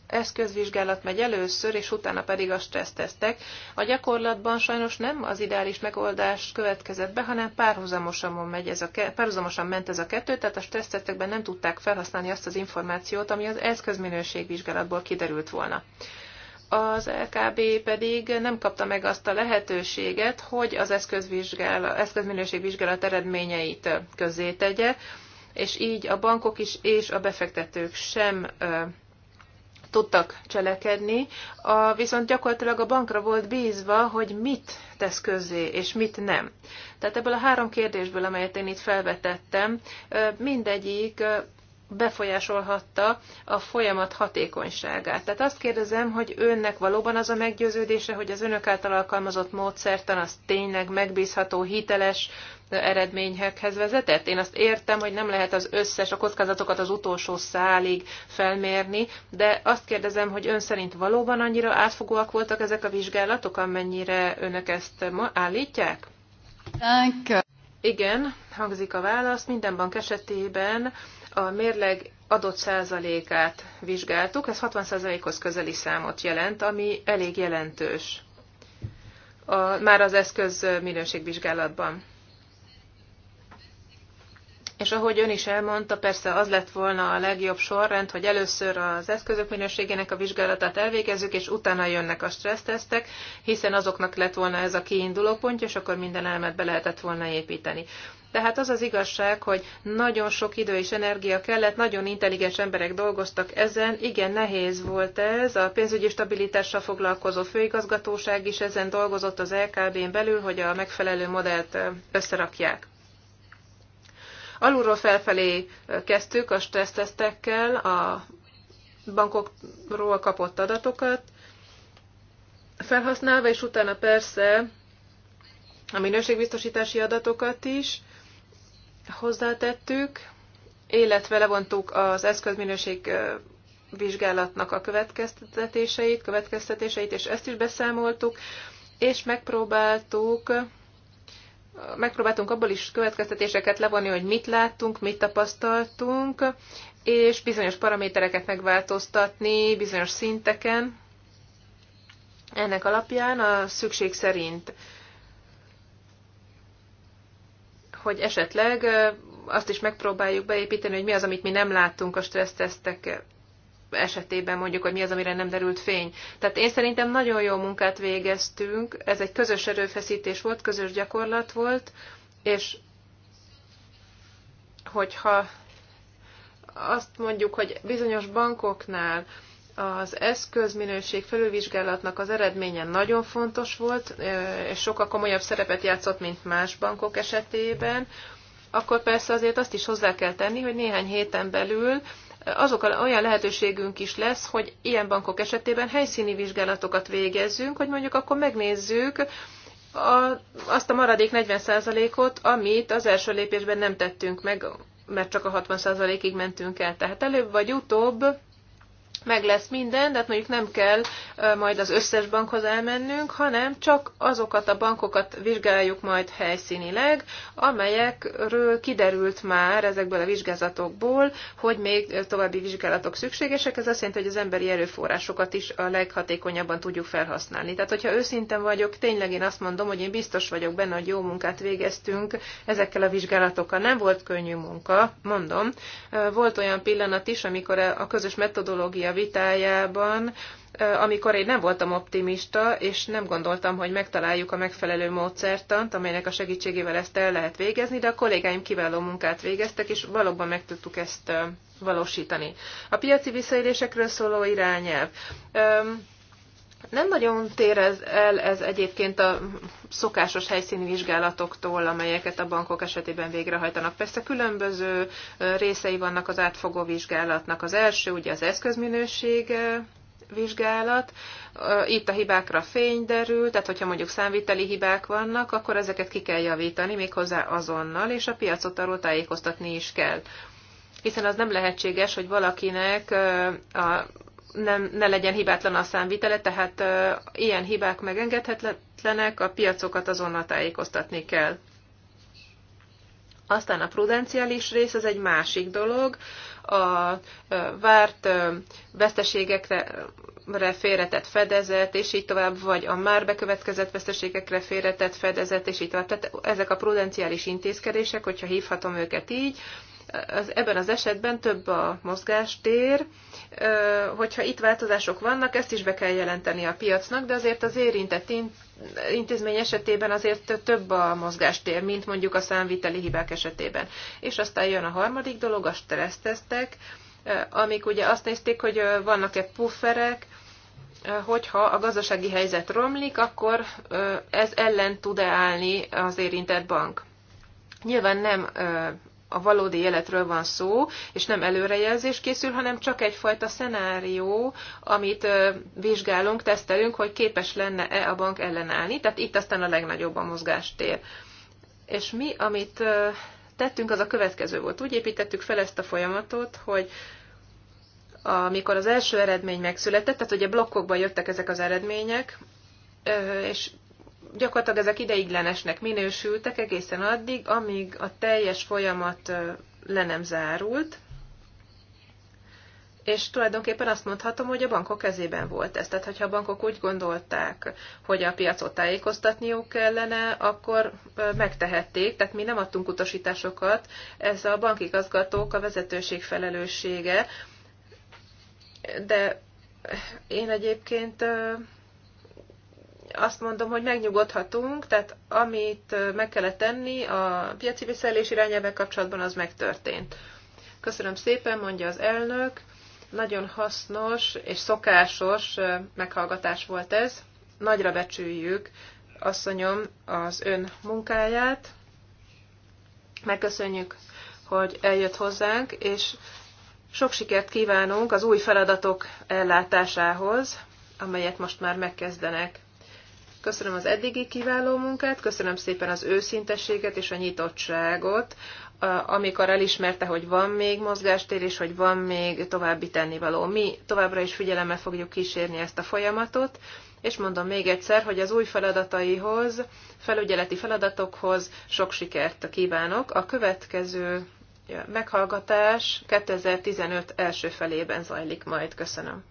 eszközvizsgálat megy először, és utána pedig a stressztesztek. A gyakorlatban sajnos nem az ideális megoldás következett be, hanem párhuzamosan, megy ez a ke- párhuzamosan ment ez a kettő, tehát a stressztesztekben nem tudták felhasználni azt az információt, ami az eszközminőségvizsgálatból kiderült volna az LKB pedig nem kapta meg azt a lehetőséget, hogy az eszközminőségvizsgálat eredményeit közzétegye, és így a bankok is és a befektetők sem tudtak cselekedni, a, viszont gyakorlatilag a bankra volt bízva, hogy mit tesz közzé, és mit nem. Tehát ebből a három kérdésből, amelyet én itt felvetettem, mindegyik befolyásolhatta a folyamat hatékonyságát. Tehát azt kérdezem, hogy önnek valóban az a meggyőződése, hogy az önök által alkalmazott módszertan az tényleg megbízható, hiteles eredményekhez vezetett? Én azt értem, hogy nem lehet az összes, a kockázatokat az utolsó szálig felmérni, de azt kérdezem, hogy ön szerint valóban annyira átfogóak voltak ezek a vizsgálatok, amennyire önök ezt ma állítják? Igen, hangzik a válasz. Minden bank esetében a mérleg adott százalékát vizsgáltuk, ez 60 százalékhoz közeli számot jelent, ami elég jelentős a, már az eszköz minőségvizsgálatban. És ahogy ön is elmondta, persze az lett volna a legjobb sorrend, hogy először az eszközök minőségének a vizsgálatát elvégezzük, és utána jönnek a stressztesztek, hiszen azoknak lett volna ez a kiinduló pontja, és akkor minden elmet be lehetett volna építeni. Tehát az az igazság, hogy nagyon sok idő és energia kellett, nagyon intelligens emberek dolgoztak ezen, igen nehéz volt ez, a pénzügyi stabilitással foglalkozó főigazgatóság is ezen dolgozott az LKB-n belül, hogy a megfelelő modellt összerakják. Alulról felfelé kezdtük a stressztesztekkel, a bankokról kapott adatokat felhasználva, és utána persze a minőségbiztosítási adatokat is, hozzátettük, illetve levontuk az eszközminőség vizsgálatnak a következtetéseit, következtetéseit, és ezt is beszámoltuk, és megpróbáltuk megpróbáltunk abból is következtetéseket levonni, hogy mit láttunk, mit tapasztaltunk, és bizonyos paramétereket megváltoztatni bizonyos szinteken ennek alapján a szükség szerint hogy esetleg azt is megpróbáljuk beépíteni, hogy mi az, amit mi nem láttunk a stressztesztek esetében mondjuk, hogy mi az, amire nem derült fény. Tehát én szerintem nagyon jó munkát végeztünk, ez egy közös erőfeszítés volt, közös gyakorlat volt, és hogyha azt mondjuk, hogy bizonyos bankoknál az eszközminőség felülvizsgálatnak az eredménye nagyon fontos volt, és sokkal komolyabb szerepet játszott, mint más bankok esetében, akkor persze azért azt is hozzá kell tenni, hogy néhány héten belül azok olyan lehetőségünk is lesz, hogy ilyen bankok esetében helyszíni vizsgálatokat végezzünk, hogy mondjuk akkor megnézzük, a, azt a maradék 40%-ot, amit az első lépésben nem tettünk meg, mert csak a 60%-ig mentünk el. Tehát előbb vagy utóbb meg lesz minden, de hát mondjuk nem kell majd az összes bankhoz elmennünk, hanem csak azokat a bankokat vizsgáljuk majd helyszínileg, amelyekről kiderült már ezekből a vizsgázatokból, hogy még további vizsgálatok szükségesek. Ez azt jelenti, hogy az emberi erőforrásokat is a leghatékonyabban tudjuk felhasználni. Tehát, hogyha őszinten vagyok, tényleg én azt mondom, hogy én biztos vagyok benne, hogy jó munkát végeztünk ezekkel a vizsgálatokkal. Nem volt könnyű munka, mondom. Volt olyan pillanat is, amikor a közös metodológia a vitájában, amikor én nem voltam optimista, és nem gondoltam, hogy megtaláljuk a megfelelő módszertant, amelynek a segítségével ezt el lehet végezni, de a kollégáim kiváló munkát végeztek, és valóban meg tudtuk ezt valósítani. A piaci visszaélésekről szóló irányelv. Nem nagyon tér ez el ez egyébként a szokásos helyszíni vizsgálatoktól, amelyeket a bankok esetében végrehajtanak. Persze különböző részei vannak az átfogó vizsgálatnak. Az első ugye az eszközminőség vizsgálat. Itt a hibákra fény derül, tehát hogyha mondjuk számviteli hibák vannak, akkor ezeket ki kell javítani, méghozzá azonnal, és a piacot arról tájékoztatni is kell. Hiszen az nem lehetséges, hogy valakinek a nem, ne legyen hibátlan a számvitele, tehát uh, ilyen hibák megengedhetetlenek, a piacokat azonnal tájékoztatni kell. Aztán a prudenciális rész az egy másik dolog. A várt veszteségekre félretett fedezet, és így tovább, vagy a már bekövetkezett veszteségekre félretett fedezet, és így tovább. Tehát ezek a prudenciális intézkedések, hogyha hívhatom őket így, az, ebben az esetben több a mozgástér, hogyha itt változások vannak, ezt is be kell jelenteni a piacnak, de azért az érintett intézmény esetében azért több a mozgástér, mint mondjuk a számviteli hibák esetében. És aztán jön a harmadik dolog, a stressztesztek, amik ugye azt nézték, hogy vannak-e pufferek, hogyha a gazdasági helyzet romlik, akkor ez ellen tud-e állni az érintett bank. Nyilván nem a valódi életről van szó, és nem előrejelzés készül, hanem csak egyfajta szenárió, amit vizsgálunk, tesztelünk, hogy képes lenne-e a bank ellenállni. Tehát itt aztán a legnagyobb a mozgástér. És mi, amit tettünk, az a következő volt. Úgy építettük fel ezt a folyamatot, hogy amikor az első eredmény megszületett, tehát ugye blokkokban jöttek ezek az eredmények, és gyakorlatilag ezek ideiglenesnek minősültek egészen addig, amíg a teljes folyamat le nem zárult, és tulajdonképpen azt mondhatom, hogy a bankok kezében volt ez. Tehát, hogyha a bankok úgy gondolták, hogy a piacot tájékoztatniuk kellene, akkor megtehették, tehát mi nem adtunk utasításokat, ez a bankigazgatók a vezetőség felelőssége, de én egyébként azt mondom, hogy megnyugodhatunk, tehát amit meg kellett tenni a piaci visszaélés irányelvvel kapcsolatban, az megtörtént. Köszönöm szépen, mondja az elnök. Nagyon hasznos és szokásos meghallgatás volt ez. Nagyra becsüljük, asszonyom, az ön munkáját. Megköszönjük, hogy eljött hozzánk, és sok sikert kívánunk az új feladatok ellátásához, amelyet most már megkezdenek. Köszönöm az eddigi kiváló munkát, köszönöm szépen az őszintességet és a nyitottságot, amikor elismerte, hogy van még mozgástér, és hogy van még további tennivaló. Mi továbbra is figyelemmel fogjuk kísérni ezt a folyamatot, és mondom még egyszer, hogy az új feladataihoz, felügyeleti feladatokhoz sok sikert kívánok. A következő meghallgatás 2015 első felében zajlik majd. Köszönöm.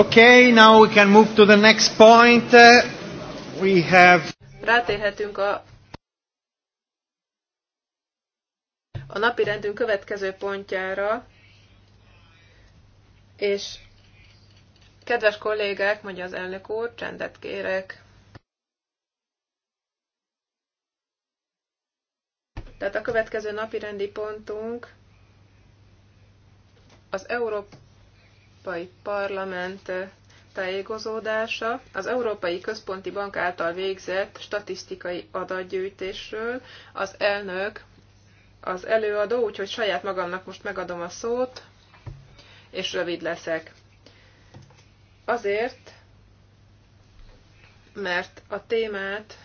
Okay, now we can move to the next point. Uh, we have... Rátérhetünk a a napi rendünk következő pontjára, és kedves kollégák, mondja az elnök úr, csendet kérek. Tehát a következő napi rendi pontunk az Európa Európai Parlament eh, tájékozódása az Európai Központi Bank által végzett statisztikai adatgyűjtésről. Az elnök az előadó, úgyhogy saját magamnak most megadom a szót, és rövid leszek. Azért, mert a témát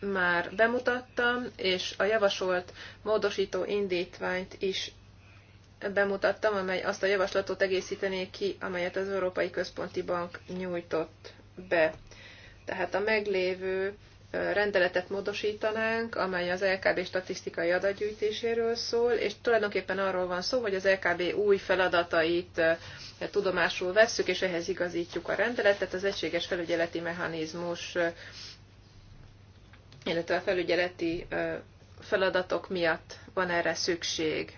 már bemutattam, és a javasolt módosító indítványt is bemutattam, amely azt a javaslatot egészítené ki, amelyet az Európai Központi Bank nyújtott be. Tehát a meglévő rendeletet módosítanánk, amely az LKB statisztikai adatgyűjtéséről szól, és tulajdonképpen arról van szó, hogy az LKB új feladatait tudomásul vesszük, és ehhez igazítjuk a rendeletet, az egységes felügyeleti mechanizmus, illetve a felügyeleti feladatok miatt van erre szükség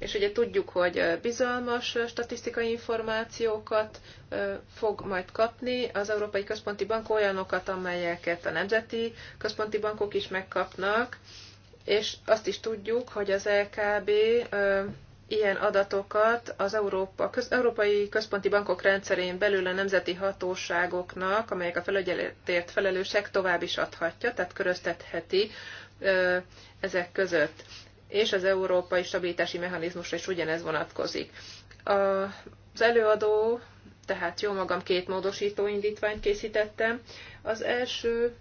és ugye tudjuk, hogy bizalmas statisztikai információkat fog majd kapni. Az Európai Központi Bank olyanokat, amelyeket a nemzeti központi bankok is megkapnak, és azt is tudjuk, hogy az LKB ilyen adatokat az Európa, köz, Európai Központi Bankok rendszerén belül a nemzeti hatóságoknak, amelyek a felügyeletért felelősek, tovább is adhatja, tehát köröztetheti ezek között és az európai stabilitási mechanizmusra is ugyanez vonatkozik. Az előadó, tehát jó magam két módosító indítványt készítettem. Az első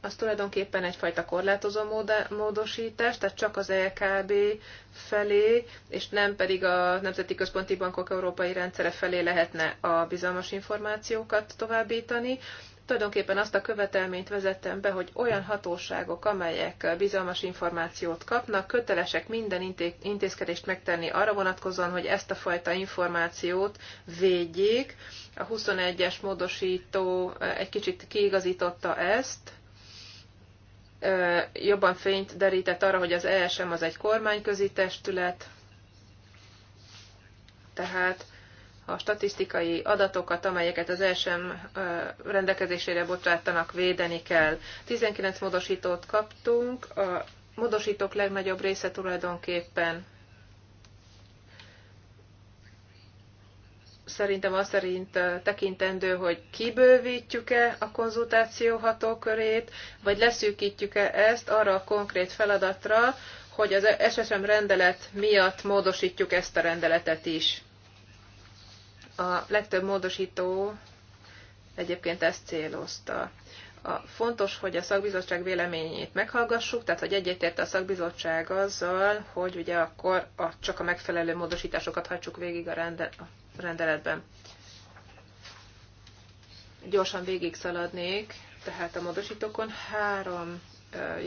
az tulajdonképpen egyfajta korlátozó módosítás, tehát csak az LKB felé, és nem pedig a Nemzeti Központi Bankok Európai Rendszere felé lehetne a bizalmas információkat továbbítani tulajdonképpen azt a követelményt vezettem be, hogy olyan hatóságok, amelyek bizalmas információt kapnak, kötelesek minden intézkedést megtenni arra vonatkozóan, hogy ezt a fajta információt védjék. A 21-es módosító eh, egy kicsit kiigazította ezt, eh, jobban fényt derített arra, hogy az ESM az egy kormányközi testület, tehát a statisztikai adatokat, amelyeket az ESM rendelkezésére bocsátanak, védeni kell. 19 módosítót kaptunk, a módosítók legnagyobb része tulajdonképpen szerintem azt szerint tekintendő, hogy kibővítjük-e a konzultáció hatókörét, vagy leszűkítjük-e ezt arra a konkrét feladatra, hogy az e SSM rendelet miatt módosítjuk ezt a rendeletet is. A legtöbb módosító egyébként ezt célozta. A fontos, hogy a szakbizottság véleményét meghallgassuk, tehát hogy egyetért a szakbizottság azzal, hogy ugye akkor a, csak a megfelelő módosításokat hagyjuk végig a, rende, a rendeletben. Gyorsan végig szaladnék, tehát a módosítókon három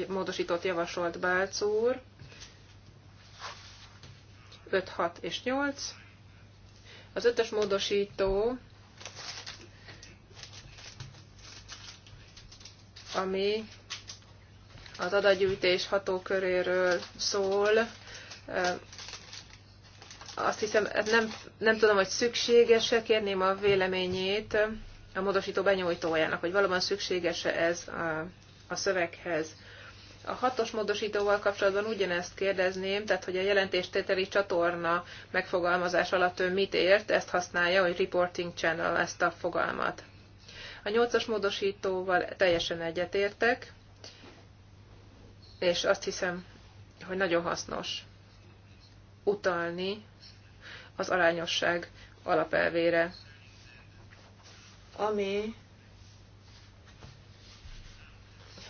módosítót javasolt Bálc úr, 5, 6 és 8 az ötös módosító, ami az adatgyűjtés hatóköréről szól, azt hiszem, nem, nem tudom, hogy szükséges-e, kérném a véleményét a módosító benyújtójának, hogy valóban szükséges-e ez a, a szöveghez. A hatos módosítóval kapcsolatban ugyanezt kérdezném, tehát hogy a jelentéstételi csatorna megfogalmazás alatt ő mit ért, ezt használja, hogy reporting channel ezt a fogalmat. A nyolcas módosítóval teljesen egyetértek, és azt hiszem, hogy nagyon hasznos utalni az arányosság alapelvére. Ami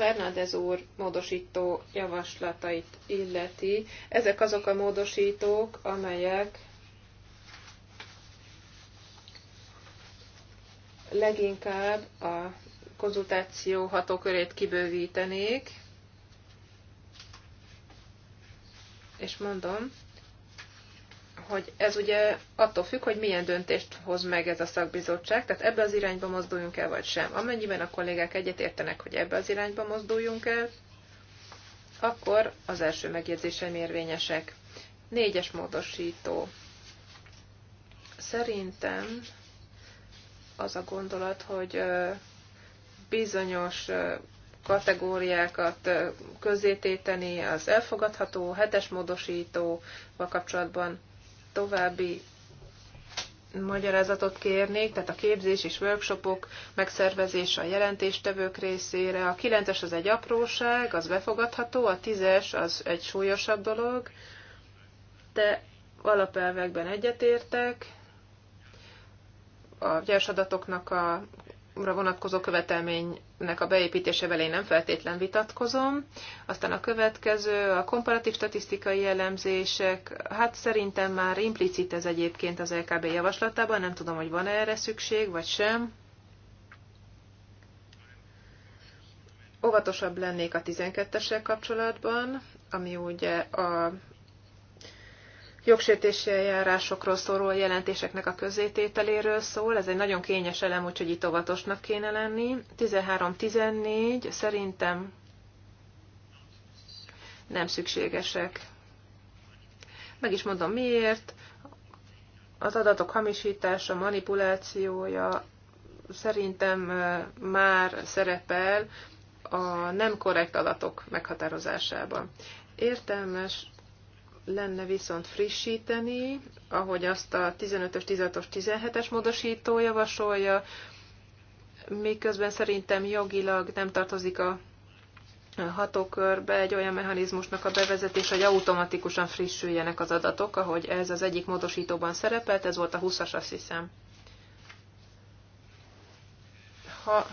Fernández úr módosító javaslatait illeti. Ezek azok a módosítók, amelyek leginkább a konzultáció hatókörét kibővítenék, és mondom, hogy ez ugye attól függ, hogy milyen döntést hoz meg ez a szakbizottság, tehát ebbe az irányba mozduljunk el, vagy sem. Amennyiben a kollégák egyetértenek, hogy ebbe az irányba mozduljunk el, akkor az első megjegyzésem érvényesek. Négyes módosító. Szerintem az a gondolat, hogy bizonyos kategóriákat közzététeni, az elfogadható, hetes módosítóval kapcsolatban további magyarázatot kérnék, tehát a képzés és workshopok megszervezése a jelentéstevők részére. A 9-es az egy apróság, az befogadható, a 10-es az egy súlyosabb dolog, de alapelvekben egyetértek. A gyers adatoknak a vonatkozó követelménynek a beépítésevel én nem feltétlen vitatkozom. Aztán a következő, a komparatív statisztikai jellemzések. hát szerintem már implicit ez egyébként az LKB javaslatában, nem tudom, hogy van -e erre szükség, vagy sem. Óvatosabb lennék a 12 esek kapcsolatban, ami ugye a jogsértési eljárásokról szóló jelentéseknek a közzétételéről szól. Ez egy nagyon kényes elem, úgyhogy itt óvatosnak kéne lenni. 13-14 szerintem nem szükségesek. Meg is mondom miért. Az adatok hamisítása, manipulációja szerintem már szerepel a nem korrekt adatok meghatározásában. Értelmes lenne viszont frissíteni, ahogy azt a 15-ös, 16-os, 17-es módosító javasolja, miközben szerintem jogilag nem tartozik a hatókörbe egy olyan mechanizmusnak a bevezetés, hogy automatikusan frissüljenek az adatok, ahogy ez az egyik módosítóban szerepelt, ez volt a 20-as, azt hiszem. Ha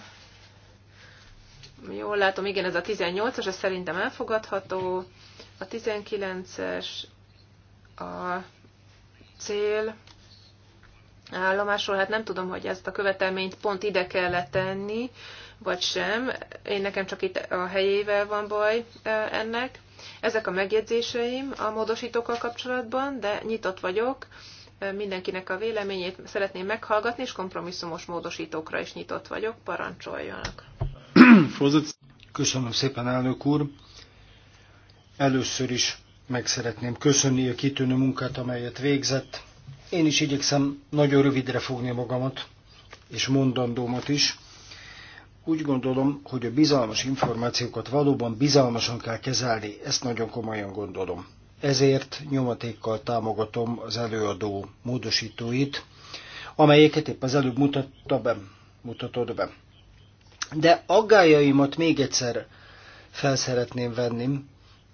jól látom, igen, ez a 18-as, ez szerintem elfogadható. A 19-es a cél állomásról, hát nem tudom, hogy ezt a követelményt pont ide kell tenni, vagy sem. Én nekem csak itt a helyével van baj ennek. Ezek a megjegyzéseim a módosítókkal kapcsolatban, de nyitott vagyok. Mindenkinek a véleményét szeretném meghallgatni, és kompromisszumos módosítókra is nyitott vagyok. Parancsoljanak! Köszönöm szépen, elnök úr! Először is meg szeretném köszönni a kitűnő munkát, amelyet végzett. Én is igyekszem nagyon rövidre fogni magamat, és mondandómat is. Úgy gondolom, hogy a bizalmas információkat valóban bizalmasan kell kezelni, ezt nagyon komolyan gondolom. Ezért nyomatékkal támogatom az előadó módosítóit, amelyeket épp az előbb mutatta be, mutatod be. De aggájaimat még egyszer felszeretném venni,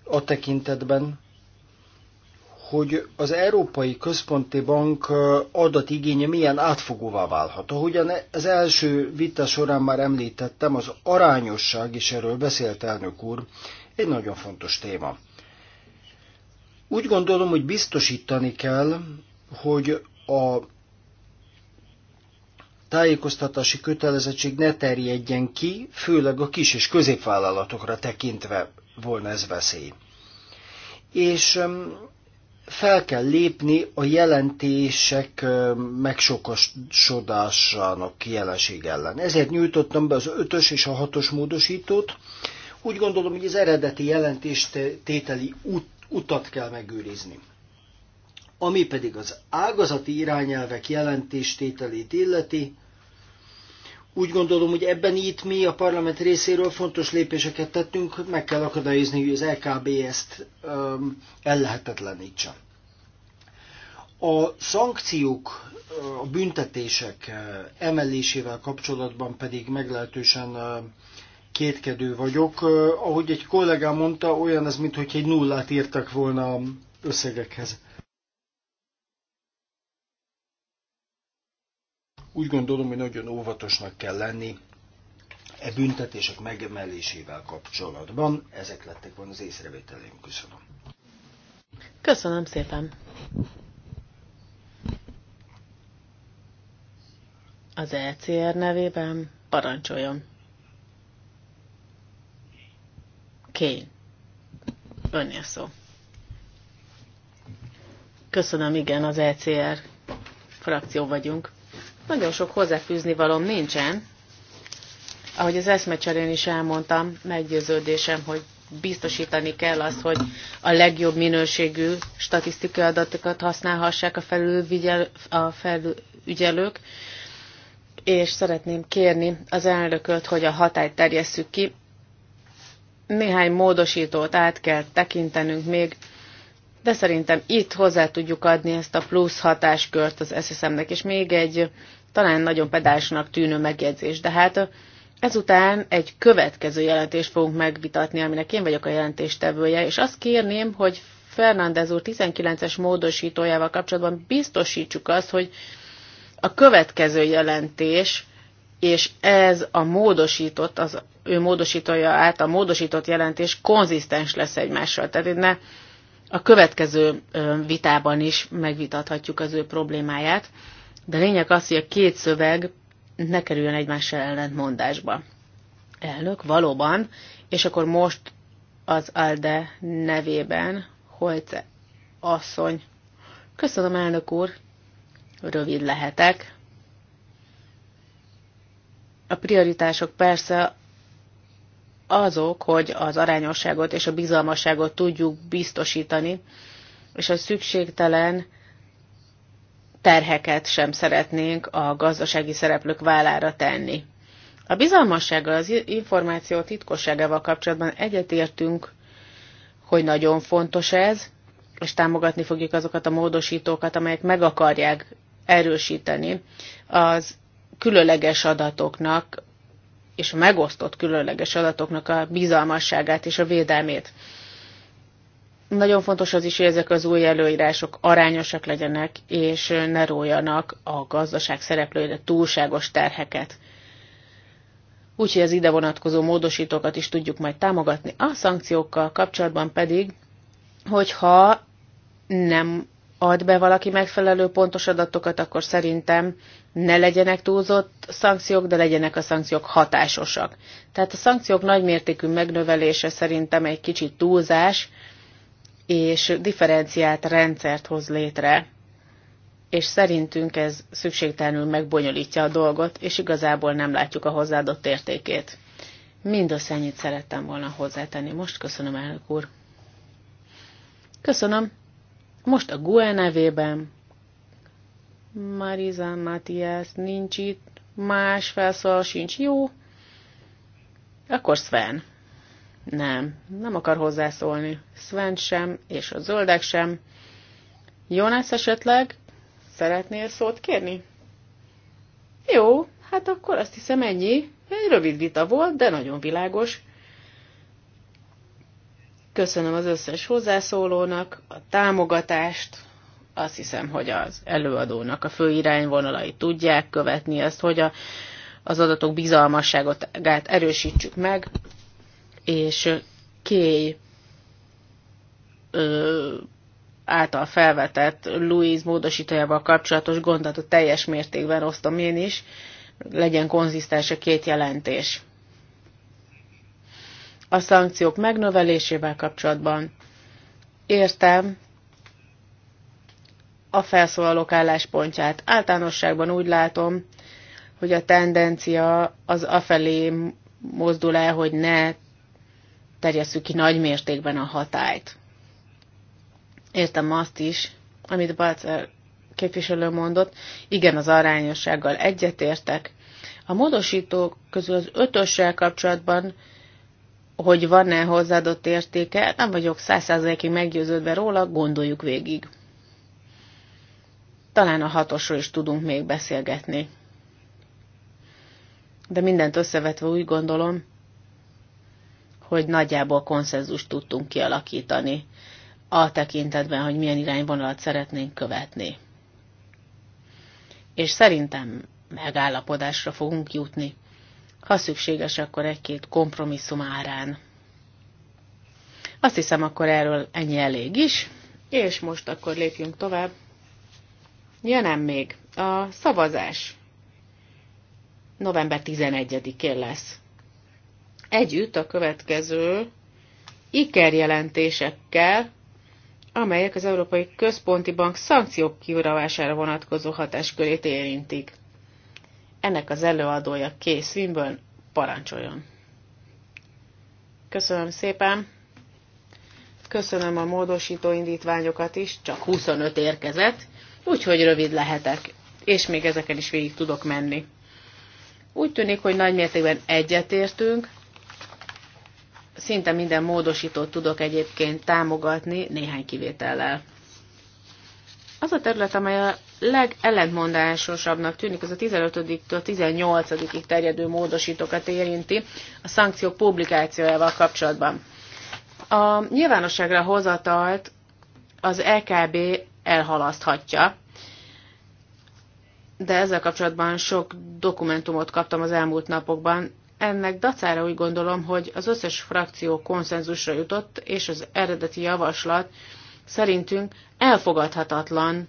a tekintetben, hogy az Európai Központi Bank adatigénye milyen átfogóvá válhat. Ahogyan az első vita során már említettem, az arányosság, és erről beszélt elnök úr, egy nagyon fontos téma. Úgy gondolom, hogy biztosítani kell, hogy a tájékoztatási kötelezettség ne terjedjen ki, főleg a kis és középvállalatokra tekintve volna ez veszély. És fel kell lépni a jelentések megsokasodásának jelenség ellen. Ezért nyújtottam be az ötös és a hatos módosítót. Úgy gondolom, hogy az eredeti jelentést tételi ut- utat kell megőrizni. Ami pedig az ágazati irányelvek jelentéstételét illeti, úgy gondolom, hogy ebben itt mi a parlament részéről fontos lépéseket tettünk, meg kell akadályozni, hogy az LKB ezt um, ellehetetlenítse. A szankciók, a büntetések emelésével kapcsolatban pedig meglehetősen kétkedő vagyok. Ahogy egy kollégám mondta, olyan ez, mintha egy nullát írtak volna összegekhez. Úgy gondolom, hogy nagyon óvatosnak kell lenni e büntetések megemelésével kapcsolatban. Ezek lettek volna az észrevételeim. Köszönöm. Köszönöm szépen. Az ECR nevében parancsoljon. Kény. Önnél szó. Köszönöm, igen, az ECR frakció vagyunk. Nagyon sok hozzáfűzni valom nincsen. Ahogy az eszmecserén is elmondtam, meggyőződésem, hogy biztosítani kell azt, hogy a legjobb minőségű statisztikai adatokat használhassák a, felügyelők, és szeretném kérni az elnököt, hogy a hatályt terjesszük ki. Néhány módosítót át kell tekintenünk még, de szerintem itt hozzá tudjuk adni ezt a plusz hatáskört az SSM-nek, és még egy talán nagyon pedásnak tűnő megjegyzés, de hát ezután egy következő jelentést fogunk megvitatni, aminek én vagyok a jelentéstevője, és azt kérném, hogy Fernández úr 19-es módosítójával kapcsolatban biztosítsuk azt, hogy a következő jelentés, és ez a módosított, az ő módosítója által módosított jelentés konzisztens lesz egymással. Tehát itt ne a következő vitában is megvitathatjuk az ő problémáját, de lényeg az, hogy a két szöveg ne kerüljön egymással ellentmondásba. Elnök, valóban, és akkor most az Alde nevében Holce asszony. Köszönöm, elnök úr, rövid lehetek. A prioritások persze azok, hogy az arányosságot és a bizalmasságot tudjuk biztosítani, és a szükségtelen terheket sem szeretnénk a gazdasági szereplők vállára tenni. A bizalmassággal, az információ titkosságával kapcsolatban egyetértünk, hogy nagyon fontos ez, és támogatni fogjuk azokat a módosítókat, amelyek meg akarják erősíteni az különleges adatoknak és a megosztott különleges adatoknak a bizalmasságát és a védelmét. Nagyon fontos az is, hogy ezek az új előírások arányosak legyenek, és ne rójanak a gazdaság szereplőire túlságos terheket. Úgyhogy az ide vonatkozó módosítókat is tudjuk majd támogatni. A szankciókkal kapcsolatban pedig, hogyha nem ad be valaki megfelelő pontos adatokat, akkor szerintem ne legyenek túlzott szankciók, de legyenek a szankciók hatásosak. Tehát a szankciók nagymértékű megnövelése szerintem egy kicsit túlzás, és differenciált rendszert hoz létre, és szerintünk ez szükségtelenül megbonyolítja a dolgot, és igazából nem látjuk a hozzáadott értékét. Mindössze ennyit szerettem volna hozzátenni. Most köszönöm, elnök úr. Köszönöm. Most a GUE nevében Mariza Matthias nincs itt, más felszól sincs, jó? Akkor Sven. Nem, nem akar hozzászólni. Sven sem, és a zöldek sem. Jonas esetleg szeretnél szót kérni? Jó, hát akkor azt hiszem ennyi. Egy rövid vita volt, de nagyon világos. Köszönöm az összes hozzászólónak a támogatást. Azt hiszem, hogy az előadónak a fő irányvonalai tudják követni ezt, hogy a, az adatok bizalmasságát erősítsük meg, és Kéj által felvetett Louis módosítójával kapcsolatos gondot a teljes mértékben osztom én is, legyen konzisztens a két jelentés a szankciók megnövelésével kapcsolatban. Értem a felszólalók álláspontját. Általánosságban úgy látom, hogy a tendencia az afelé mozdul el, hogy ne terjesszük ki nagy mértékben a hatályt. Értem azt is, amit Balcer képviselő mondott, igen, az arányossággal egyetértek. A módosítók közül az ötössel kapcsolatban hogy van-e hozzáadott értéke, nem vagyok százszázalékig meggyőződve róla, gondoljuk végig. Talán a hatosról is tudunk még beszélgetni. De mindent összevetve úgy gondolom, hogy nagyjából konszenzust tudtunk kialakítani a tekintetben, hogy milyen irányvonalat szeretnénk követni. És szerintem megállapodásra fogunk jutni ha szükséges, akkor egy-két kompromisszum árán. Azt hiszem, akkor erről ennyi elég is, és most akkor lépjünk tovább. Ja nem még, a szavazás november 11-én lesz. Együtt a következő ikerjelentésekkel, amelyek az Európai Központi Bank szankciók kiuravására vonatkozó hatáskörét érintik. Ennek az előadója Kész Swinburne parancsoljon. Köszönöm szépen. Köszönöm a módosító indítványokat is, csak 25 érkezett, úgyhogy rövid lehetek, és még ezeken is végig tudok menni. Úgy tűnik, hogy nagymértékben egyetértünk, szinte minden módosítót tudok egyébként támogatni, néhány kivétellel. Az a terület, amely a legellentmondásosabbnak tűnik, az a 15-től 18-ig terjedő módosítókat érinti a szankciók publikációjával kapcsolatban. A nyilvánosságra hozatalt az LKB e elhalaszthatja, de ezzel kapcsolatban sok dokumentumot kaptam az elmúlt napokban. Ennek dacára úgy gondolom, hogy az összes frakció konszenzusra jutott, és az eredeti javaslat Szerintünk elfogadhatatlan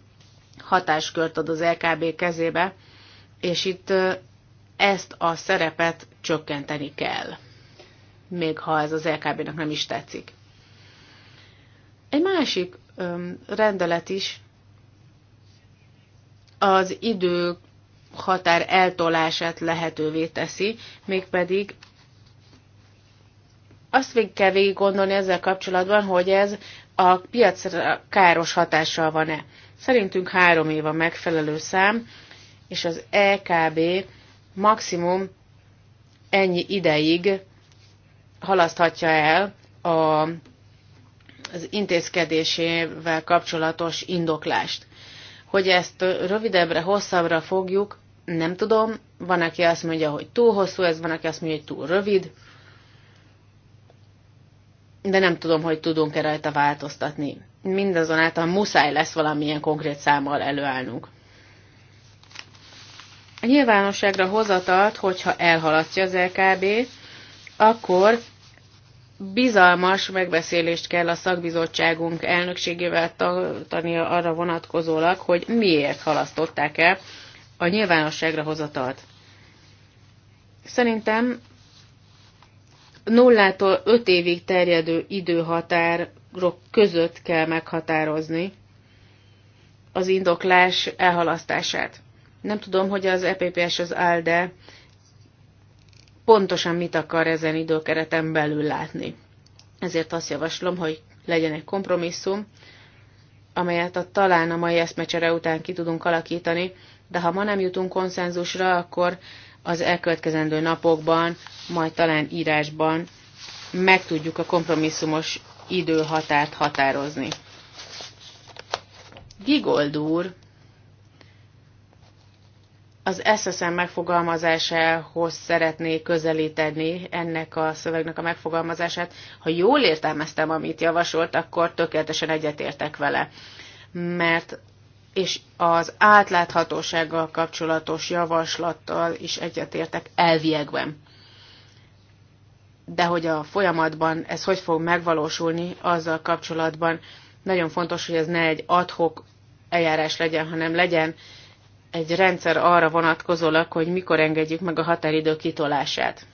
hatáskört ad az LKB kezébe, és itt ezt a szerepet csökkenteni kell, még ha ez az LKB-nak nem is tetszik. Egy másik rendelet is az idő határ eltolását lehetővé teszi, mégpedig azt még kell végig gondolni ezzel kapcsolatban, hogy ez a piacra káros hatással van-e. Szerintünk három év a megfelelő szám, és az EKB maximum ennyi ideig halaszthatja el a, az intézkedésével kapcsolatos indoklást. Hogy ezt rövidebbre, hosszabbra fogjuk, nem tudom. Van, aki azt mondja, hogy túl hosszú, ez van, aki azt mondja, hogy túl rövid de nem tudom, hogy tudunk-e rajta változtatni. Mindazonáltal muszáj lesz valamilyen konkrét számmal előállnunk. A nyilvánosságra hozatalt, hogyha elhaladja az LKB, akkor bizalmas megbeszélést kell a szakbizottságunk elnökségével tartani arra vonatkozólag, hogy miért halasztották el a nyilvánosságra hozatalt. Szerintem nullától öt évig terjedő időhatárok között kell meghatározni az indoklás elhalasztását. Nem tudom, hogy az EPPS az ALDE pontosan mit akar ezen időkereten belül látni. Ezért azt javaslom, hogy legyen egy kompromisszum, amelyet a, talán a mai eszmecsere után ki tudunk alakítani, de ha ma nem jutunk konszenzusra, akkor az elkövetkezendő napokban, majd talán írásban meg tudjuk a kompromisszumos időhatárt határozni. Gigold úr az SSM megfogalmazásához szeretné közelíteni ennek a szövegnek a megfogalmazását. Ha jól értelmeztem, amit javasolt, akkor tökéletesen egyetértek vele. Mert és az átláthatósággal kapcsolatos javaslattal is egyetértek elviekben. De hogy a folyamatban ez hogy fog megvalósulni, azzal kapcsolatban nagyon fontos, hogy ez ne egy adhok eljárás legyen, hanem legyen egy rendszer arra vonatkozólag, hogy mikor engedjük meg a határidő kitolását.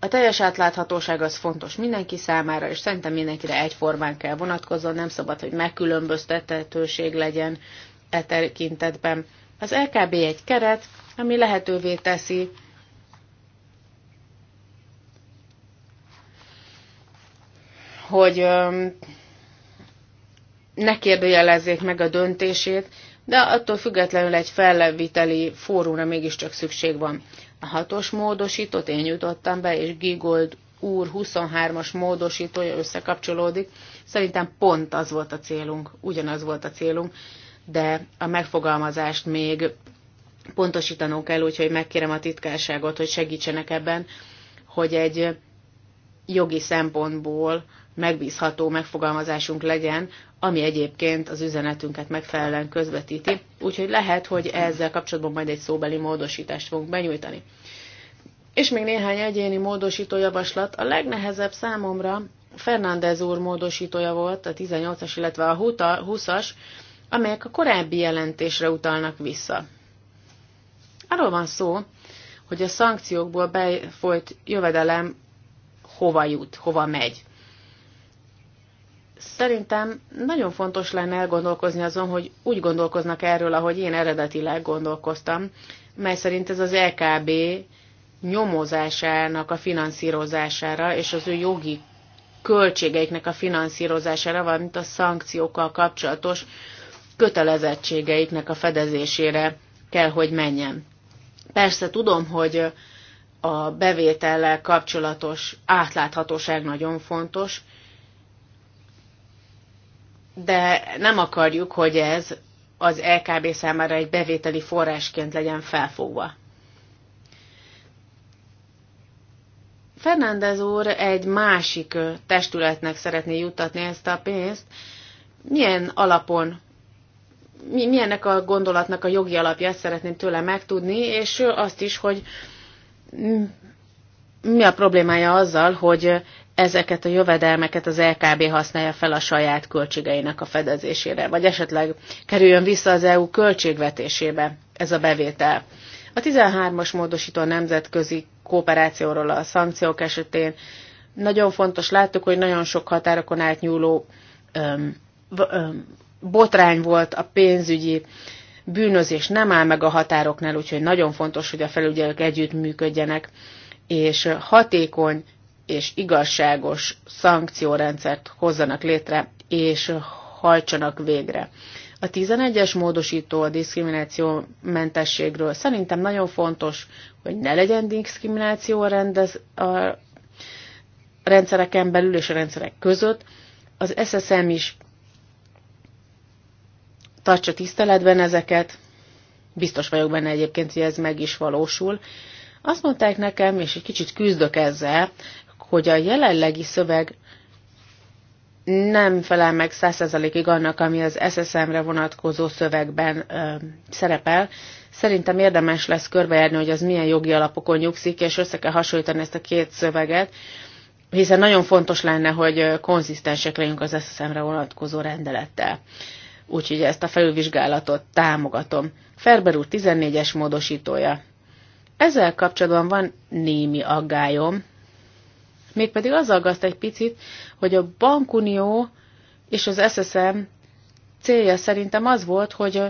A teljes átláthatóság az fontos mindenki számára, és szerintem mindenkire egyformán kell vonatkozzon, nem szabad, hogy megkülönböztetetőség legyen e tekintetben. Az LKB egy keret, ami lehetővé teszi, hogy ne kérdőjelezzék meg a döntését, de attól függetlenül egy felleviteli fórumra mégiscsak szükség van. A hatos módosítót én jutottam be, és Gigold úr 23-as módosítója összekapcsolódik. Szerintem pont az volt a célunk, ugyanaz volt a célunk, de a megfogalmazást még pontosítanunk kell, úgyhogy megkérem a titkárságot, hogy segítsenek ebben, hogy egy jogi szempontból megbízható megfogalmazásunk legyen, ami egyébként az üzenetünket megfelelően közvetíti, úgyhogy lehet, hogy ezzel kapcsolatban majd egy szóbeli módosítást fogunk benyújtani. És még néhány egyéni módosító javaslat. A legnehezebb számomra Fernández úr módosítója volt, a 18-as, illetve a 20-as, amelyek a korábbi jelentésre utalnak vissza. Arról van szó, hogy a szankciókból befolyt jövedelem hova jut, hova megy. Szerintem nagyon fontos lenne elgondolkozni azon, hogy úgy gondolkoznak erről, ahogy én eredetileg gondolkoztam, mely szerint ez az LKB nyomozásának a finanszírozására és az ő jogi költségeiknek a finanszírozására, valamint a szankciókkal kapcsolatos kötelezettségeiknek a fedezésére kell, hogy menjen. Persze tudom, hogy a bevétellel kapcsolatos átláthatóság nagyon fontos, de nem akarjuk, hogy ez az LKB számára egy bevételi forrásként legyen felfogva. Fernández úr egy másik testületnek szeretné juttatni ezt a pénzt. Milyen alapon, mi, milyennek a gondolatnak a jogi ezt szeretném tőle megtudni, és azt is, hogy mi a problémája azzal, hogy ezeket a jövedelmeket az LKB használja fel a saját költségeinek a fedezésére, vagy esetleg kerüljön vissza az EU költségvetésébe ez a bevétel. A 13-as módosító nemzetközi kooperációról a szankciók esetén nagyon fontos, láttuk, hogy nagyon sok határokon átnyúló öm, öm, botrány volt a pénzügyi bűnözés, nem áll meg a határoknál, úgyhogy nagyon fontos, hogy a felügyelők együttműködjenek, és hatékony és igazságos szankciórendszert hozzanak létre, és hajtsanak végre. A 11-es módosító a diszkrimináció mentességről szerintem nagyon fontos, hogy ne legyen diszkrimináció a, rendez, a rendszereken belül és a rendszerek között. Az SSM is tartsa tiszteletben ezeket, biztos vagyok benne egyébként, hogy ez meg is valósul. Azt mondták nekem, és egy kicsit küzdök ezzel, hogy a jelenlegi szöveg nem felel meg 100 annak, ami az SSM-re vonatkozó szövegben ö, szerepel. Szerintem érdemes lesz körbejárni, hogy az milyen jogi alapokon nyugszik, és össze kell hasonlítani ezt a két szöveget, hiszen nagyon fontos lenne, hogy konzisztensek legyünk az SSM-re vonatkozó rendelettel. Úgyhogy ezt a felülvizsgálatot támogatom. Ferber úr 14-es módosítója. Ezzel kapcsolatban van némi aggályom, Mégpedig az aggaszt egy picit, hogy a bankunió és az SSM célja szerintem az volt, hogy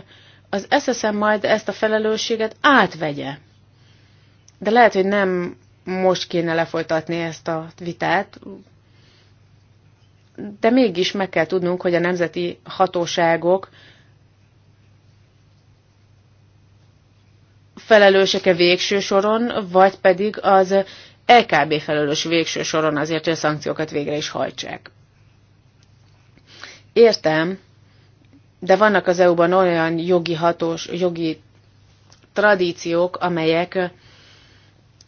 az SSM majd ezt a felelősséget átvegye. De lehet, hogy nem most kéne lefolytatni ezt a vitát, de mégis meg kell tudnunk, hogy a nemzeti hatóságok felelősek-e végső soron, vagy pedig az LKB e felelős végső soron azért, hogy a szankciókat végre is hajtsák. Értem, de vannak az EU-ban olyan jogi hatós, jogi tradíciók, amelyek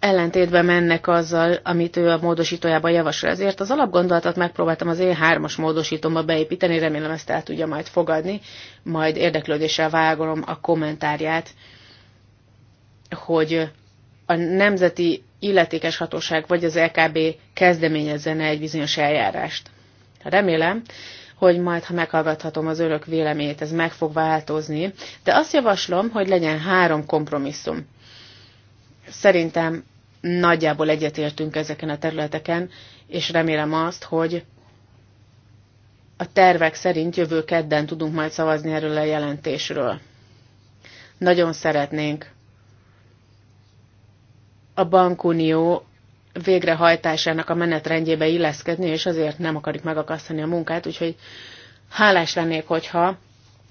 ellentétben mennek azzal, amit ő a módosítójában javasol. Ezért az alapgondolatot megpróbáltam az én e hármas módosítomba beépíteni, remélem ezt el tudja majd fogadni, majd érdeklődéssel vágolom a kommentárját, hogy a nemzeti illetékes hatóság vagy az LKB kezdeményezzene egy bizonyos eljárást. Remélem, hogy majd, ha meghallgathatom az örök véleményét, ez meg fog változni, de azt javaslom, hogy legyen három kompromisszum. Szerintem nagyjából egyetértünk ezeken a területeken, és remélem azt, hogy a tervek szerint jövő kedden tudunk majd szavazni erről a jelentésről. Nagyon szeretnénk a bankunió végrehajtásának a menetrendjébe illeszkedni, és azért nem akarjuk megakasztani a munkát, úgyhogy hálás lennék, hogyha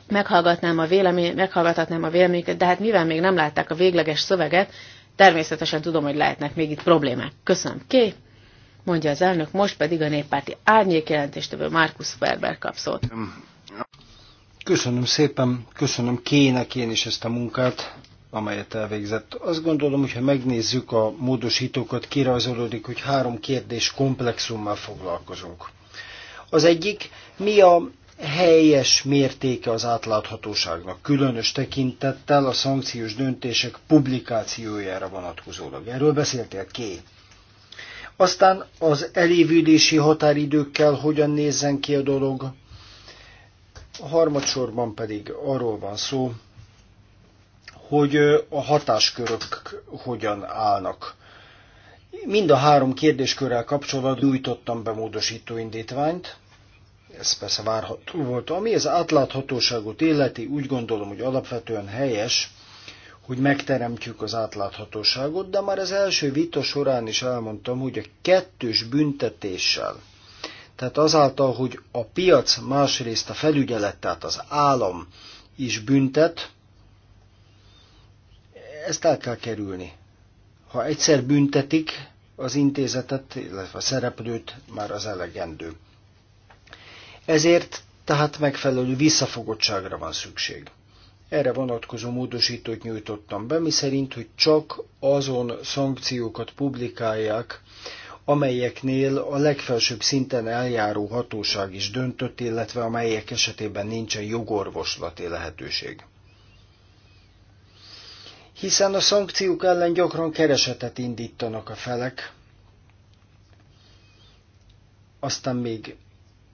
meghallgatnám a vélemény, meghallgathatnám a véleményeket, de hát mivel még nem látták a végleges szöveget, természetesen tudom, hogy lehetnek még itt problémák. Köszönöm, ké? Mondja az elnök, most pedig a néppárti árnyék jelentéstevő Markus Ferber kap szót. Köszönöm szépen, köszönöm Kének én is ezt a munkát amelyet elvégzett. Azt gondolom, hogy ha megnézzük a módosítókat, kirajzolódik, hogy három kérdés komplexummal foglalkozunk. Az egyik, mi a helyes mértéke az átláthatóságnak, különös tekintettel a szankciós döntések publikációjára vonatkozólag. Erről beszéltél ki. Aztán az elévülési határidőkkel hogyan nézzen ki a dolog. A harmadsorban pedig arról van szó, hogy a hatáskörök hogyan állnak. Mind a három kérdéskörrel kapcsolatban nyújtottam be módosító indítványt, ez persze várható volt. Ami az átláthatóságot illeti, úgy gondolom, hogy alapvetően helyes, hogy megteremtjük az átláthatóságot, de már az első vita során is elmondtam, hogy a kettős büntetéssel, tehát azáltal, hogy a piac másrészt a felügyelet, tehát az állam is büntet, ezt el kell kerülni. Ha egyszer büntetik az intézetet, illetve a szereplőt, már az elegendő. Ezért tehát megfelelő visszafogottságra van szükség. Erre vonatkozó módosítót nyújtottam be, miszerint, hogy csak azon szankciókat publikálják, amelyeknél a legfelsőbb szinten eljáró hatóság is döntött, illetve amelyek esetében nincsen jogorvoslati lehetőség hiszen a szankciók ellen gyakran keresetet indítanak a felek. Aztán még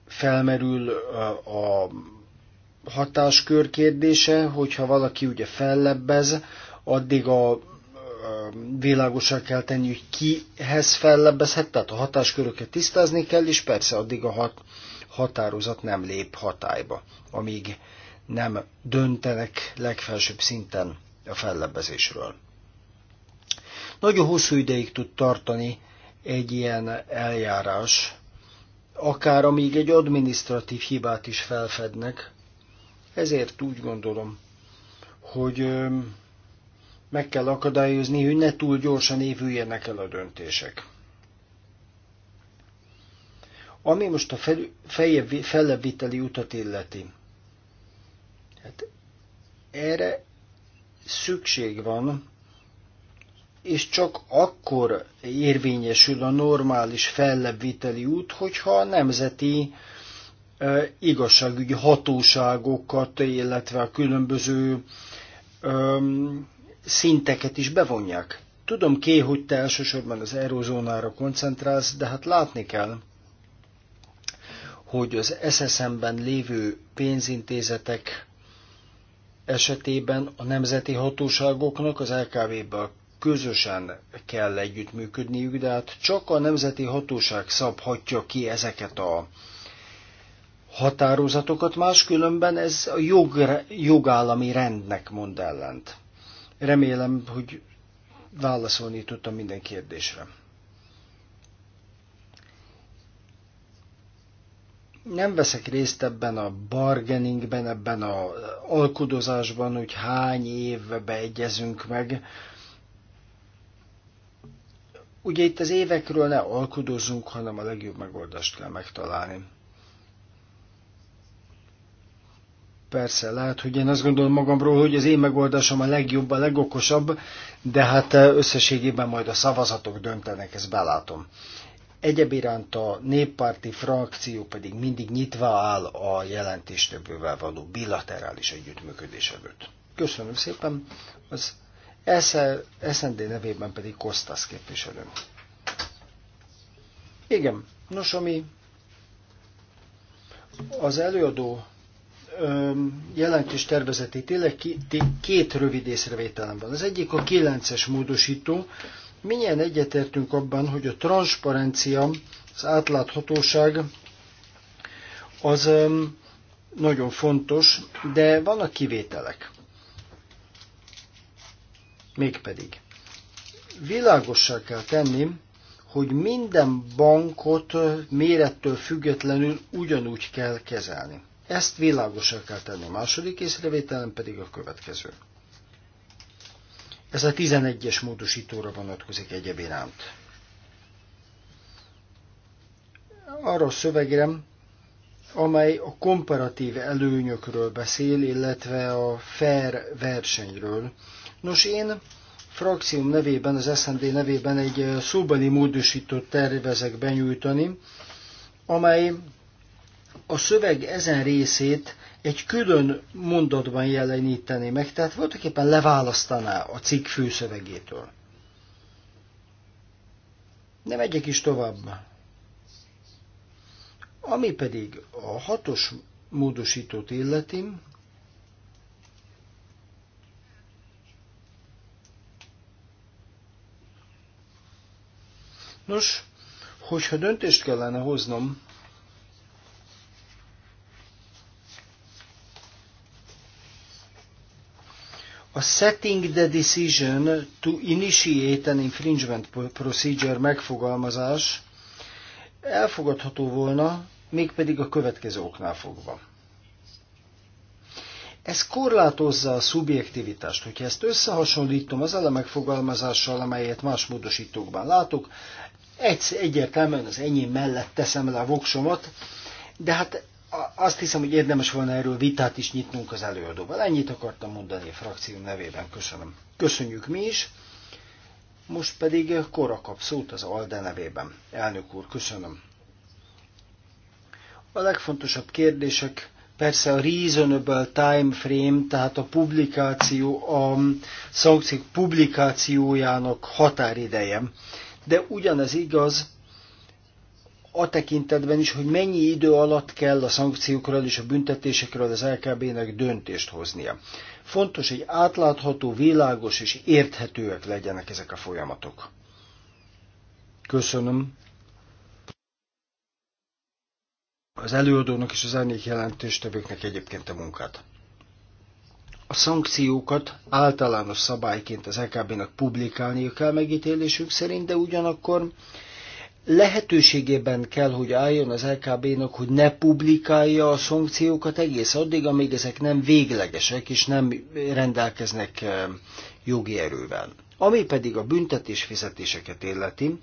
felmerül a hatáskör kérdése, hogyha valaki ugye fellebbez, addig a világosá kell tenni, hogy kihez fellebbezhet, tehát a hatásköröket tisztázni kell, és persze addig a hat, határozat nem lép hatályba, amíg nem döntenek legfelsőbb szinten a fellebbezésről. Nagyon hosszú ideig tud tartani egy ilyen eljárás, akár amíg egy administratív hibát is felfednek. Ezért úgy gondolom, hogy meg kell akadályozni, hogy ne túl gyorsan évüljenek el a döntések. Ami most a fel, feljebb, fellebbviteli utat illeti, hát erre szükség van, és csak akkor érvényesül a normális fellebbviteli út, hogyha a nemzeti e, igazságügyi hatóságokat, illetve a különböző e, szinteket is bevonják. Tudom ki, hogy te elsősorban az eurozónára koncentrálsz, de hát látni kell, hogy az SSM-ben lévő pénzintézetek esetében a nemzeti hatóságoknak az LKV-ből közösen kell együttműködniük, de hát csak a nemzeti hatóság szabhatja ki ezeket a határozatokat, máskülönben ez a jog, jogállami rendnek mond ellent. Remélem, hogy válaszolni tudtam minden kérdésre. nem veszek részt ebben a bargainingben, ebben a alkudozásban, hogy hány évbe beegyezünk meg. Ugye itt az évekről ne alkudozunk, hanem a legjobb megoldást kell megtalálni. Persze, lehet, hogy én azt gondolom magamról, hogy az én megoldásom a legjobb, a legokosabb, de hát eh, összességében majd a szavazatok döntenek, ezt belátom iránt a néppárti frakció pedig mindig nyitva áll a jelentéstevővel való bilaterális együttműködés előtt. Köszönöm szépen, az SND nevében pedig Kostas képviselő. Igen, nos, ami az előadó jelentés tervezetét tényleg két rövid észrevételem van. Az egyik a 9-es módosító, Minnyien egyetértünk abban, hogy a transzparencia, az átláthatóság az nagyon fontos, de vannak kivételek. Mégpedig világossá kell tenni, hogy minden bankot mérettől függetlenül ugyanúgy kell kezelni. Ezt világosá kell tenni. A második észrevételem pedig a következő. Ez a 11-es módosítóra vonatkozik egyéb iránt. a szövegrem, amely a komparatív előnyökről beszél, illetve a fair versenyről. Nos, én frakcióm nevében, az SND nevében egy szóbeli módosítót tervezek benyújtani, amely a szöveg ezen részét egy külön mondatban jeleníteni meg, tehát voltak éppen leválasztaná a cikk főszövegétől. Nem megyek is tovább. Ami pedig a hatos módosítót illeti, Nos, hogyha döntést kellene hoznom, A setting the decision to initiate an infringement procedure megfogalmazás elfogadható volna, mégpedig a következő oknál fogva. Ez korlátozza a szubjektivitást. Hogyha ezt összehasonlítom az elemek megfogalmazással, amelyet más módosítókban látok, egy, egyértelműen az enyém mellett teszem le a voksomat, de hát azt hiszem, hogy érdemes volna erről vitát is nyitnunk az előadóval. Ennyit akartam mondani a frakció nevében. Köszönöm. Köszönjük mi is. Most pedig korra kap szót az ALDE nevében. Elnök úr, köszönöm. A legfontosabb kérdések persze a reasonable time frame, tehát a publikáció, a szankciók publikációjának határideje. De ugyanez igaz a tekintetben is, hogy mennyi idő alatt kell a szankciókról és a büntetésekről az LKB-nek döntést hoznia. Fontos, hogy átlátható, világos és érthetőek legyenek ezek a folyamatok. Köszönöm az előadónak és az árnyék jelentéstevőknek egyébként a munkát. A szankciókat általános szabályként az LKB-nak publikálnia kell megítélésük szerint, de ugyanakkor lehetőségében kell, hogy álljon az LKB-nak, hogy ne publikálja a szankciókat egész addig, amíg ezek nem véglegesek és nem rendelkeznek eh, jogi erővel. Ami pedig a büntetés fizetéseket illeti,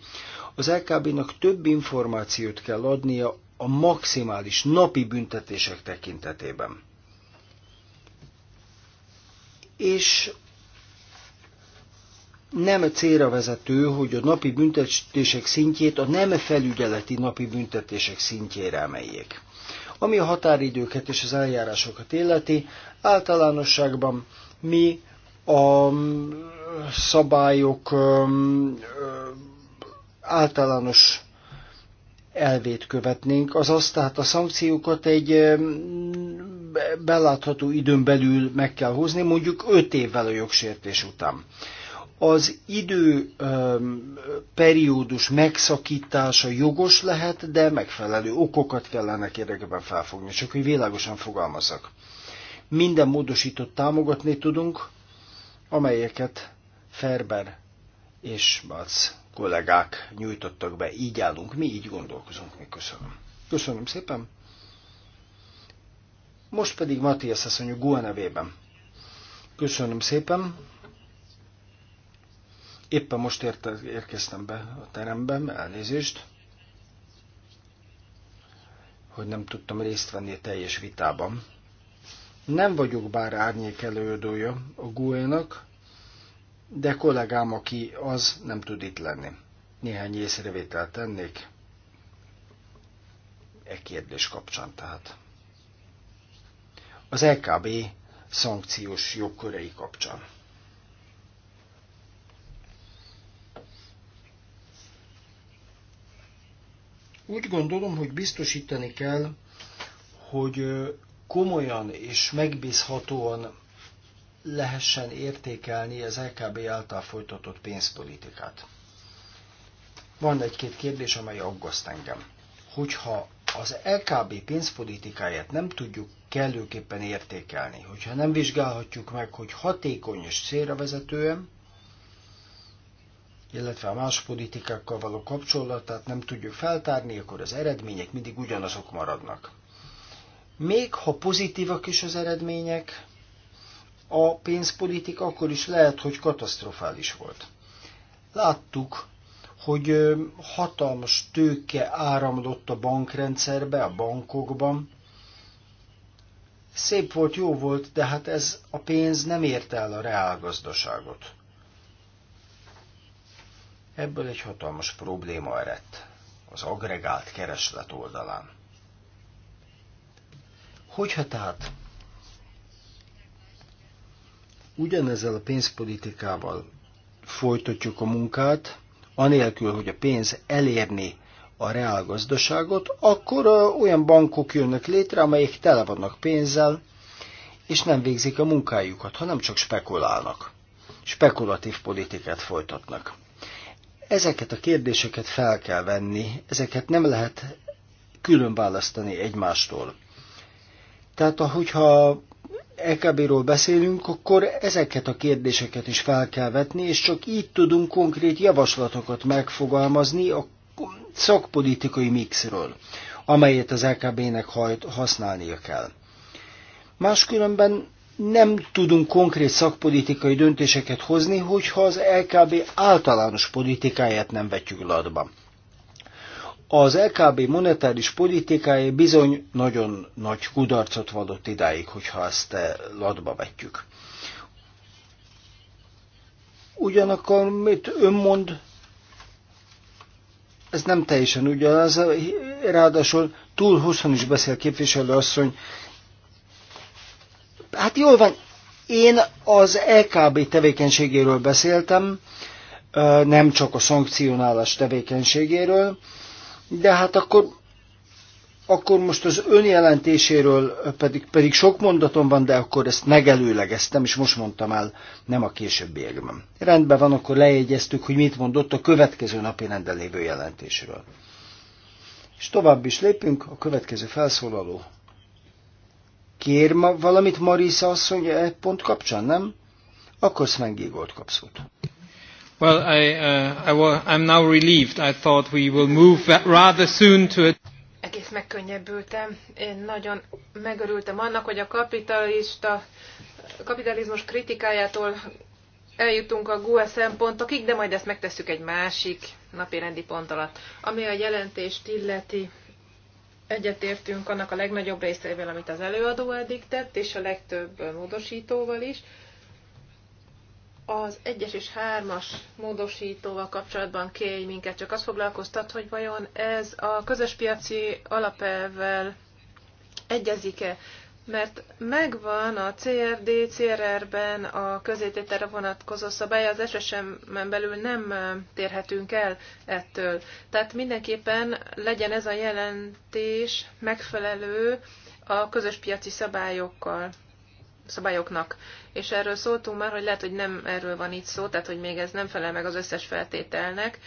az LKB-nak több információt kell adnia a maximális napi büntetések tekintetében. És nem célra vezető, hogy a napi büntetések szintjét a nem felügyeleti napi büntetések szintjére emeljék. Ami a határidőket és az eljárásokat illeti, általánosságban mi a mm, szabályok mm, általános elvét követnénk, azaz tehát a szankciókat egy mm, belátható időn belül meg kell hozni, mondjuk 5 évvel a jogsértés után az idő um, periódus megszakítása jogos lehet, de megfelelő okokat kellene érdekében felfogni, csak hogy világosan fogalmazok. Minden módosított támogatni tudunk, amelyeket Ferber és Bac kollégák nyújtottak be. Így állunk, mi így gondolkozunk, mi köszönöm. Köszönöm szépen. Most pedig Matthias asszony a Guanevében. E köszönöm szépen. Éppen most érte, érkeztem be a teremben, elnézést, hogy nem tudtam részt venni a teljes vitában. Nem vagyok bár árnyék előadója a Guénak, de kollégám, aki az, nem tud itt lenni. Néhány észrevételt tennék e kérdés kapcsán tehát. Az LKB e szankciós jogkörei kapcsán. Úgy gondolom, hogy biztosítani kell, hogy komolyan és megbízhatóan lehessen értékelni az LKB által folytatott pénzpolitikát. Van egy-két kérdés, amely aggaszt engem. Hogyha az LKB pénzpolitikáját nem tudjuk kellőképpen értékelni, hogyha nem vizsgálhatjuk meg, hogy hatékony és célra vezetően, illetve a más politikákkal való kapcsolatát nem tudjuk feltárni, akkor az eredmények mindig ugyanazok maradnak. Még ha pozitívak is az eredmények, a pénzpolitika akkor is lehet, hogy katasztrofális volt. Láttuk, hogy hatalmas tőke áramlott a bankrendszerbe, a bankokban. Szép volt, jó volt, de hát ez a pénz nem érte el a reálgazdaságot. Ebből egy hatalmas probléma eredt az agregált kereslet oldalán. Hogyha tehát ugyanezzel a pénzpolitikával folytatjuk a munkát, anélkül, hogy a pénz elérni a reálgazdaságot, akkor olyan bankok jönnek létre, amelyek tele vannak pénzzel, és nem végzik a munkájukat, hanem csak spekulálnak. Spekulatív politikát folytatnak. Ezeket a kérdéseket fel kell venni, ezeket nem lehet külön választani egymástól. Tehát, ahogyha EKB-ról beszélünk, akkor ezeket a kérdéseket is fel kell vetni, és csak így tudunk konkrét javaslatokat megfogalmazni a szakpolitikai mixről, amelyet az EKB-nek használnia kell. Máskülönben nem tudunk konkrét szakpolitikai döntéseket hozni, hogyha az LKB általános politikáját nem vetjük latba. Az LKB monetáris politikája bizony nagyon nagy kudarcot vallott idáig, hogyha ezt eh, latba vetjük. Ugyanakkor mit önmond, ez nem teljesen ugyanaz, eh, ráadásul túl hosszan is beszél képviselőasszony, Hát jól van, én az EKB tevékenységéről beszéltem, nem csak a szankcionálás tevékenységéről, de hát akkor, akkor most az önjelentéséről pedig, pedig sok mondatom van, de akkor ezt megelőlegeztem, és most mondtam el, nem a későbbiekben. Rendben van, akkor lejegyeztük, hogy mit mondott a következő napi rendelévő jelentésről. És tovább is lépünk, a következő felszólaló Kér ma valamit Marisa asszony e pont kapcsán, nem? Akkor Sven Gold kapszót. Well, I, uh, I will, I'm now relieved. I thought we will move rather soon to a... Egész megkönnyebbültem. Én nagyon megörültem annak, hogy a kapitalista, kapitalizmus kritikájától eljutunk a GUE szempontokig, de majd ezt megtesszük egy másik napi rendi pont alatt. Ami a jelentést illeti, Egyetértünk annak a legnagyobb részével, amit az előadó eddig tett, és a legtöbb módosítóval is. Az egyes és hármas módosítóval kapcsolatban kéj minket csak azt foglalkoztat, hogy vajon ez a közös piaci alapelvvel egyezik-e mert megvan a CRD, CRR-ben a közététerre vonatkozó szabály, az SSM-en belül nem térhetünk el ettől. Tehát mindenképpen legyen ez a jelentés megfelelő a közös piaci szabályokkal szabályoknak. És erről szóltunk már, hogy lehet, hogy nem erről van itt szó, tehát hogy még ez nem felel meg az összes feltételnek,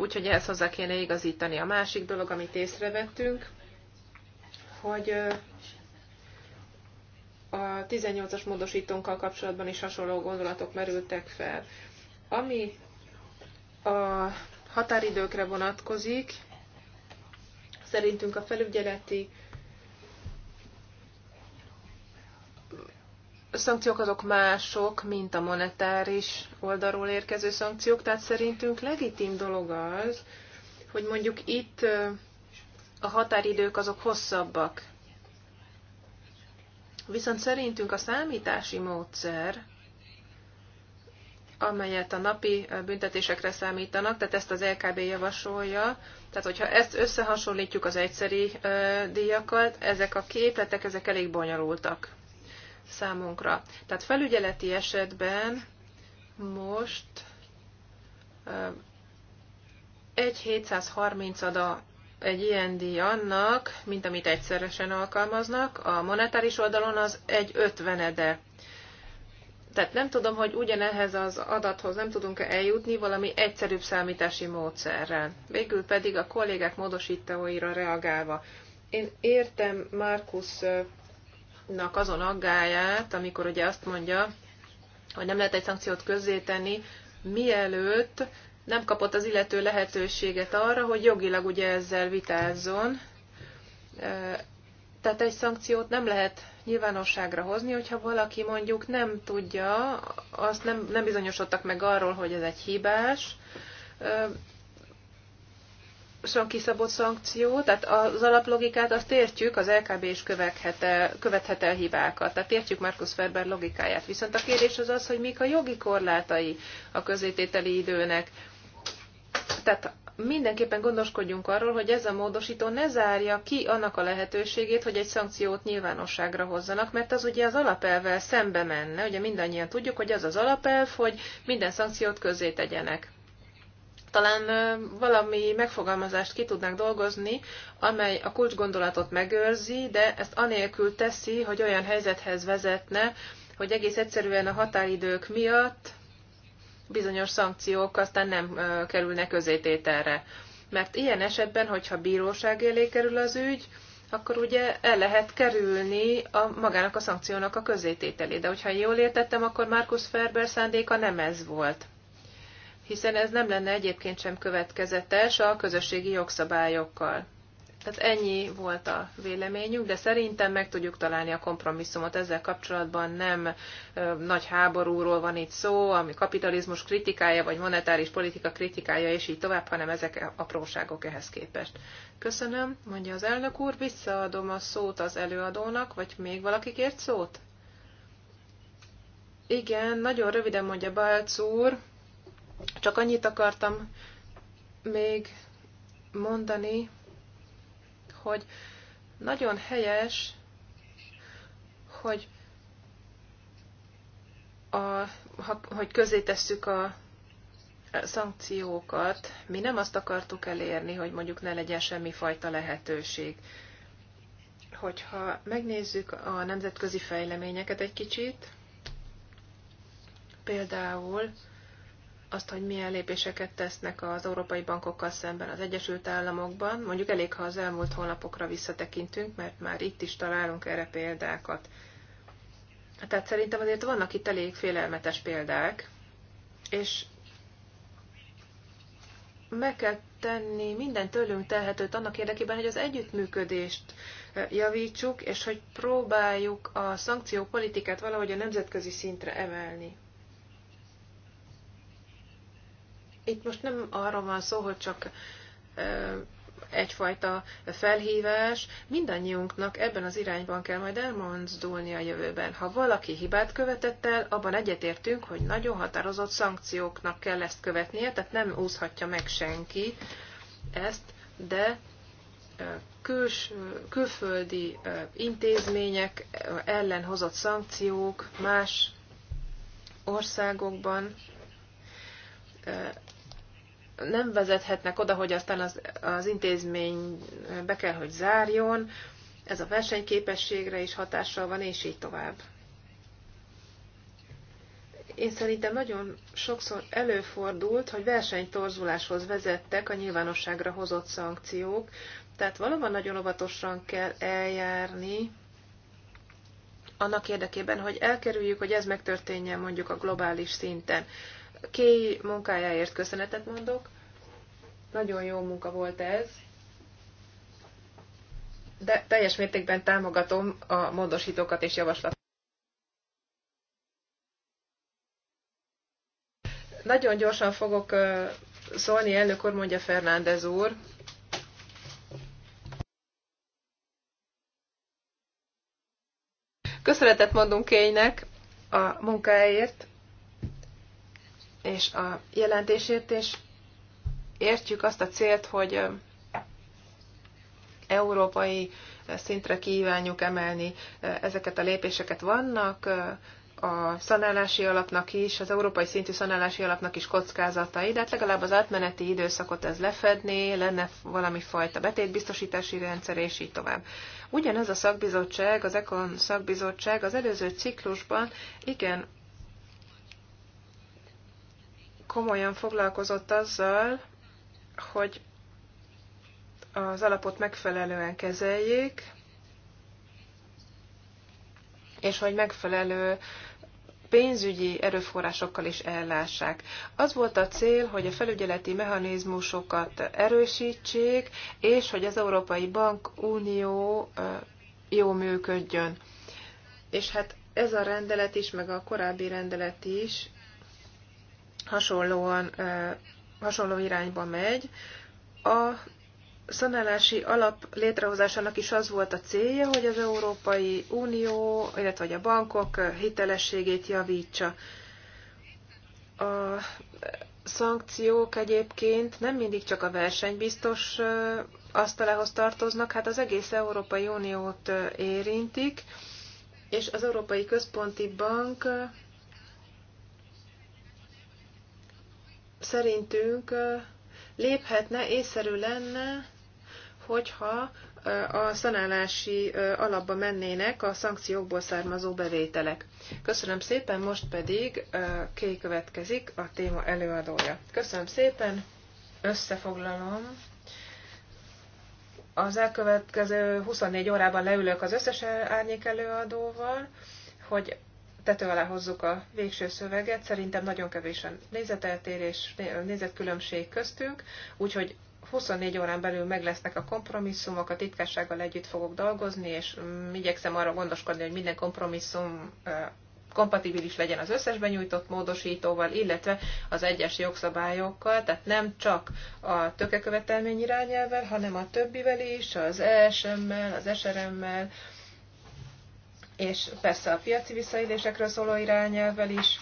úgyhogy ehhez hozzá kéne igazítani. A másik dolog, amit észrevettünk, hogy a 18-as módosítónkkal kapcsolatban is hasonló gondolatok merültek fel. Ami a határidőkre vonatkozik, szerintünk a felügyeleti szankciók azok mások, mint a monetáris oldalról érkező szankciók, tehát szerintünk legitim dolog az, hogy mondjuk itt a határidők azok hosszabbak, Viszont szerintünk a számítási módszer, amelyet a napi büntetésekre számítanak, tehát ezt az LKB javasolja. Tehát, hogyha ezt összehasonlítjuk az egyszeri díjakat, ezek a képletek, ezek elég bonyolultak számunkra. Tehát felügyeleti esetben most egy 730 a egy ilyen díj annak, mint amit egyszeresen alkalmaznak, a monetáris oldalon az egy ötvenede. Tehát nem tudom, hogy ugyanehhez az adathoz nem tudunk-e eljutni valami egyszerűbb számítási módszerrel. Végül pedig a kollégák módosítóira reagálva. Én értem Markusnak azon aggáját, amikor ugye azt mondja, hogy nem lehet egy szankciót közzétenni, mielőtt nem kapott az illető lehetőséget arra, hogy jogilag ugye ezzel vitázzon. Tehát egy szankciót nem lehet nyilvánosságra hozni, hogyha valaki mondjuk nem tudja, azt nem, nem bizonyosodtak meg arról, hogy ez egy hibás, szóval kiszabott szankció, tehát az alaplogikát azt értjük, az LKB is követhet el hibákat, tehát értjük Markus Ferber logikáját. Viszont a kérdés az az, hogy mik a jogi korlátai a közétételi időnek, tehát mindenképpen gondoskodjunk arról, hogy ez a módosító ne zárja ki annak a lehetőségét, hogy egy szankciót nyilvánosságra hozzanak, mert az ugye az alapelvel szembe menne, ugye mindannyian tudjuk, hogy az az alapelv, hogy minden szankciót közé tegyenek. Talán valami megfogalmazást ki tudnánk dolgozni, amely a kulcsgondolatot megőrzi, de ezt anélkül teszi, hogy olyan helyzethez vezetne, hogy egész egyszerűen a határidők miatt bizonyos szankciók aztán nem kerülnek közétételre. Mert ilyen esetben, hogyha bíróság elé kerül az ügy, akkor ugye el lehet kerülni a, magának a szankciónak a közétételé. De hogyha jól értettem, akkor Markus Ferber szándéka nem ez volt. Hiszen ez nem lenne egyébként sem következetes a közösségi jogszabályokkal. Tehát ennyi volt a véleményünk, de szerintem meg tudjuk találni a kompromisszumot. Ezzel kapcsolatban nem ö, nagy háborúról van itt szó, ami kapitalizmus kritikája, vagy monetáris politika kritikája, és így tovább, hanem ezek e-, apróságok ehhez képest. Köszönöm, mondja az elnök úr, visszaadom a szót az előadónak, vagy még valaki kért szót? Igen, nagyon röviden mondja Balc úr, csak annyit akartam még mondani, hogy nagyon helyes, hogy, a, ha, hogy közé tesszük a szankciókat. Mi nem azt akartuk elérni, hogy mondjuk ne legyen semmi fajta lehetőség. Hogyha megnézzük a nemzetközi fejleményeket egy kicsit, például azt, hogy milyen lépéseket tesznek az európai bankokkal szemben az Egyesült Államokban. Mondjuk elég, ha az elmúlt hónapokra visszatekintünk, mert már itt is találunk erre példákat. Tehát szerintem azért vannak itt elég félelmetes példák, és meg kell tenni minden tőlünk telhetőt annak érdekében, hogy az együttműködést eh, javítsuk, és hogy próbáljuk a szankciópolitikát valahogy a nemzetközi szintre emelni. Itt most nem arról van szó, hogy csak egyfajta felhívás. Mindannyiunknak ebben az irányban kell majd elmondulni a jövőben. Ha valaki hibát követett el, abban egyetértünk, hogy nagyon határozott szankcióknak kell ezt követnie, tehát nem úszhatja meg senki ezt, de küls, külföldi intézmények ellen hozott szankciók más országokban nem vezethetnek oda, hogy aztán az, az intézmény be kell, hogy zárjon, ez a versenyképességre is hatással van, és így tovább. Én szerintem nagyon sokszor előfordult, hogy versenytorzuláshoz vezettek a nyilvánosságra hozott szankciók, tehát valóban nagyon óvatosan kell eljárni, annak érdekében, hogy elkerüljük, hogy ez megtörténjen mondjuk a globális szinten. Kéi munkájáért köszönetet mondok. Nagyon jó munka volt ez. De teljes mértékben támogatom a módosítókat és javaslatokat. Nagyon gyorsan fogok szólni, elnök úr, mondja Fernández úr. Köszönetet mondunk Kénynek a munkáért, és a jelentésért, és értjük azt a célt, hogy európai szintre kívánjuk emelni ezeket a lépéseket. Vannak a szanálási alapnak is, az európai szintű szanálási alapnak is kockázatai, de hát legalább az átmeneti időszakot ez lefedné, lenne valami fajta betétbiztosítási rendszer, és így tovább. Ugyanez a szakbizottság, az ECON szakbizottság az előző ciklusban igen komolyan foglalkozott azzal, hogy az alapot megfelelően kezeljék, és hogy megfelelő pénzügyi erőforrásokkal is ellássák. Az volt a cél, hogy a felügyeleti mechanizmusokat erősítsék, és hogy az Európai Bank Unió jó működjön. És hát ez a rendelet is, meg a korábbi rendelet is hasonlóan, hasonló irányba megy. A szanálási alap létrehozásának is az volt a célja, hogy az Európai Unió, illetve a bankok hitelességét javítsa. A szankciók egyébként nem mindig csak a versenybiztos asztalához tartoznak, hát az egész Európai Uniót érintik, és az Európai Központi Bank szerintünk léphetne, észszerű lenne, hogyha a szanálási alapba mennének a szankciókból származó bevételek. Köszönöm szépen, most pedig Ké következik a téma előadója. Köszönöm szépen, összefoglalom. Az elkövetkező 24 órában leülök az összes árnyék előadóval, hogy tető alá hozzuk a végső szöveget, szerintem nagyon kevés a nézeteltérés, nézetkülönbség köztünk, úgyhogy 24 órán belül meg lesznek a kompromisszumok, a titkársággal együtt fogok dolgozni, és mm, igyekszem arra gondoskodni, hogy minden kompromisszum kompatibilis legyen az összes benyújtott módosítóval, illetve az egyes jogszabályokkal, tehát nem csak a tökekövetelmény irányelvel, hanem a többivel is, az ESM-mel, az SRM-mel, és persze a piaci visszaélésekről szóló irányelvvel is,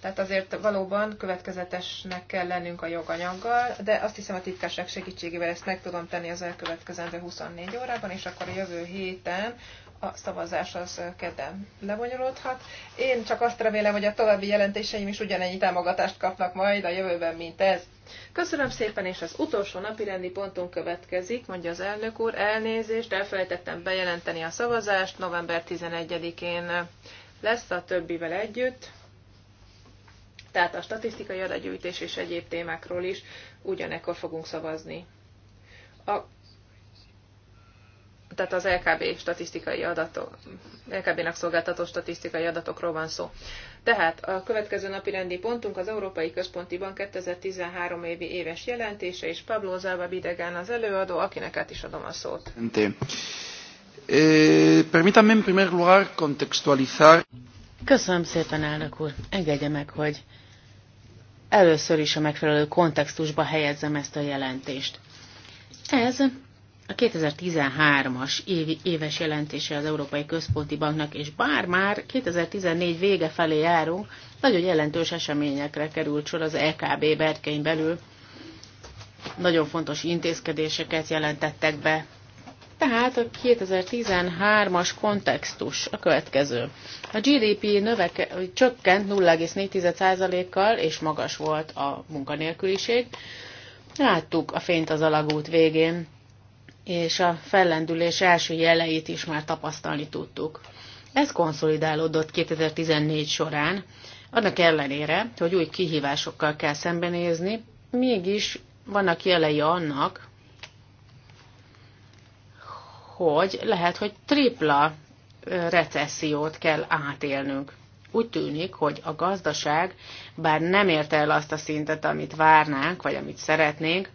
tehát azért valóban következetesnek kell lennünk a joganyaggal, de azt hiszem a titkárság segítségével ezt meg tudom tenni az elkövetkezendő 24 órában, és akkor a jövő héten a szavazás az kedden lebonyolódhat. Én csak azt remélem, hogy a további jelentéseim is ugyanennyi támogatást kapnak majd a jövőben, mint ez. Köszönöm szépen, és az utolsó napi rendi pontunk következik, mondja az elnök úr. Elnézést, elfelejtettem bejelenteni a szavazást, november 11-én lesz a többivel együtt. Tehát a statisztikai adagyűjtés és egyéb témákról is ugyanekkor fogunk szavazni. A tehát az LKB statisztikai adatok, LKB-nak szolgáltató statisztikai adatokról van szó. Tehát a következő napi rendi pontunk az Európai Központi Bank 2013 évi éves jelentése, és Pablo Zába Bidegán az előadó, akinek át is adom a szót. Eh, Köszönöm szépen, elnök úr. Engedje meg, hogy először is a megfelelő kontextusba helyezzem ezt a jelentést. Ez a 2013-as éves jelentése az Európai Központi Banknak, és bár már 2014 vége felé járunk, nagyon jelentős eseményekre került sor az EKB berkein belül. Nagyon fontos intézkedéseket jelentettek be. Tehát a 2013-as kontextus a következő. A GDP növeke, csökkent 0,4%-kal, és magas volt a munkanélküliség. Láttuk a fényt az alagút végén és a fellendülés első jeleit is már tapasztalni tudtuk. Ez konszolidálódott 2014 során, annak ellenére, hogy új kihívásokkal kell szembenézni, mégis vannak jelei annak, hogy lehet, hogy tripla recessziót kell átélnünk. Úgy tűnik, hogy a gazdaság, bár nem érte el azt a szintet, amit várnánk, vagy amit szeretnénk,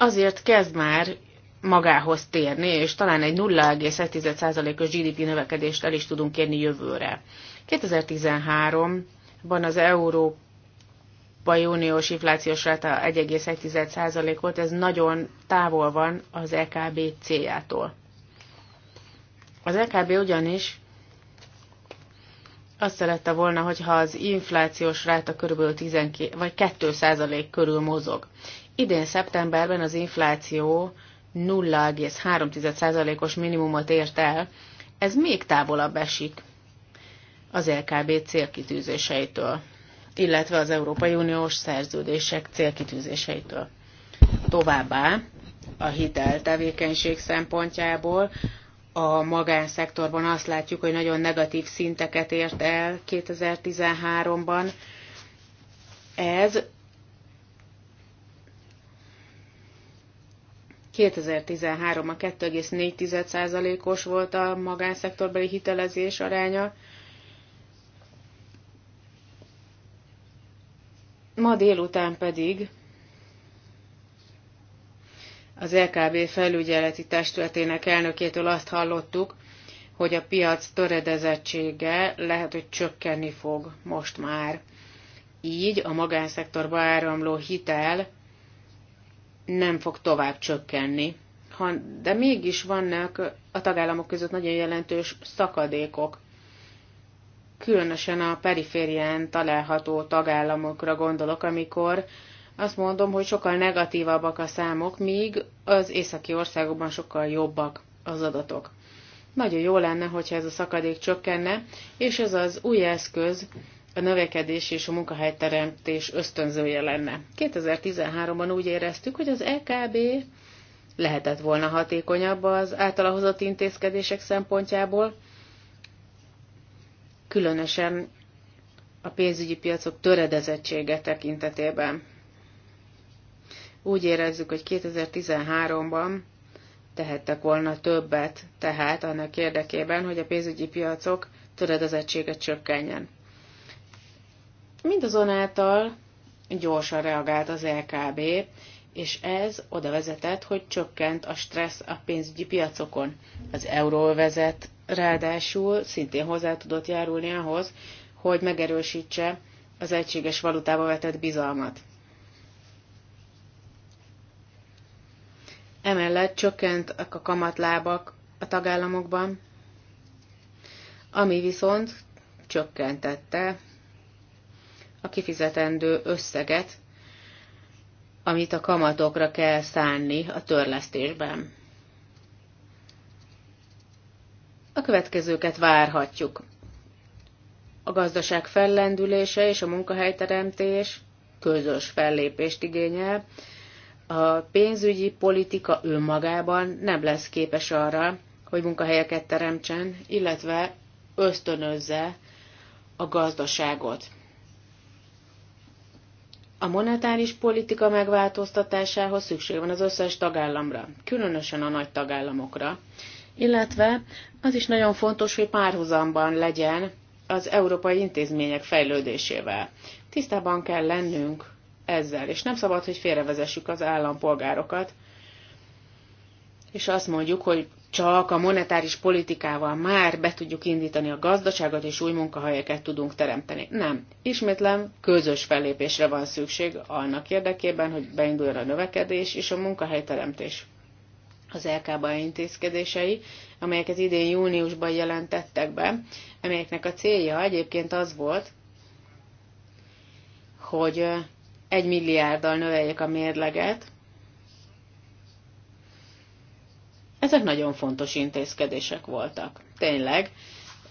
azért kezd már magához térni, és talán egy 0,1%-os GDP növekedést el is tudunk érni jövőre. 2013-ban az euró Európai Uniós inflációs ráta 1,1% volt, ez nagyon távol van az EKB céljától. Az EKB ugyanis azt szerette volna, hogyha az inflációs ráta körülbelül 12 vagy 2% körül mozog. Idén szeptemberben az infláció 0,3%-os minimumot ért el, ez még távolabb esik az LKB célkitűzéseitől, illetve az Európai Uniós szerződések célkitűzéseitől. Továbbá a hiteltevékenység szempontjából a magánszektorban azt látjuk, hogy nagyon negatív szinteket ért el 2013-ban. Ez 2013 a 2,4%-os volt a magánszektorbeli hitelezés aránya. Ma délután pedig az LKB felügyeleti testületének elnökétől azt hallottuk, hogy a piac töredezettsége lehet, hogy csökkenni fog most már. Így a magánszektorba áramló hitel nem fog tovább csökkenni. De mégis vannak a tagállamok között nagyon jelentős szakadékok, különösen a periférián található tagállamokra gondolok, amikor azt mondom, hogy sokkal negatívabbak a számok, míg az északi országokban sokkal jobbak az adatok. Nagyon jó lenne, hogyha ez a szakadék csökkenne, és ez az új eszköz a növekedés és a munkahelyteremtés ösztönzője lenne. 2013-ban úgy éreztük, hogy az EKB lehetett volna hatékonyabb az általahozott intézkedések szempontjából, különösen a pénzügyi piacok töredezettsége tekintetében. Úgy érezzük, hogy 2013-ban tehettek volna többet, tehát annak érdekében, hogy a pénzügyi piacok töredezettsége csökkenjen. Mindazonáltal gyorsan reagált az LKB, és ez oda vezetett, hogy csökkent a stressz a pénzügyi piacokon. Az euróvezet ráadásul szintén hozzá tudott járulni ahhoz, hogy megerősítse az egységes valutába vetett bizalmat. Emellett csökkent a kamatlábak a tagállamokban, ami viszont csökkentette a kifizetendő összeget, amit a kamatokra kell szánni a törlesztésben. A következőket várhatjuk. A gazdaság fellendülése és a munkahelyteremtés közös fellépést igényel. A pénzügyi politika önmagában nem lesz képes arra, hogy munkahelyeket teremtsen, illetve ösztönözze a gazdaságot. A monetáris politika megváltoztatásához szükség van az összes tagállamra, különösen a nagy tagállamokra, illetve az is nagyon fontos, hogy párhuzamban legyen az európai intézmények fejlődésével. Tisztában kell lennünk ezzel, és nem szabad, hogy félrevezessük az állampolgárokat, és azt mondjuk, hogy csak a monetáris politikával már be tudjuk indítani a gazdaságot, és új munkahelyeket tudunk teremteni. Nem. Ismétlem, közös fellépésre van szükség annak érdekében, hogy beinduljon a növekedés és a munkahelyteremtés. Az LKB intézkedései, amelyeket idén júniusban jelentettek be, amelyeknek a célja egyébként az volt, hogy egy milliárddal növeljék a mérleget, Ezek nagyon fontos intézkedések voltak. Tényleg,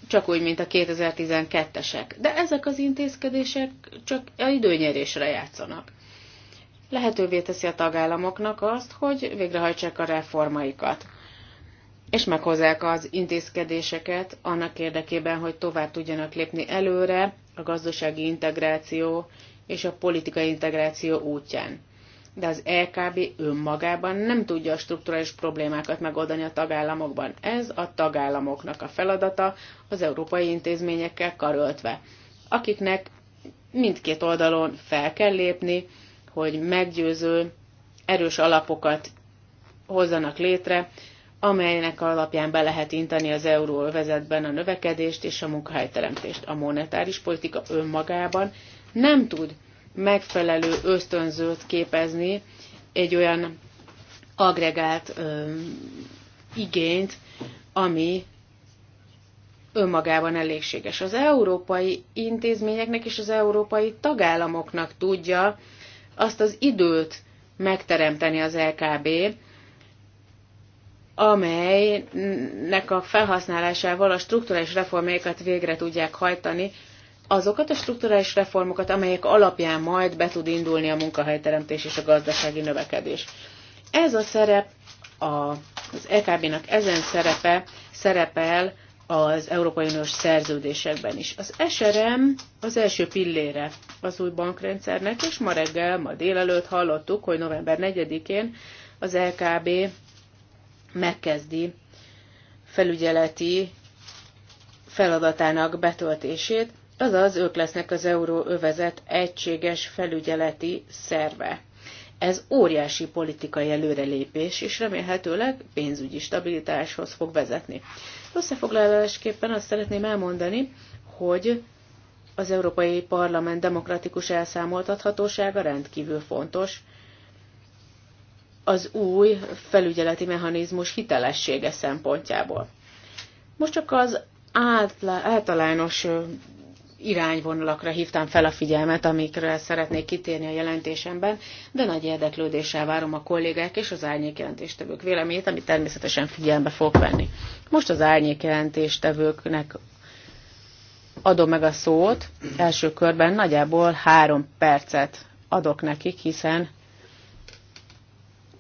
csak úgy, mint a 2012-esek. De ezek az intézkedések csak a időnyerésre játszanak. Lehetővé teszi a tagállamoknak azt, hogy végrehajtsák a reformaikat, és meghozzák az intézkedéseket annak érdekében, hogy tovább tudjanak lépni előre a gazdasági integráció és a politikai integráció útján de az LKB e önmagában nem tudja a strukturális problémákat megoldani a tagállamokban. Ez a tagállamoknak a feladata az európai intézményekkel karöltve, akiknek mindkét oldalon fel kell lépni, hogy meggyőző, erős alapokat hozzanak létre, amelynek alapján be lehet intani az euróvezetben a növekedést és a munkahelyteremtést. A monetáris politika önmagában nem tud megfelelő ösztönzőt képezni, egy olyan agregált öm, igényt, ami önmagában elégséges. Az európai intézményeknek és az európai tagállamoknak tudja azt az időt megteremteni az LKB, amelynek a felhasználásával a strukturális reformjaikat végre tudják hajtani, azokat a strukturális reformokat, amelyek alapján majd be tud indulni a munkahelyteremtés és a gazdasági növekedés. Ez a szerep, a, az EKB-nak ezen szerepe szerepel az Európai Uniós szerződésekben is. Az SRM az első pillére az új bankrendszernek, és ma reggel, ma délelőtt hallottuk, hogy november 4-én az LKB e megkezdi felügyeleti feladatának betöltését, azaz ők lesznek az euróövezet egységes felügyeleti szerve. Ez óriási politikai előrelépés, és remélhetőleg pénzügyi stabilitáshoz fog vezetni. Összefoglalásképpen azt szeretném elmondani, hogy az Európai Parlament demokratikus elszámoltathatósága rendkívül fontos, az új felügyeleti mechanizmus hitelessége szempontjából. Most csak az általános irányvonalakra hívtam fel a figyelmet, amikre szeretnék kitérni a jelentésemben, de nagy érdeklődéssel várom a kollégák és az árnyék jelentéstevők véleményét, amit természetesen figyelembe fog venni. Most az árnyék jelentéstevőknek adom meg a szót. Első körben nagyjából három percet adok nekik, hiszen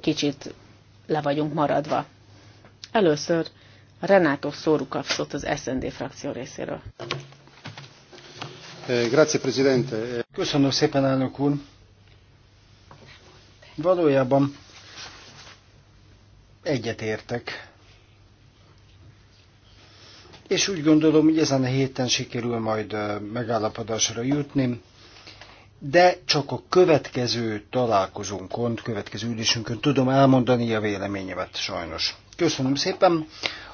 kicsit le vagyunk maradva. Először Renátó Szóru az SND frakció részéről. Eh, köszönöm szépen, elnök úr. Valójában egyetértek. És úgy gondolom, hogy ezen a héten sikerül majd eh, megállapodásra jutni, de csak a következő találkozónkon, következő ülésünkön tudom elmondani a véleményemet sajnos. Köszönöm szépen,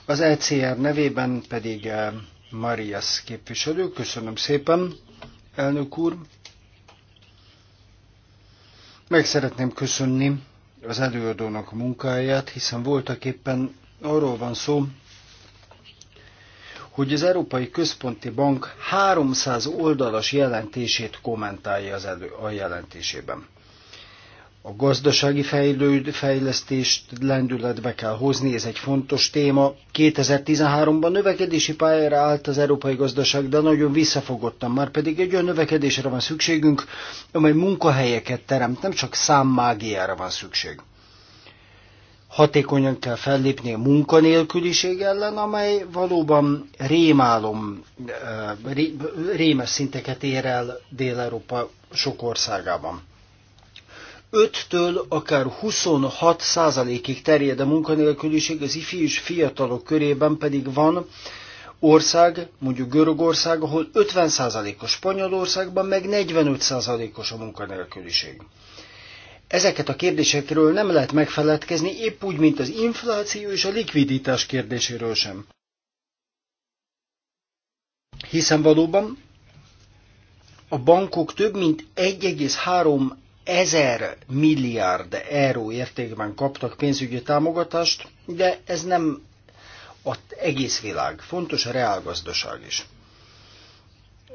az ECR nevében pedig eh, Marias képviselő, köszönöm szépen elnök úr. Meg szeretném köszönni az előadónak a munkáját, hiszen voltak éppen arról van szó, hogy az Európai Központi Bank 300 oldalas jelentését kommentálja az elő, a jelentésében a gazdasági fejlesztést lendületbe kell hozni, ez egy fontos téma. 2013-ban növekedési pályára állt az európai gazdaság, de nagyon visszafogottan, már pedig egy olyan növekedésre van szükségünk, amely munkahelyeket teremt, nem csak számmágiára van szükség. Hatékonyan kell fellépni a munkanélküliség ellen, amely valóban rémálom, eh, rémes szinteket ér el Dél-Európa sok országában 5-től akár 26 százalékig terjed a munkanélküliség, az ifjú és fiatalok körében pedig van ország, mondjuk Görögország, ahol 50 százalékos, Spanyolországban meg 45 százalékos a munkanélküliség. Ezeket a kérdésekről nem lehet megfeledkezni, épp úgy, mint az infláció és a likviditás kérdéséről sem. Hiszen valóban a bankok több mint ezer milliárd euró értékben kaptak pénzügyi támogatást, de ez nem az egész világ, fontos a reálgazdaság is.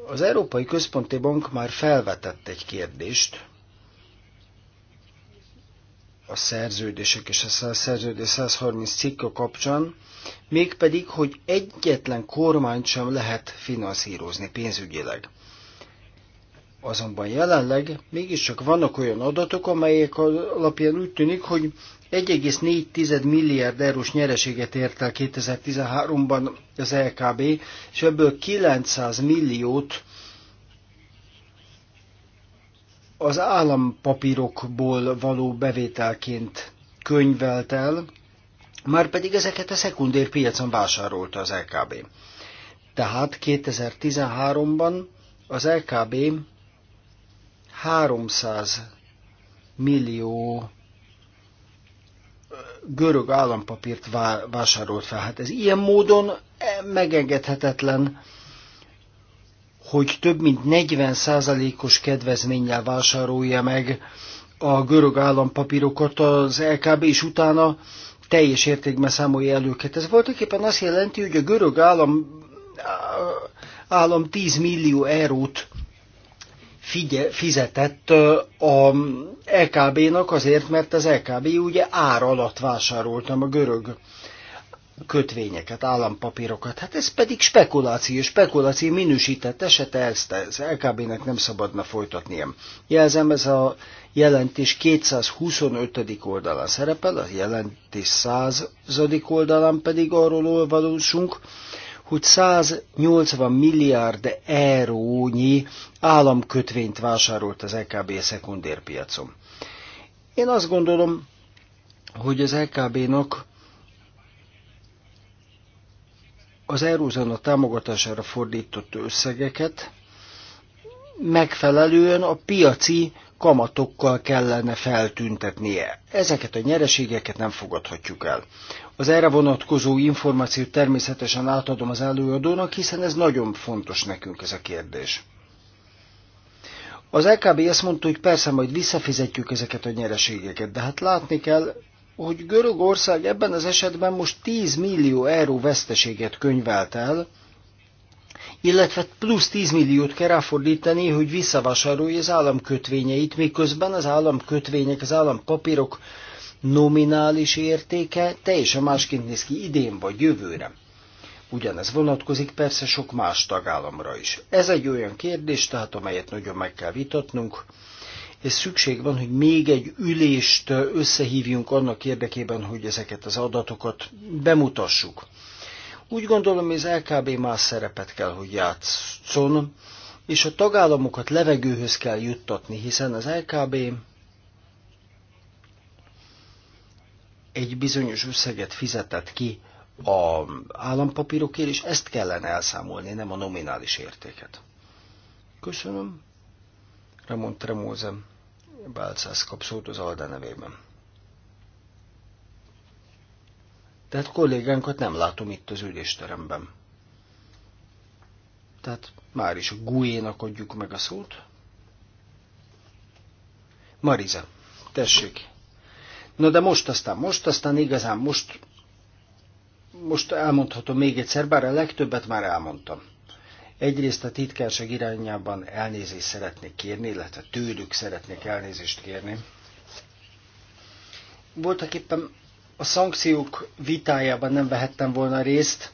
Az Európai Központi Bank már felvetett egy kérdést a szerződések és a szerződés 130 cikka kapcsán, mégpedig, hogy egyetlen kormányt sem lehet finanszírozni pénzügyileg. Azonban jelenleg mégiscsak vannak olyan adatok, amelyek alapján úgy tűnik, hogy 1,4 milliárd eurós nyereséget ért el 2013-ban az LKB, és ebből 900 milliót az állampapírokból való bevételként könyvelt el, már pedig ezeket a szekundér piacon vásárolta az LKB. Tehát 2013-ban az LKB 300 millió görög állampapírt vásárolt fel. Hát ez ilyen módon e, megengedhetetlen, hogy több mint 40%-os kedvezménnyel vásárolja meg a görög állampapírokat az LKB, és utána teljes értékben számolja el őket. Ez voltaképpen azt jelenti, hogy a görög állam, állam 10 millió eurót figye, fizetett a LKB-nak azért, mert az LKB ugye ár alatt vásároltam a görög kötvényeket, állampapírokat. Hát ez pedig spekuláció, spekuláció minősített esete, ezt az LKB-nek nem szabadna folytatnia. Jelzem, ez a jelentés 225. oldalán szerepel, a jelentés 100. oldalán pedig arról olvasunk, hogy 180 milliárd eurónyi államkötvényt vásárolt az LKB szekundérpiacon. Én azt gondolom, hogy az LKB-nak az eurózóna támogatására fordított összegeket megfelelően a piaci kamatokkal kellene feltüntetnie. Ezeket a nyereségeket nem fogadhatjuk el. Az erre vonatkozó információt természetesen átadom az előadónak, hiszen ez nagyon fontos nekünk ez a kérdés. Az LKB e azt mondta, hogy persze majd visszafizetjük ezeket a nyereségeket, de hát látni kell, hogy Görögország ebben az esetben most 10 millió euró veszteséget könyvelt el, illetve plusz 10 milliót kell ráfordítani, hogy visszavasarolja az állam kötvényeit, miközben az állam kötvények, az állam papírok nominális értéke teljesen másként néz ki idén vagy jövőre. Ugyanez vonatkozik persze sok más tagállamra is. Ez egy olyan kérdés, tehát amelyet nagyon meg kell vitatnunk, és szükség van, hogy még egy ülést összehívjunk annak érdekében, hogy ezeket az adatokat bemutassuk. Úgy gondolom, hogy az LKB más szerepet kell, hogy játszon, és a tagállamokat levegőhöz kell juttatni, hiszen az LKB egy bizonyos összeget fizetett ki a állampapírokért, és ezt kellene elszámolni, nem a nominális értéket. Köszönöm. Ramon Tremózem, Bálcász kapszót az Alda nevében. Tehát kollégánkat nem látom itt az ülésteremben. Tehát már is a gújénak adjuk meg a szót. Mariza, tessék. Na de most aztán, most aztán igazán, most, most elmondhatom még egyszer, bár a legtöbbet már elmondtam. Egyrészt a titkárság irányában elnézést szeretnék kérni, illetve tőlük szeretnék elnézést kérni. Voltak éppen a szankciók vitájában nem vehettem volna részt,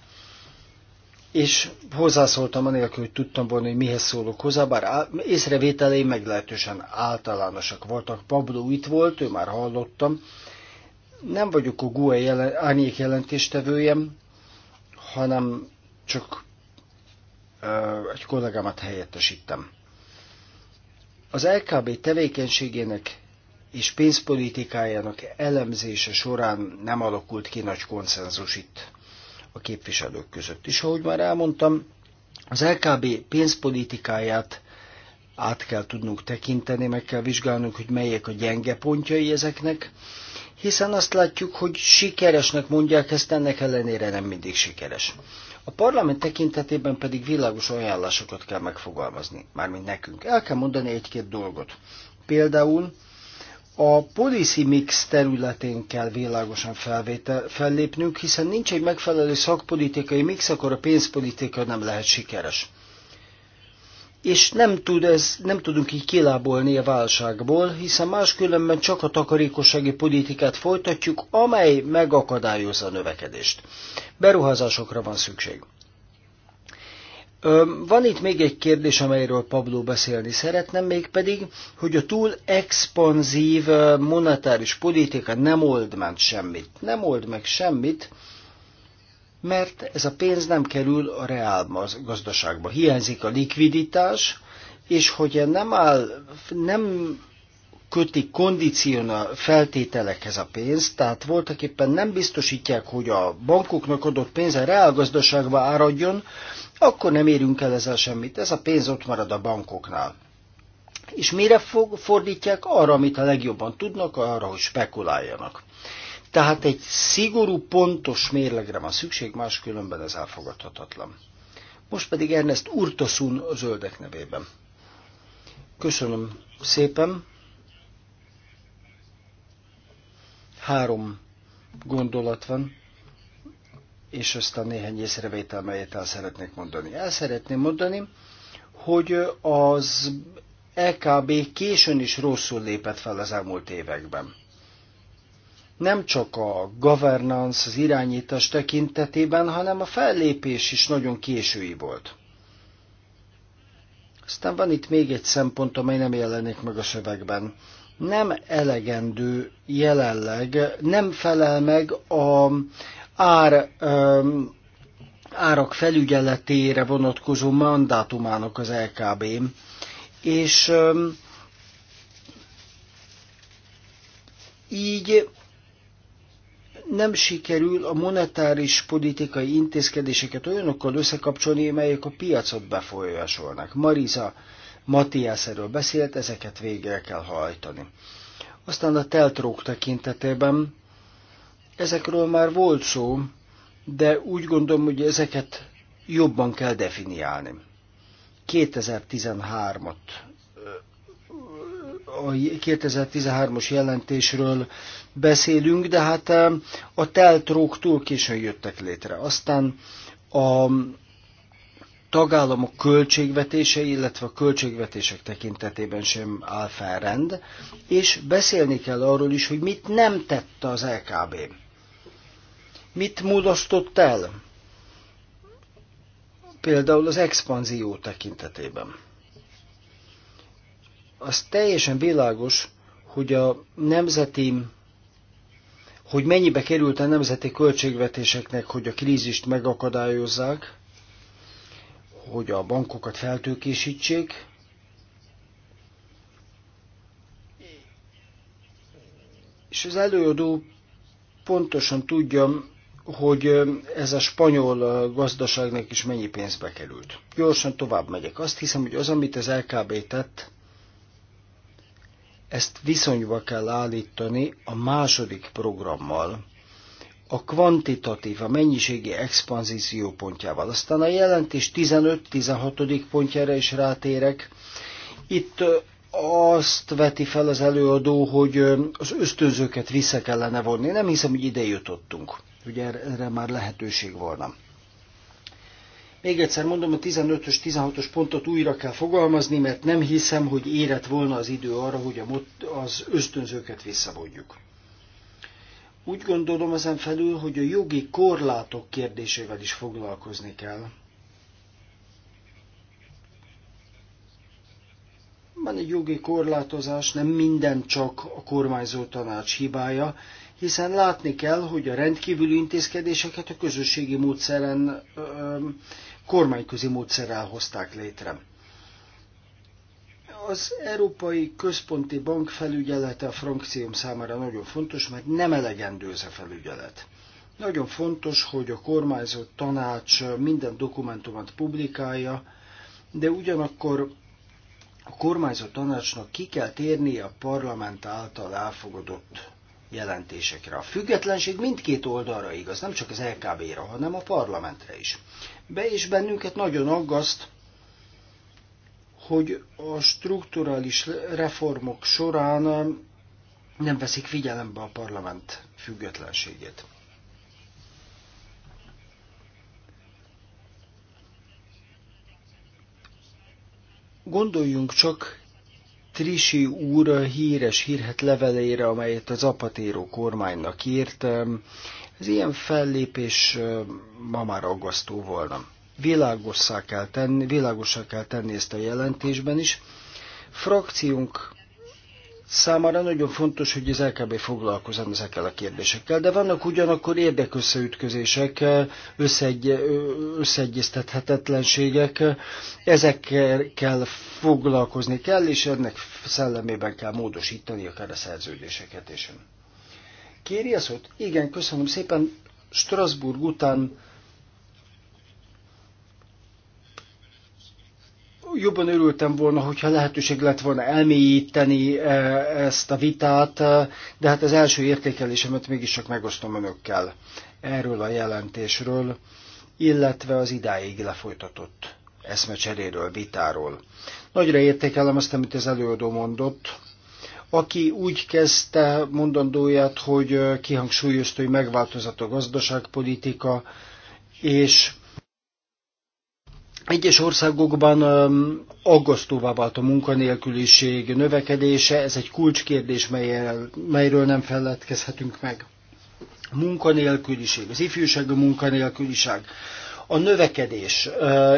és hozzászóltam anélkül, hogy tudtam volna, hogy mihez szólok hozzá, bár észrevételei meglehetősen általánosak voltak. Pablo itt volt, ő már hallottam. Nem vagyok a GUE jelen, árnyék jelentéstevőjem, hanem csak ö, egy kollégámat helyettesítem. Az LKB tevékenységének és pénzpolitikájának elemzése során nem alakult ki nagy konszenzus itt a képviselők között. És ahogy már elmondtam, az LKB pénzpolitikáját át kell tudnunk tekinteni, meg kell vizsgálnunk, hogy melyek a gyenge pontjai ezeknek, hiszen azt látjuk, hogy sikeresnek mondják ezt, ennek ellenére nem mindig sikeres. A parlament tekintetében pedig világos ajánlásokat kell megfogalmazni, mármint nekünk. El kell mondani egy-két dolgot. Például a policy mix területén kell világosan felvétel, fellépnünk, hiszen nincs egy megfelelő szakpolitikai mix, akkor a pénzpolitika nem lehet sikeres. És nem, tud ez, nem tudunk így kilábolni a válságból, hiszen máskülönben csak a takarékossági politikát folytatjuk, amely megakadályozza a növekedést. Beruházásokra van szükség. Van itt még egy kérdés, amelyről Pablo beszélni szeretne, mégpedig, hogy a túl expanzív monetáris politika nem old meg semmit. Nem old meg semmit, mert ez a pénz nem kerül a reál gazdaságba. Hiányzik a likviditás, és hogyha nem áll, nem köti kondicionál feltételekhez a pénzt, tehát voltak éppen nem biztosítják, hogy a bankoknak adott pénz a gazdaságba áradjon, akkor nem érünk el ezzel semmit. Ez a pénz ott marad a bankoknál. És mire fog, fordítják? Arra, amit a legjobban tudnak, arra, hogy spekuláljanak. Tehát egy szigorú, pontos mérlegre van szükség, máskülönben ez elfogadhatatlan. Most pedig Ernest Urtosun a zöldek nevében. Köszönöm szépen. Három gondolat van és a néhány észrevétel, amelyet el szeretnék mondani. El szeretném mondani, hogy az EKB későn is rosszul lépett fel az elmúlt években. Nem csak a governance, az irányítás tekintetében, hanem a fellépés is nagyon késői volt. Aztán van itt még egy szempont, amely nem jelenik meg a szövegben. Nem elegendő jelenleg, nem felel meg a, ár, um, árak felügyeletére vonatkozó mandátumának az LKB, és um, így nem sikerül a monetáris politikai intézkedéseket olyanokkal összekapcsolni, melyek a piacot befolyásolnak. Marisa Matthias erről beszélt, ezeket végre kell hajtani. Aztán a teltrók tekintetében Ezekről már volt szó, de úgy gondolom, hogy ezeket jobban kell definiálni. 2013-at a 2013-os jelentésről beszélünk, de hát a teltrók túl későn jöttek létre. Aztán a tagállamok költségvetése, illetve a költségvetések tekintetében sem áll fel rend, és beszélni kell arról is, hogy mit nem tette az LKB. Mit módosított el? Például az expanzió tekintetében. Az teljesen világos, hogy a nemzeti hogy mennyibe került a nemzeti költségvetéseknek, hogy a krízist megakadályozzák, hogy a bankokat feltőkésítsék, és az előadó pontosan tudja, hogy ez a spanyol gazdaságnak is mennyi pénzbe került. Gyorsan tovább megyek. Azt hiszem, hogy az, amit az LKB tett, ezt viszonyba kell állítani a második programmal, a kvantitatív, a mennyiségi expanzíció pontjával. Aztán a jelentés 15-16. pontjára is rátérek. Itt azt veti fel az előadó, hogy az ösztönzőket vissza kellene vonni. Nem hiszem, hogy ide jutottunk hogy erre már lehetőség volna. Még egyszer mondom, a 15-ös, 16-os pontot újra kell fogalmazni, mert nem hiszem, hogy érett volna az idő arra, hogy az ösztönzőket visszavonjuk. Úgy gondolom ezen felül, hogy a jogi korlátok kérdésével is foglalkozni kell. Van egy jogi korlátozás, nem minden csak a kormányzó tanács hibája, hiszen látni kell, hogy a rendkívüli intézkedéseket a közösségi módszeren, kormányközi módszerrel hozták létre. Az Európai Központi Bank felügyelete a frankcióm számára nagyon fontos, mert nem elegendő ez a felügyelet. Nagyon fontos, hogy a kormányzó tanács minden dokumentumot publikálja, de ugyanakkor a kormányzó tanácsnak ki kell térnie a parlament által elfogadott jelentésekre. A függetlenség mindkét oldalra igaz, nem csak az LKB-ra, hanem a parlamentre is. Be és bennünket nagyon aggaszt, hogy a strukturális reformok során nem veszik figyelembe a parlament függetlenségét. Gondoljunk csak Trisi úr híres hírhet levelére, amelyet az apatéró kormánynak írt, az ilyen fellépés ma már aggasztó volna. Világosá kell tenni, kell tenni ezt a jelentésben is. Frakciunk számára nagyon fontos, hogy az LKB foglalkozom ezekkel a kérdésekkel, de vannak ugyanakkor érdekösszeütközések, összegy, összeegyeztethetetlenségek, ezekkel foglalkozni kell, és ennek szellemében kell módosítani akár a szerződéseket is. Kéri a szót? Igen, köszönöm szépen. Strasbourg után jobban örültem volna, hogyha lehetőség lett volna elmélyíteni eh, ezt a vitát, eh, de hát az első értékelésemet mégiscsak megosztom önökkel erről a jelentésről, illetve az idáig lefolytatott eszmecseréről, vitáról. Nagyra értékelem azt, amit az előadó mondott, aki úgy kezdte mondandóját, hogy eh, kihangsúlyozta, hogy megváltozott a gazdaságpolitika, és egyes országokban aggasztóvá vált a munkanélküliség növekedése, ez egy kulcskérdés, melyel, melyről nem feledkezhetünk meg. A munkanélküliség, az ifjúsági munkanélküliség, a növekedés,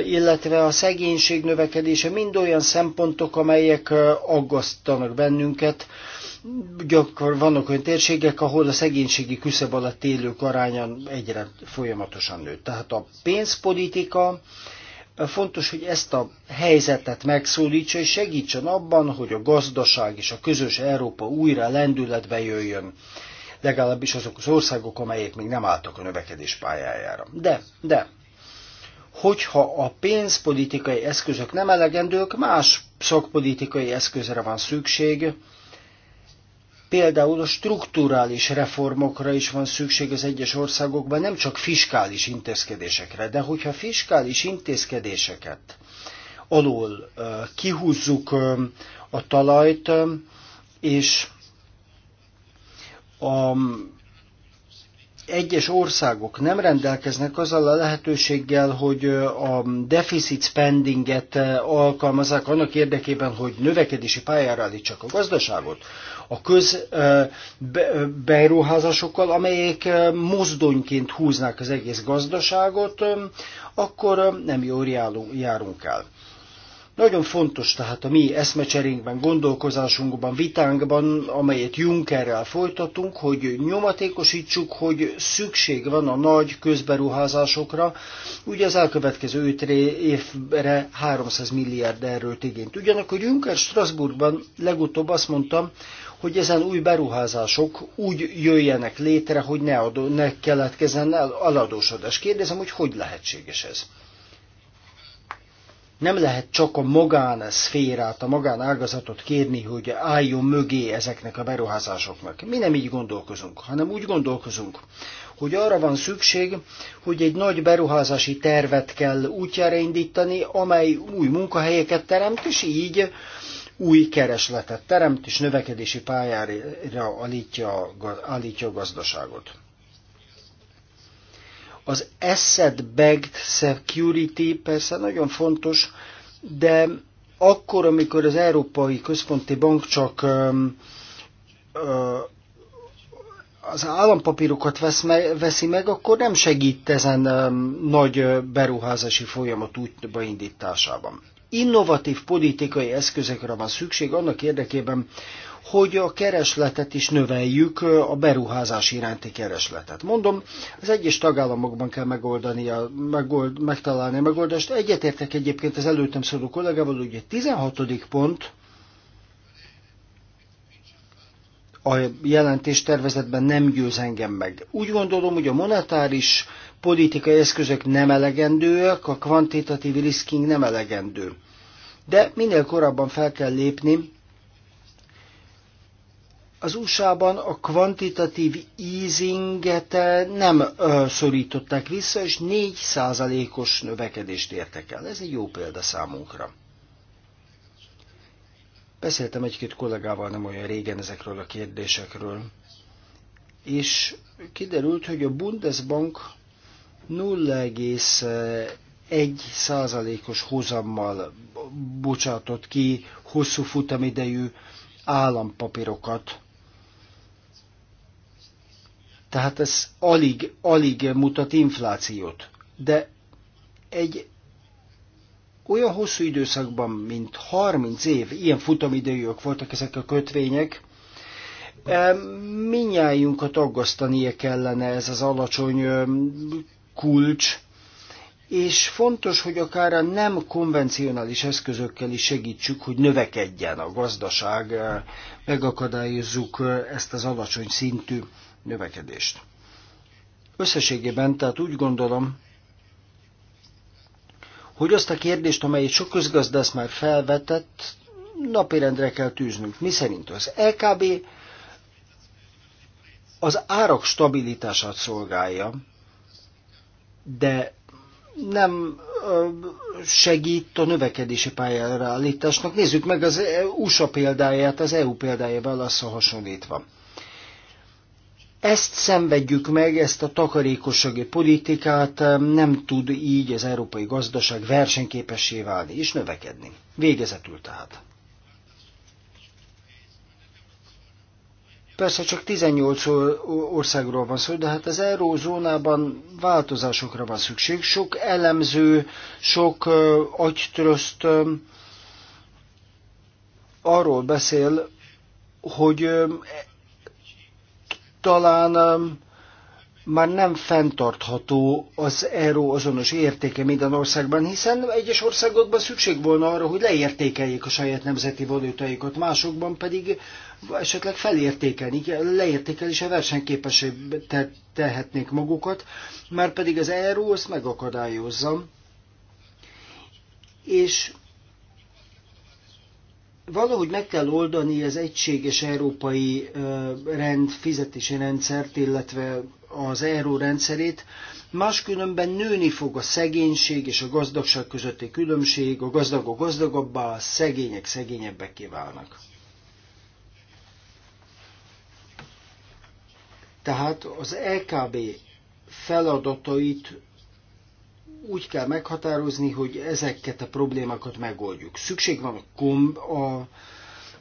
illetve a szegénység növekedése mind olyan szempontok, amelyek aggasztanak bennünket. Gyakor vannak olyan térségek, ahol a szegénységi küszöb alatt élők aránya egyre folyamatosan nő. Tehát a pénzpolitika, Fontos, hogy ezt a helyzetet megszólítsa és segítsen abban, hogy a gazdaság és a közös Európa újra lendületbe jöjjön. Legalábbis azok az országok, amelyek még nem álltak a növekedés pályájára. De, de, hogyha a pénzpolitikai eszközök nem elegendők, más szakpolitikai eszközre van szükség, Például a strukturális reformokra is van szükség az egyes országokban, nem csak fiskális intézkedésekre, de hogyha fiskális intézkedéseket alól kihúzzuk a talajt, és a egyes országok nem rendelkeznek azzal a lehetőséggel, hogy a deficit spendinget alkalmazzák annak érdekében, hogy növekedési pályára állítsak a gazdaságot, a közberuházásokkal, amelyek mozdonyként húznák az egész gazdaságot, akkor nem jól járunk el. Nagyon fontos tehát a mi eszmecserénkben, gondolkozásunkban, vitánkban, amelyet Junckerrel folytatunk, hogy nyomatékosítsuk, hogy szükség van a nagy közberuházásokra, ugye az elkövetkező 5 évre 300 milliárd erőt igényt. Ugyanakkor Juncker Strasbourgban legutóbb azt mondtam, hogy ezen új beruházások úgy jöjjenek létre, hogy ne, adó, ne keletkezzen el aladósodás. Kérdezem, hogy hogy lehetséges ez? Nem lehet csak a szférát a ágazatot kérni, hogy álljon mögé ezeknek a beruházásoknak. Mi nem így gondolkozunk, hanem úgy gondolkozunk, hogy arra van szükség, hogy egy nagy beruházási tervet kell útjára indítani, amely új munkahelyeket teremt, és így új keresletet teremt, és növekedési pályára állítja, állítja a gazdaságot. Az asset-backed security persze nagyon fontos, de akkor, amikor az Európai Központi Bank csak az állampapírokat vesz, veszi meg, akkor nem segít ezen nagy beruházási folyamat útba indításában. Innovatív politikai eszközökre van szükség annak érdekében, hogy a keresletet is növeljük, a beruházás iránti keresletet. Mondom, az egyes tagállamokban kell megoldani a, megold, megtalálni a megoldást. Egyetértek egyébként az előttem szóló kollégával, hogy a 16. pont a jelentés tervezetben nem győz engem meg. Úgy gondolom, hogy a monetáris politikai eszközök nem elegendőek, a kvantitatív risking nem elegendő. De minél korábban fel kell lépni, az USA-ban a kvantitatív easinget eh, nem eh, szorították vissza, és 4%-os növekedést értek el. Ez egy jó példa számunkra. Beszéltem egy-két kollégával nem olyan régen ezekről a kérdésekről, és kiderült, hogy a Bundesbank 0,1%-os hozammal bocsátott ki hosszú futamidejű állampapírokat tehát ez alig, alig mutat inflációt. De egy olyan hosszú időszakban, mint 30 év, ilyen futamidejűek voltak ezek a kötvények, e, minnyájunkat aggasztania kellene ez az alacsony e, kulcs, és fontos, hogy akár a nem konvencionális eszközökkel is segítsük, hogy növekedjen a gazdaság, e, megakadályozzuk ezt az alacsony szintű növekedést. Összességében tehát úgy gondolom, hogy azt a kérdést, amelyet sok közgazdász már felvetett, napirendre kell tűznünk. Mi szerint az LKB az árak stabilitását szolgálja, de nem segít a növekedési pályára állításnak. Nézzük meg az e- USA példáját, az EU példájával hasonlítva. Ezt szenvedjük meg, ezt a takarékossági politikát nem tud így az európai gazdaság versenyképessé válni és növekedni. Végezetül tehát. Persze csak 18 országról van szó, de hát az eurózónában változásokra van szükség. Sok elemző, sok agytröszt arról beszél, hogy talán um, már nem fenntartható az euró azonos értéke minden országban, hiszen egyes országokban szükség volna arra, hogy leértékeljék a saját nemzeti valutaikat, másokban pedig esetleg felértékelni, leértékelése versenyképesé te- tehetnék magukat, már pedig az euró azt megakadályozza. És valahogy meg kell oldani az egységes európai rend, fizetési rendszert, illetve az euró rendszerét, máskülönben nőni fog a szegénység és a gazdagság közötti különbség, a gazdagok gazdagabbá, a szegények szegényebbek kiválnak. Tehát az EKB feladatait úgy kell meghatározni, hogy ezeket a problémákat megoldjuk. Szükség van a, komb, a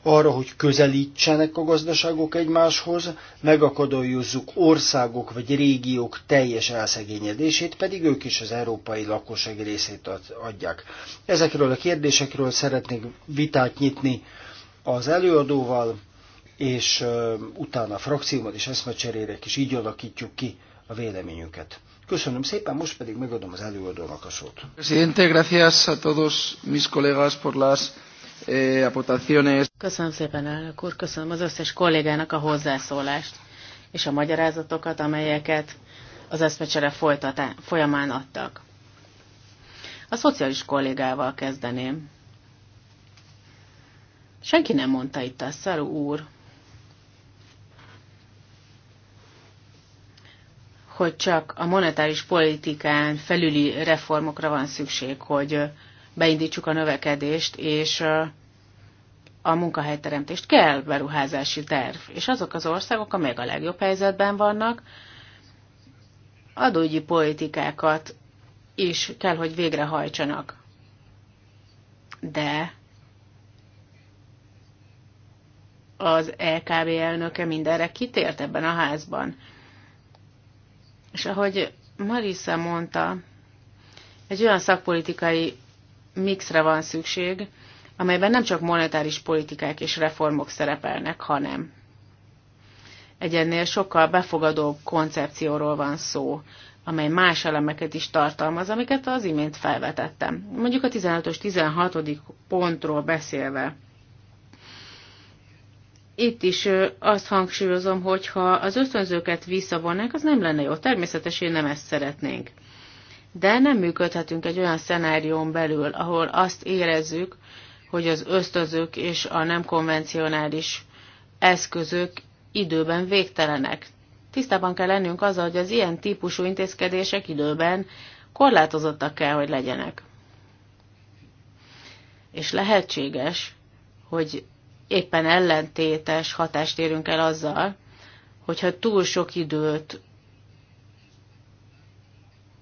arra, hogy közelítsenek a gazdaságok egymáshoz, megakadályozzuk országok vagy régiók teljes elszegényedését, pedig ők is az európai lakosság részét adják. Ezekről a kérdésekről szeretnék vitát nyitni az előadóval, és utána a frakciómat és eszmecserére is így alakítjuk ki a véleményüket. Köszönöm szépen, most pedig megadom az előadónak a szót. Presidente, gracias a todos mis colegas por las eh, aportaciones. Köszönöm szépen, elnök úr, köszönöm az összes kollégának a hozzászólást és a magyarázatokat, amelyeket az eszmecsere folyamán adtak. A szociális kollégával kezdeném. Senki nem mondta itt a szaru úr, hogy csak a monetáris politikán felüli reformokra van szükség, hogy beindítsuk a növekedést, és a munkahelyteremtést. Kell beruházási terv, és azok az országok, amelyek a legjobb helyzetben vannak, adógyi politikákat is kell, hogy végrehajtsanak. De az LKB e elnöke mindenre kitért ebben a házban. És ahogy Marisa mondta, egy olyan szakpolitikai mixre van szükség, amelyben nem csak monetáris politikák és reformok szerepelnek, hanem egy ennél sokkal befogadóbb koncepcióról van szó, amely más elemeket is tartalmaz, amiket az imént felvetettem. Mondjuk a 15-ös, 16. pontról beszélve itt is azt hangsúlyozom, hogy ha az ösztönzőket visszavonnánk, az nem lenne jó. Természetesen nem ezt szeretnénk. De nem működhetünk egy olyan szenárión belül, ahol azt érezzük, hogy az ösztönzők és a nem konvencionális eszközök időben végtelenek. Tisztában kell lennünk azzal, hogy az ilyen típusú intézkedések időben korlátozottak kell, hogy legyenek. És lehetséges, hogy éppen ellentétes hatást érünk el azzal, hogyha túl sok időt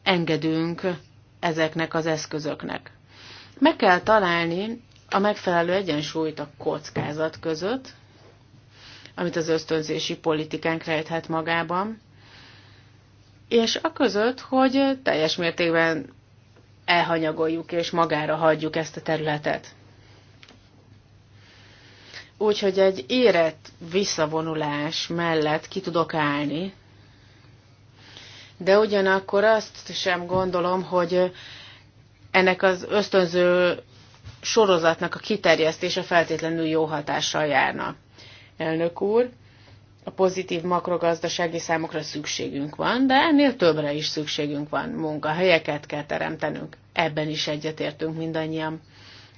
engedünk ezeknek az eszközöknek. Meg kell találni a megfelelő egyensúlyt a kockázat között, amit az ösztönzési politikánk rejthet magában, és a között, hogy teljes mértékben elhanyagoljuk és magára hagyjuk ezt a területet. Úgyhogy egy érett visszavonulás mellett ki tudok állni, de ugyanakkor azt sem gondolom, hogy ennek az ösztönző sorozatnak a kiterjesztése feltétlenül jó hatással járna. Elnök úr, a pozitív makrogazdasági számokra szükségünk van, de ennél többre is szükségünk van. Munkahelyeket kell teremtenünk. Ebben is egyetértünk mindannyian.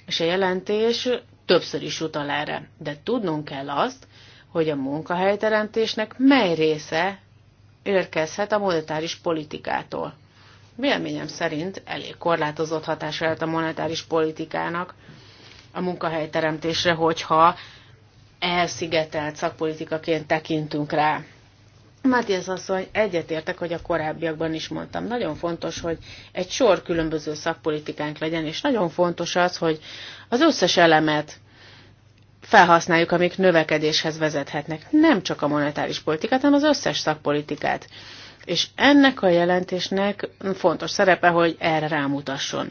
És a jelentés többször is utal erre. De tudnunk kell azt, hogy a munkahelyteremtésnek mely része érkezhet a monetáris politikától. Véleményem szerint elég korlátozott hatása lehet a monetáris politikának a munkahelyteremtésre, hogyha elszigetelt szakpolitikaként tekintünk rá. Mátyás asszony, egyetértek, hogy a korábbiakban is mondtam, nagyon fontos, hogy egy sor különböző szakpolitikánk legyen, és nagyon fontos az, hogy az összes elemet felhasználjuk, amik növekedéshez vezethetnek. Nem csak a monetáris politikát, hanem az összes szakpolitikát. És ennek a jelentésnek fontos szerepe, hogy erre rámutasson.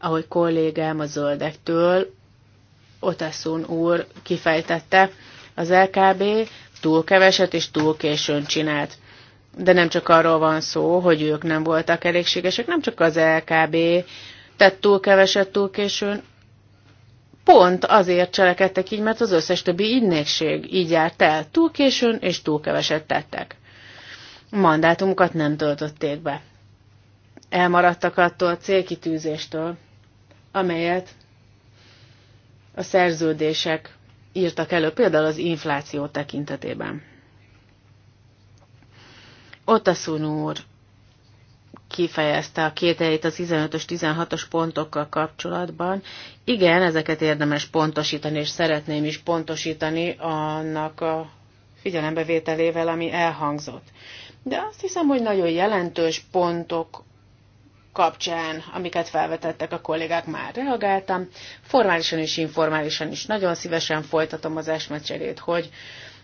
Ahogy kollégám a zöldektől, Otaszun úr kifejtette, az LKB túl keveset és túl későn csinált. De nem csak arról van szó, hogy ők nem voltak elégségesek, nem csak az LKB tett túl keveset túl későn, pont azért cselekedtek így, mert az összes többi ügynökség így járt el, túl későn és túl keveset tettek. Mandátumukat nem töltötték be. Elmaradtak attól a célkitűzéstől, amelyet a szerződések írtak elő, például az infláció tekintetében. Otaszun úr kifejezte a kételjét az 15-ös, 16-os pontokkal kapcsolatban. Igen, ezeket érdemes pontosítani, és szeretném is pontosítani annak a figyelembevételével, ami elhangzott. De azt hiszem, hogy nagyon jelentős pontok kapcsán, amiket felvetettek a kollégák, már reagáltam. Formálisan és informálisan is nagyon szívesen folytatom az esmecserét, hogy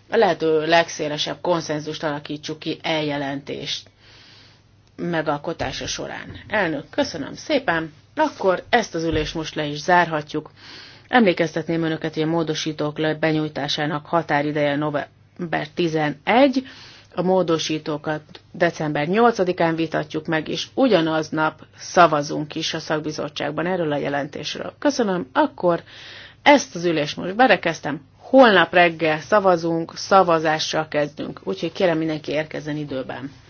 a lehető legszélesebb konszenzust alakítsuk ki eljelentést megalkotása során. Elnök, köszönöm szépen, akkor ezt az ülést most le is zárhatjuk. Emlékeztetném önöket, hogy a módosítók benyújtásának határideje november 11, a módosítókat december 8-án vitatjuk meg, és ugyanaznap szavazunk is a szakbizottságban erről a jelentésről. Köszönöm, akkor ezt az ülést most berekeztem, holnap reggel szavazunk, szavazással kezdünk, úgyhogy kérem mindenki érkezzen időben.